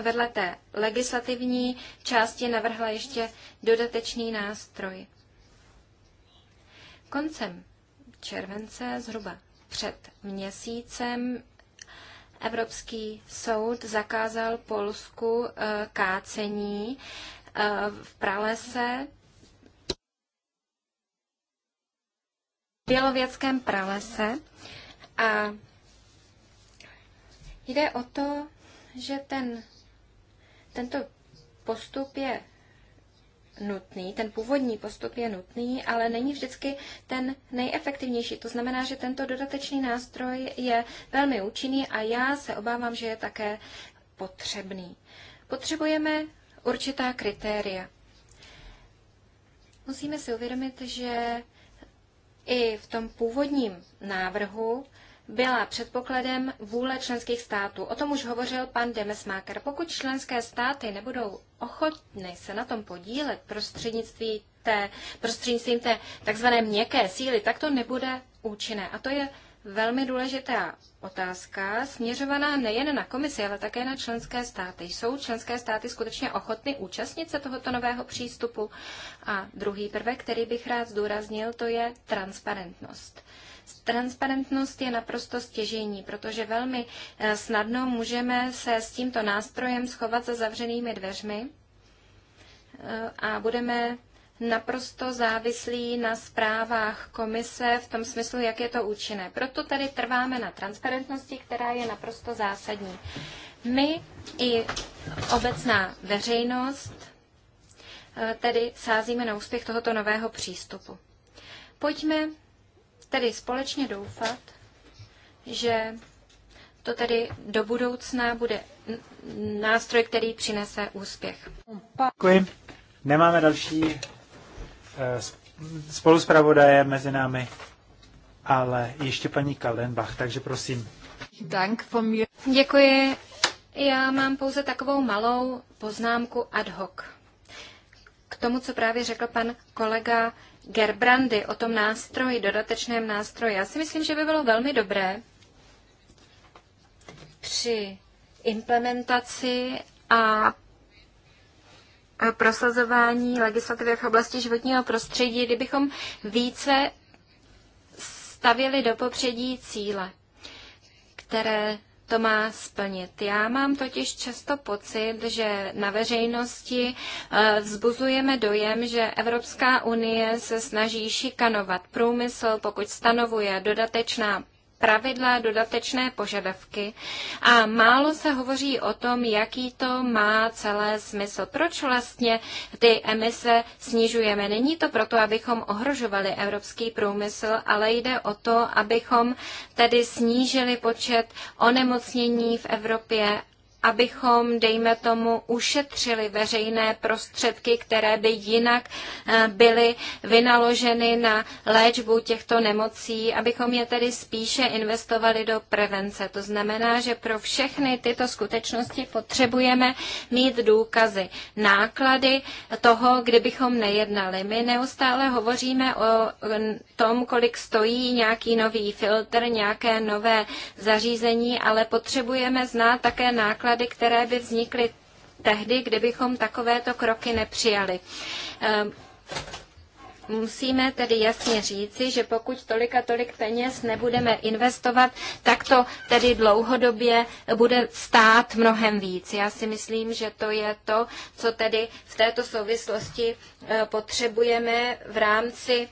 vedle té legislativní části navrhla ještě dodatečný nástroj. Koncem července, zhruba před měsícem, Evropský soud zakázal Polsku eh, kácení eh, v pralese, v bělověckém pralese a jde o to, že ten, tento postup je nutný, ten původní postup je nutný, ale není vždycky ten nejefektivnější. To znamená, že tento dodatečný nástroj je velmi účinný a já se obávám, že je také potřebný. Potřebujeme určitá kritéria. Musíme si uvědomit, že i v tom původním návrhu byla předpokladem vůle členských států. O tom už hovořil pan Demesmáker. Pokud členské státy nebudou ochotny se na tom podílet prostřednictvím té, prostřednictvím té takzvané měkké síly, tak to nebude účinné. A to je velmi důležitá otázka, směřovaná nejen na komisi, ale také na členské státy. Jsou členské státy skutečně ochotny účastnit se tohoto nového přístupu? A druhý prvek, který bych rád zdůraznil, to je transparentnost. Transparentnost je naprosto stěžejní, protože velmi eh, snadno můžeme se s tímto nástrojem schovat za zavřenými dveřmi eh, a budeme naprosto závislí na zprávách komise v tom smyslu, jak je to účinné. Proto tady trváme na transparentnosti, která je naprosto zásadní. My i obecná veřejnost eh, tedy sázíme na úspěch tohoto nového přístupu. Pojďme tedy společně doufat, že to tedy do budoucna bude nástroj, který přinese úspěch. Děkuji. Nemáme další eh, spoluspravodaje mezi námi, ale ještě paní Kaldenbach, takže prosím. Děkuji. Já mám pouze takovou malou poznámku ad hoc. K tomu, co právě řekl pan kolega Gerbrandy o tom nástroji, dodatečném nástroji. Já si myslím, že by bylo velmi dobré při implementaci a prosazování legislativy v oblasti životního prostředí, kdybychom více stavili do popředí cíle, které to má splnit. Já mám totiž často pocit, že na veřejnosti eh, vzbuzujeme dojem, že Evropská unie se snaží šikanovat průmysl, pokud stanovuje dodatečná pravidla, dodatečné požadavky a málo se hovoří o tom, jaký to má celé smysl. Proč vlastně ty emise snižujeme? Není to proto, abychom ohrožovali evropský průmysl, ale jde o to, abychom tedy snížili počet onemocnění v Evropě abychom, dejme tomu, ušetřili veřejné prostředky, které by jinak eh, byly vynaloženy na léčbu těchto nemocí, abychom je tedy spíše investovali do prevence. To znamená, že pro všechny tyto skutečnosti potřebujeme mít důkazy, náklady toho, kdybychom nejednali. My neustále hovoříme o tom, kolik stojí nějaký nový filtr, nějaké nové zařízení, ale potřebujeme znát také náklady náklady, které by vznikly tehdy, kdybychom takovéto kroky nepřijali. Ehm, musíme tedy jasně říci, že pokud tolik a tolik peněz nebudeme investovat, tak to tedy dlouhodobě bude stát mnohem víc. Já si myslím, že to je to, co tedy v této souvislosti eh, potřebujeme v rámci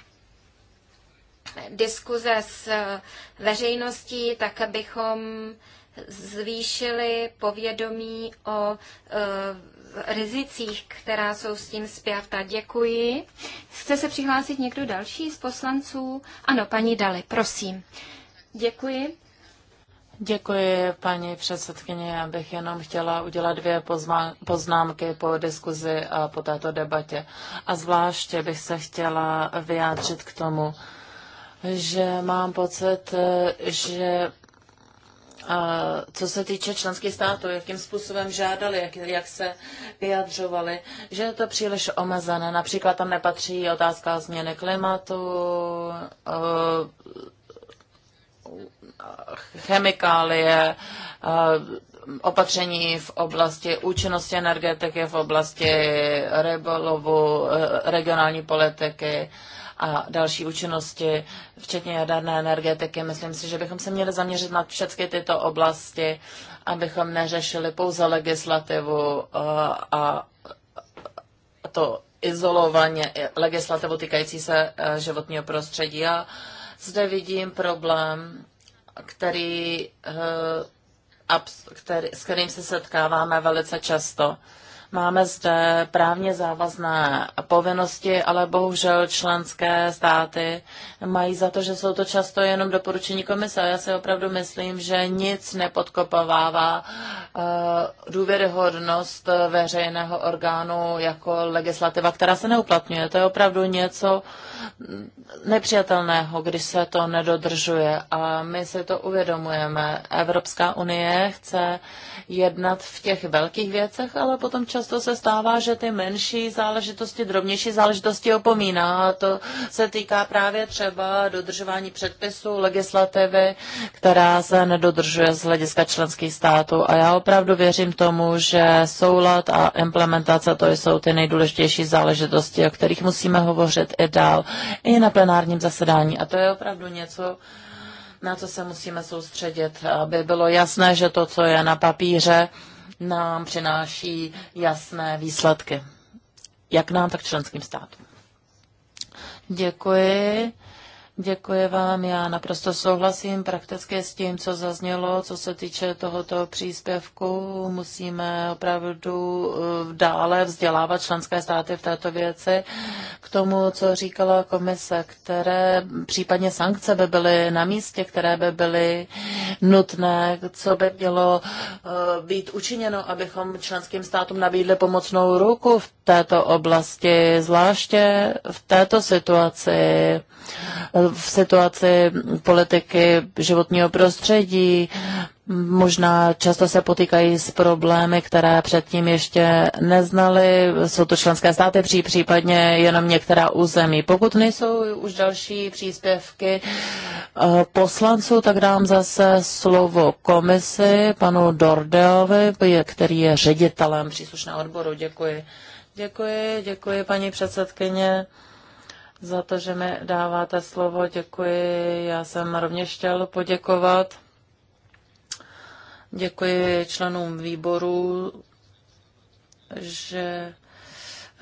diskuze s eh, veřejností, tak abychom zvýšili povědomí o e, rizicích, která jsou s tím zpěvta. Děkuji. Chce se přihlásit někdo další z poslanců? Ano, paní Dali, prosím. Děkuji. Děkuji, paní předsedkyně. Já bych jenom chtěla udělat dvě poznámky po diskuzi a po této debatě. A zvláště bych se chtěla vyjádřit k tomu, že mám pocit, eh, že a co se týče členských států, jakým způsobem žádali, jak, jak se vyjadřovali, že je to příliš omezené. Například tam nepatří otázka změny klimatu, eh, chemikálie, eh, opatření v oblasti účinnosti energetiky, v oblasti rybolovu, eh, regionální politiky a další účinnosti, včetně jaderné energetiky. Myslím si, že bychom se měli zaměřit na všechny tyto oblasti, abychom neřešili pouze legislativu eh, a to izolovaně, legislativu týkající se eh, životního prostředí. Já zde vidím problém, který, eh, který, s kterým se setkáváme velice často Máme zde právně závazné povinnosti, ale bohužel členské státy mají za to, že jsou to často jenom doporučení komise. Já si opravdu myslím, že nic nepodkopává eh, důvěryhodnost veřejného orgánu jako legislativa, která se neuplatňuje. To je opravdu něco nepřijatelného, když se to nedodržuje. A my si to uvědomujeme. Evropská unie chce jednat v těch velkých věcech, ale potom často často se stává, že ty menší záležitosti, drobnější záležitosti opomíná. A to se týká právě třeba dodržování předpisů, legislativy, která se nedodržuje z hlediska členských států. A já opravdu věřím tomu, že soulad a implementace to jsou ty nejdůležitější záležitosti, o kterých musíme hovořit i dál, i na plenárním zasedání. A to je opravdu něco, na co se musíme soustředit, aby bylo jasné, že to, co je na papíře, nám přináší jasné výsledky. Jak nám, tak členským státům. Děkuji. Děkuji vám, já naprosto souhlasím prakticky s tím, co zaznělo, co se týče tohoto příspěvku. Musíme opravdu eh, dále vzdělávat členské státy v této věci. K tomu, co říkala komise, které případně sankce by byly na místě, které by byly nutné, co by mělo eh, být učiněno, abychom členským státům nabídli pomocnou ruku v této oblasti, zvláště v této situaci v situaci politiky životního prostředí, možná často se potýkají s problémy, které předtím ještě neznali. Jsou to členské státy, pří, případně jenom některá území. Pokud nejsou už další příspěvky eh, poslanců, tak dám zase slovo komisi panu Dordeovi, který je ředitelem příslušného odboru. Děkuji. Děkuji, děkuji paní předsedkyně za to, že mi dáváte slovo. Děkuji. Já jsem rovněž chtěl poděkovat. Děkuji členům výboru, že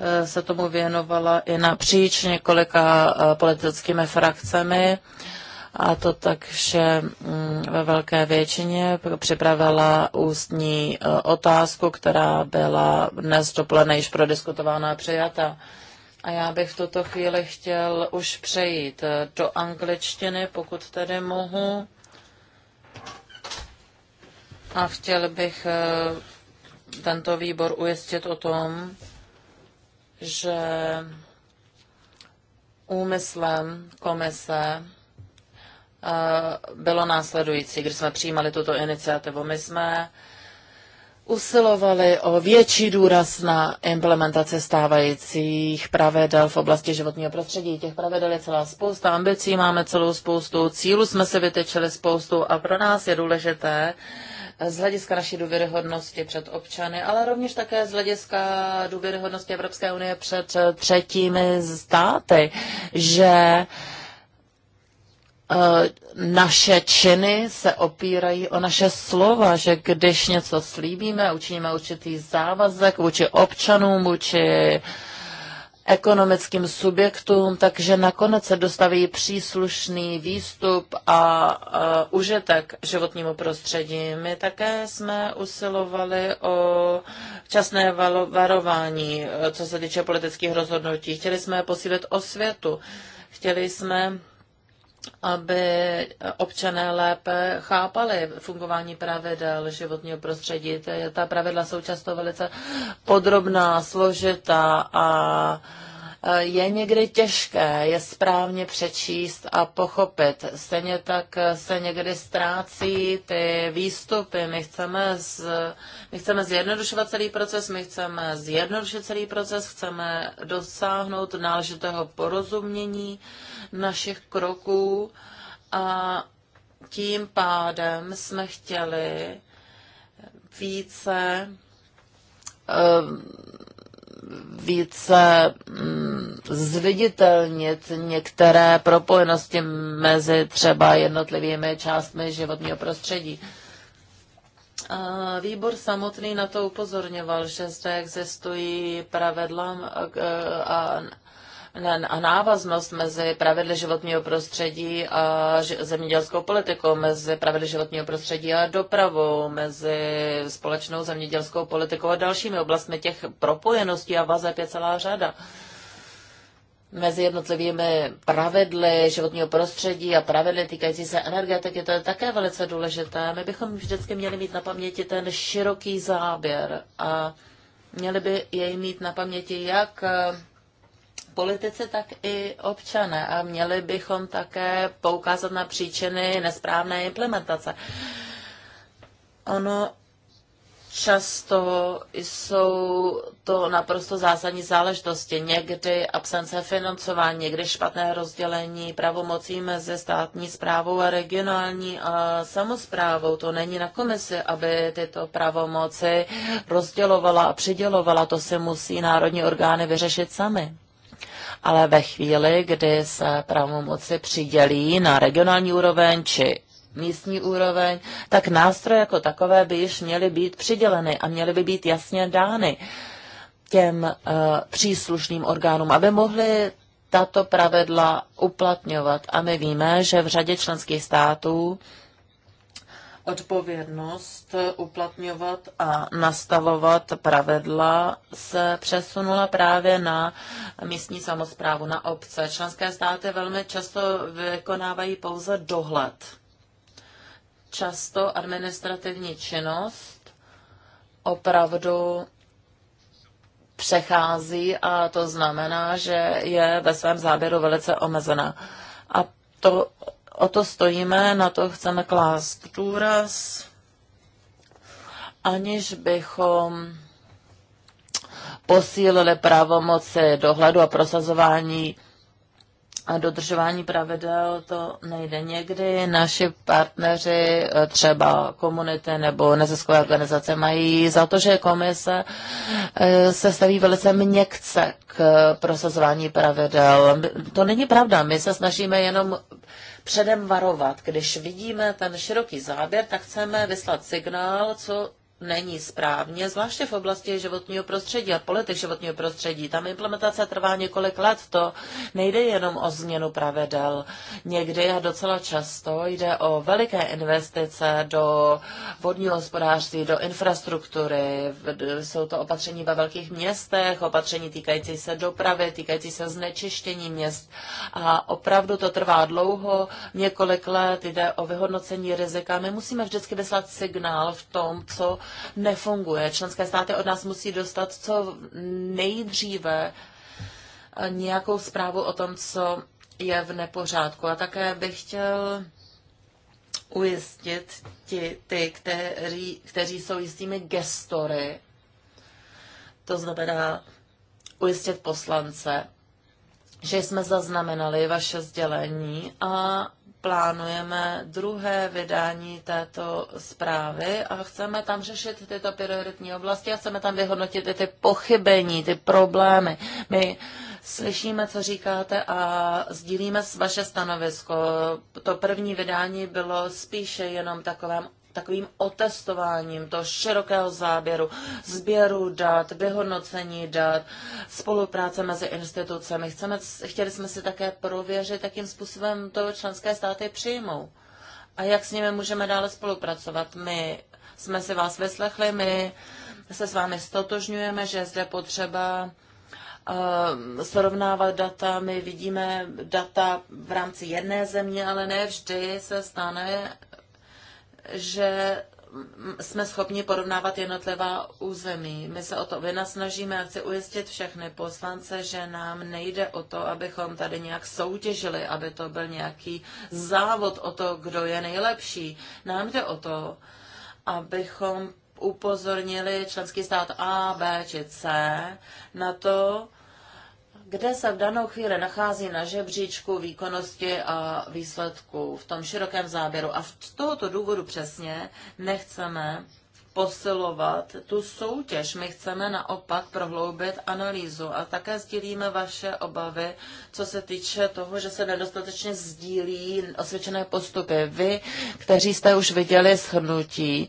eh, se tomu věnovala i napříč několika eh, politickými frakcemi a to tak, že mm, ve velké většině připravila ústní eh, otázku, která byla dnes dopoledne již prodiskutována a přijata. A já bych v tuto chvíli chtěl už přejít eh, do angličtiny, pokud tady mohu. A chtěl bych eh, tento výbor ujistit o tom, že úmyslem komise eh, bylo následující, když jsme přijímali tuto iniciativu. My jsme usilovali o větší důraz na implementaci stávajících pravidel v oblasti životního prostředí. Těch pravidel je celá spousta, ambicí máme celou spoustu, cílů jsme se vytečili spoustu a pro nás je důležité z hlediska naší důvěryhodnosti před občany, ale rovněž také z hlediska důvěryhodnosti Evropské unie před třetími státy, že Eh, naše činy se opírají o naše slova, že když něco slíbíme, učiníme určitý závazek vůči občanům, vůči ekonomickým subjektům, takže nakonec se dostaví příslušný výstup a, uh, užitek životnímu prostředí. My také jsme usilovali o časné varování, eh, co se týče politických rozhodnutí. Chtěli jsme posílit osvětu, chtěli jsme aby občané lépe chápali fungování pravidel životního prostředí. Ta pravidla jsou často velice podrobná, složitá a Eh, je někdy těžké je správně přečíst a pochopit. Stejně tak eh, se někdy ztrácí ty výstupy. My chceme, z, my chceme zjednodušovat celý proces, my chceme zjednodušit celý proces, chceme dosáhnout náležitého porozumění našich kroků a tím pádem jsme chtěli více eh, více mm, zviditelnit některé propojenosti mezi třeba jednotlivými částmi životního prostředí. A výbor samotný na to upozorňoval, že zde existují pravidla a a návaznost mezi pravidly životního prostředí a zemědělskou politikou, mezi pravidly životního prostředí a dopravou, mezi společnou zemědělskou politikou a dalšími oblastmi těch propojeností a vazeb je celá řada mezi jednotlivými pravidly životního prostředí a pravidly týkající se energetiky, to je také velice důležité. My bychom vždycky měli mít na paměti ten široký záběr a měli by jej mít na paměti jak eh, politici, tak i občané. A měli bychom také poukázat na příčiny nesprávné implementace. Ono často jsou to naprosto zásadní záležitosti. Někdy absence financování, někdy špatné rozdělení pravomocí mezi státní zprávou a regionální a samozprávou. To není na komisi, aby tyto pravomoci rozdělovala a přidělovala. To si musí národní orgány vyřešit sami ale ve chvíli, kdy se pravomoci přidělí na regionální úroveň či místní úroveň, tak nástroje jako takové by již měly být přiděleny a měly by být jasně dány těm uh, příslušným orgánům, aby mohly tato pravidla uplatňovat. A my víme, že v řadě členských států uh, odpovědnost uplatňovat a nastavovat pravidla se přesunula právě na místní samozprávu, na obce. Členské státy velmi často vykonávají pouze dohled. Často administrativní činnost opravdu přechází a to znamená, že je ve svém záběru velice omezená. A to O to stojíme, na to chceme klást důraz, aniž bychom posílili pravomoci dohledu a prosazování a dodržování pravidel to nejde někdy. Naši partneři, eh, třeba komunity nebo neziskové organizace, mají za to, že komise eh, se staví velice měkce k eh, prosazování pravidel. To není pravda. My se snažíme jenom předem varovat. Když vidíme ten široký záběr, tak chceme vyslat signál, co není správně, zvláště v oblasti životního prostředí a politik životního prostředí. Tam implementace trvá několik let, to nejde jenom o změnu pravidel. Někdy a docela často jde o veliké investice do vodního hospodářství, do infrastruktury. Jsou to opatření ve velkých městech, opatření týkající se dopravy, týkající se znečištění měst. A opravdu to trvá dlouho, několik let, jde o vyhodnocení rizika. My musíme vždycky vyslat signál v tom, co nefunguje. Členské státy od nás musí dostat co nejdříve nějakou zprávu o tom, co je v nepořádku. A také bych chtěl ujistit ti, ty, kteří, kteří jsou jistými gestory, to znamená ujistit poslance, že jsme zaznamenali vaše sdělení a plánujeme druhé vydání této zprávy a chceme tam řešit tyto prioritní oblasti a chceme tam vyhodnotit i ty pochybení, ty problémy. My slyšíme, co říkáte a sdílíme vaše stanovisko. To první vydání bylo spíše jenom takovém takovým otestováním toho širokého záběru, sběru dat, vyhodnocení dat, spolupráce mezi institucemi. Chceme, chtěli jsme si také prověřit, jakým způsobem to členské státy přijmou a jak s nimi můžeme dále spolupracovat. My jsme si vás vyslechli, my se s vámi stotožňujeme, že je zde potřeba eh, srovnávat data. My vidíme data v rámci jedné země, ale ne vždy se stane, že jsme schopni porovnávat jednotlivá území. My se o to vynasnažíme a chci ujistit všechny poslance, že nám nejde o to, abychom tady nějak soutěžili, aby to byl nějaký závod o to, kdo je nejlepší. Nám jde o to, abychom upozornili členský stát A, B či C na to, kde se v danou chvíli nachází na žebříčku výkonnosti a výsledků v tom širokém záběru. A z tohoto důvodu přesně nechceme posilovat tu soutěž. My chceme naopak prohloubit analýzu a také sdílíme vaše obavy, co se týče toho, že se nedostatečně sdílí osvědčené postupy. Vy, kteří jste už viděli shrnutí,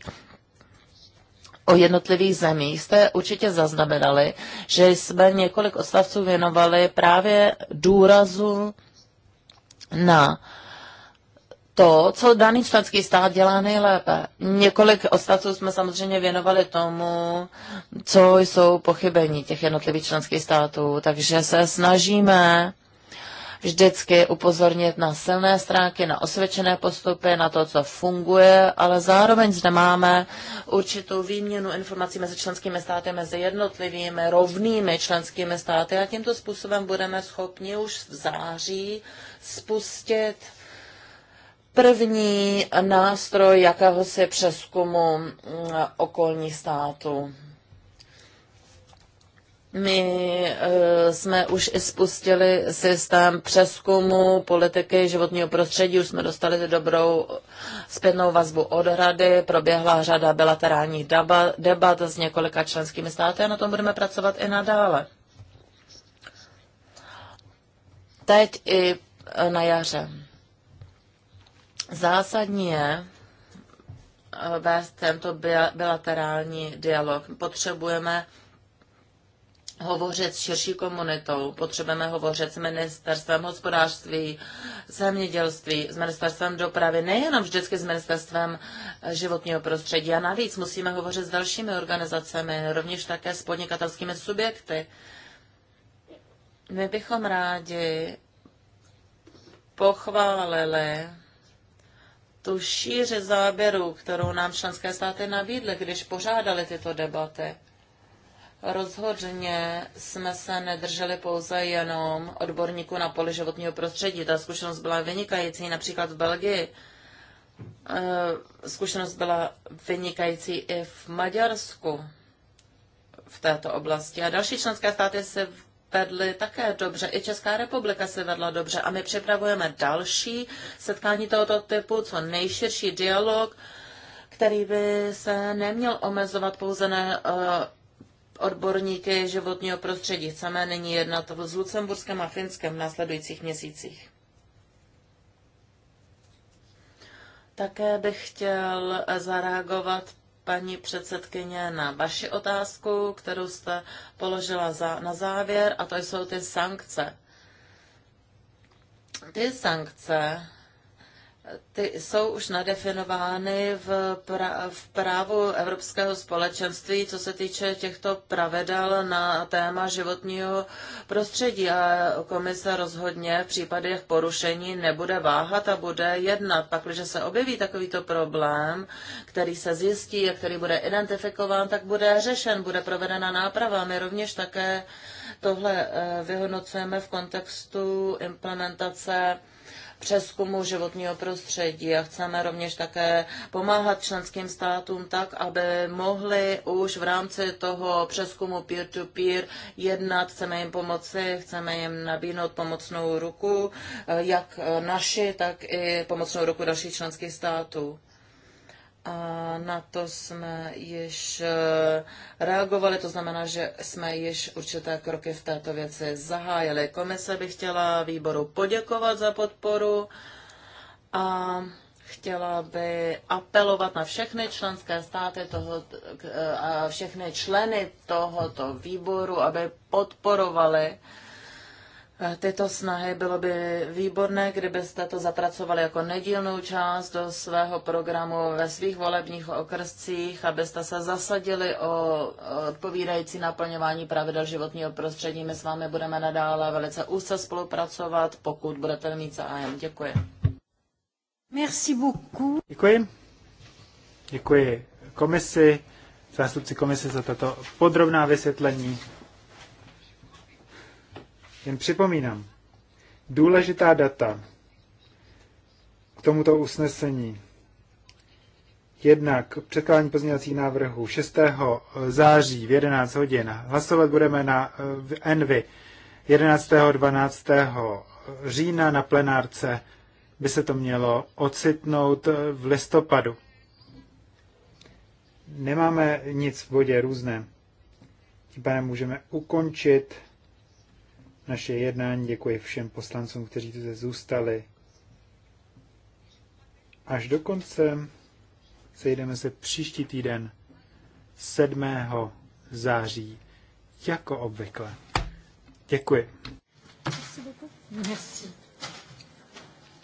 o jednotlivých zemích jste určitě zaznamenali, že jsme několik odstavců věnovali právě důrazu na to, co daný členský stát dělá nejlépe. Několik odstavců jsme samozřejmě věnovali tomu, co jsou pochybení těch jednotlivých členských států, takže se snažíme vždycky upozornit na silné stránky, na osvědčené postupy, na to, co funguje, ale zároveň zde máme určitou výměnu informací mezi členskými státy, mezi jednotlivými rovnými členskými státy a tímto způsobem budeme schopni už v září spustit první nástroj jakéhosi přeskumu mm, okolních států. My eh, jsme už i spustili systém přeskumu politiky životního prostředí, už jsme dostali dobrou zpětnou vazbu od rady, proběhla řada bilaterálních debat s několika členskými státy a na tom budeme pracovat i nadále. Teď i eh, na jaře. Zásadní je, eh, vést tento bilaterální dialog. Potřebujeme hovořit s širší komunitou, potřebujeme hovořit s ministerstvem hospodářství, zemědělství, s ministerstvem dopravy, nejenom vždycky s ministerstvem eh, životního prostředí. A navíc musíme hovořit s dalšími organizacemi, rovněž také s podnikatelskými subjekty. My bychom rádi pochválili tu šíři záběru, kterou nám členské státy nabídly, když pořádali tyto debaty. Rozhodně jsme se nedrželi pouze jenom odborníků na poli životního prostředí. Ta zkušenost byla vynikající, například v Belgii. Eh, zkušenost byla vynikající i v Maďarsku v této oblasti. A další členské státy se vedly také dobře. I Česká republika se vedla dobře. A my připravujeme další setkání tohoto typu, co nejširší dialog, který by se neměl omezovat pouze na eh, odborníky životního prostředí. Chceme nyní jednat s Lucemburskem a Finskem v následujících měsících. Také bych chtěl zareagovat paní předsedkyně na vaši otázku, kterou jste položila za, na závěr, a to jsou ty sankce. Ty sankce ty jsou už nadefinovány v, pra, v právu Evropského společenství, co se týče těchto pravidel na téma životního prostředí. A komise rozhodně v případech porušení nebude váhat a bude jednat. Pak, když se objeví takovýto problém, který se zjistí a který bude identifikován, tak bude řešen, bude provedena náprava. My rovněž také tohle eh, vyhodnocujeme v kontextu implementace přeskumu životního prostředí a chceme rovněž také pomáhat členským státům tak, aby mohli už v rámci toho přeskumu peer-to-peer -peer jednat, chceme jim pomoci, chceme jim nabídnout pomocnou ruku, eh, jak naši, tak i pomocnou ruku dalších členských států. A na to jsme již e, reagovali, to znamená, že jsme již určité kroky v této věci zahájili. Komise by chtěla výboru poděkovat za podporu a chtěla by apelovat na všechny členské státy toho, e, a všechny členy tohoto výboru, aby podporovali Eh, tyto snahy. Bylo by výborné, kdybyste to zapracovali jako nedílnou část do svého programu ve svých volebních okrscích, abyste se zasadili o odpovídající naplňování pravidel životního prostředí. My s vámi budeme nadále velice úzce spolupracovat, pokud budete mít zájem. Děkuji. Merci beaucoup. Děkuji. Děkuji komisi, zástupci komise za tato podrobná vysvětlení. Jen připomínám, důležitá data k tomuto usnesení. Jednak předkládání pozměňovacích návrhů 6. září v 11 hodin. Hlasovat budeme na eh, Envy 11. 12. října na plenárce by se to mělo ocitnout eh, v listopadu. Nemáme nic v bodě různé. Tím pádem můžeme ukončit naše jednání. Děkuji všem poslancům, kteří tu zůstali. Až do konce sejdeme se příští týden 7. září, jako obvykle. Děkuji. Merci.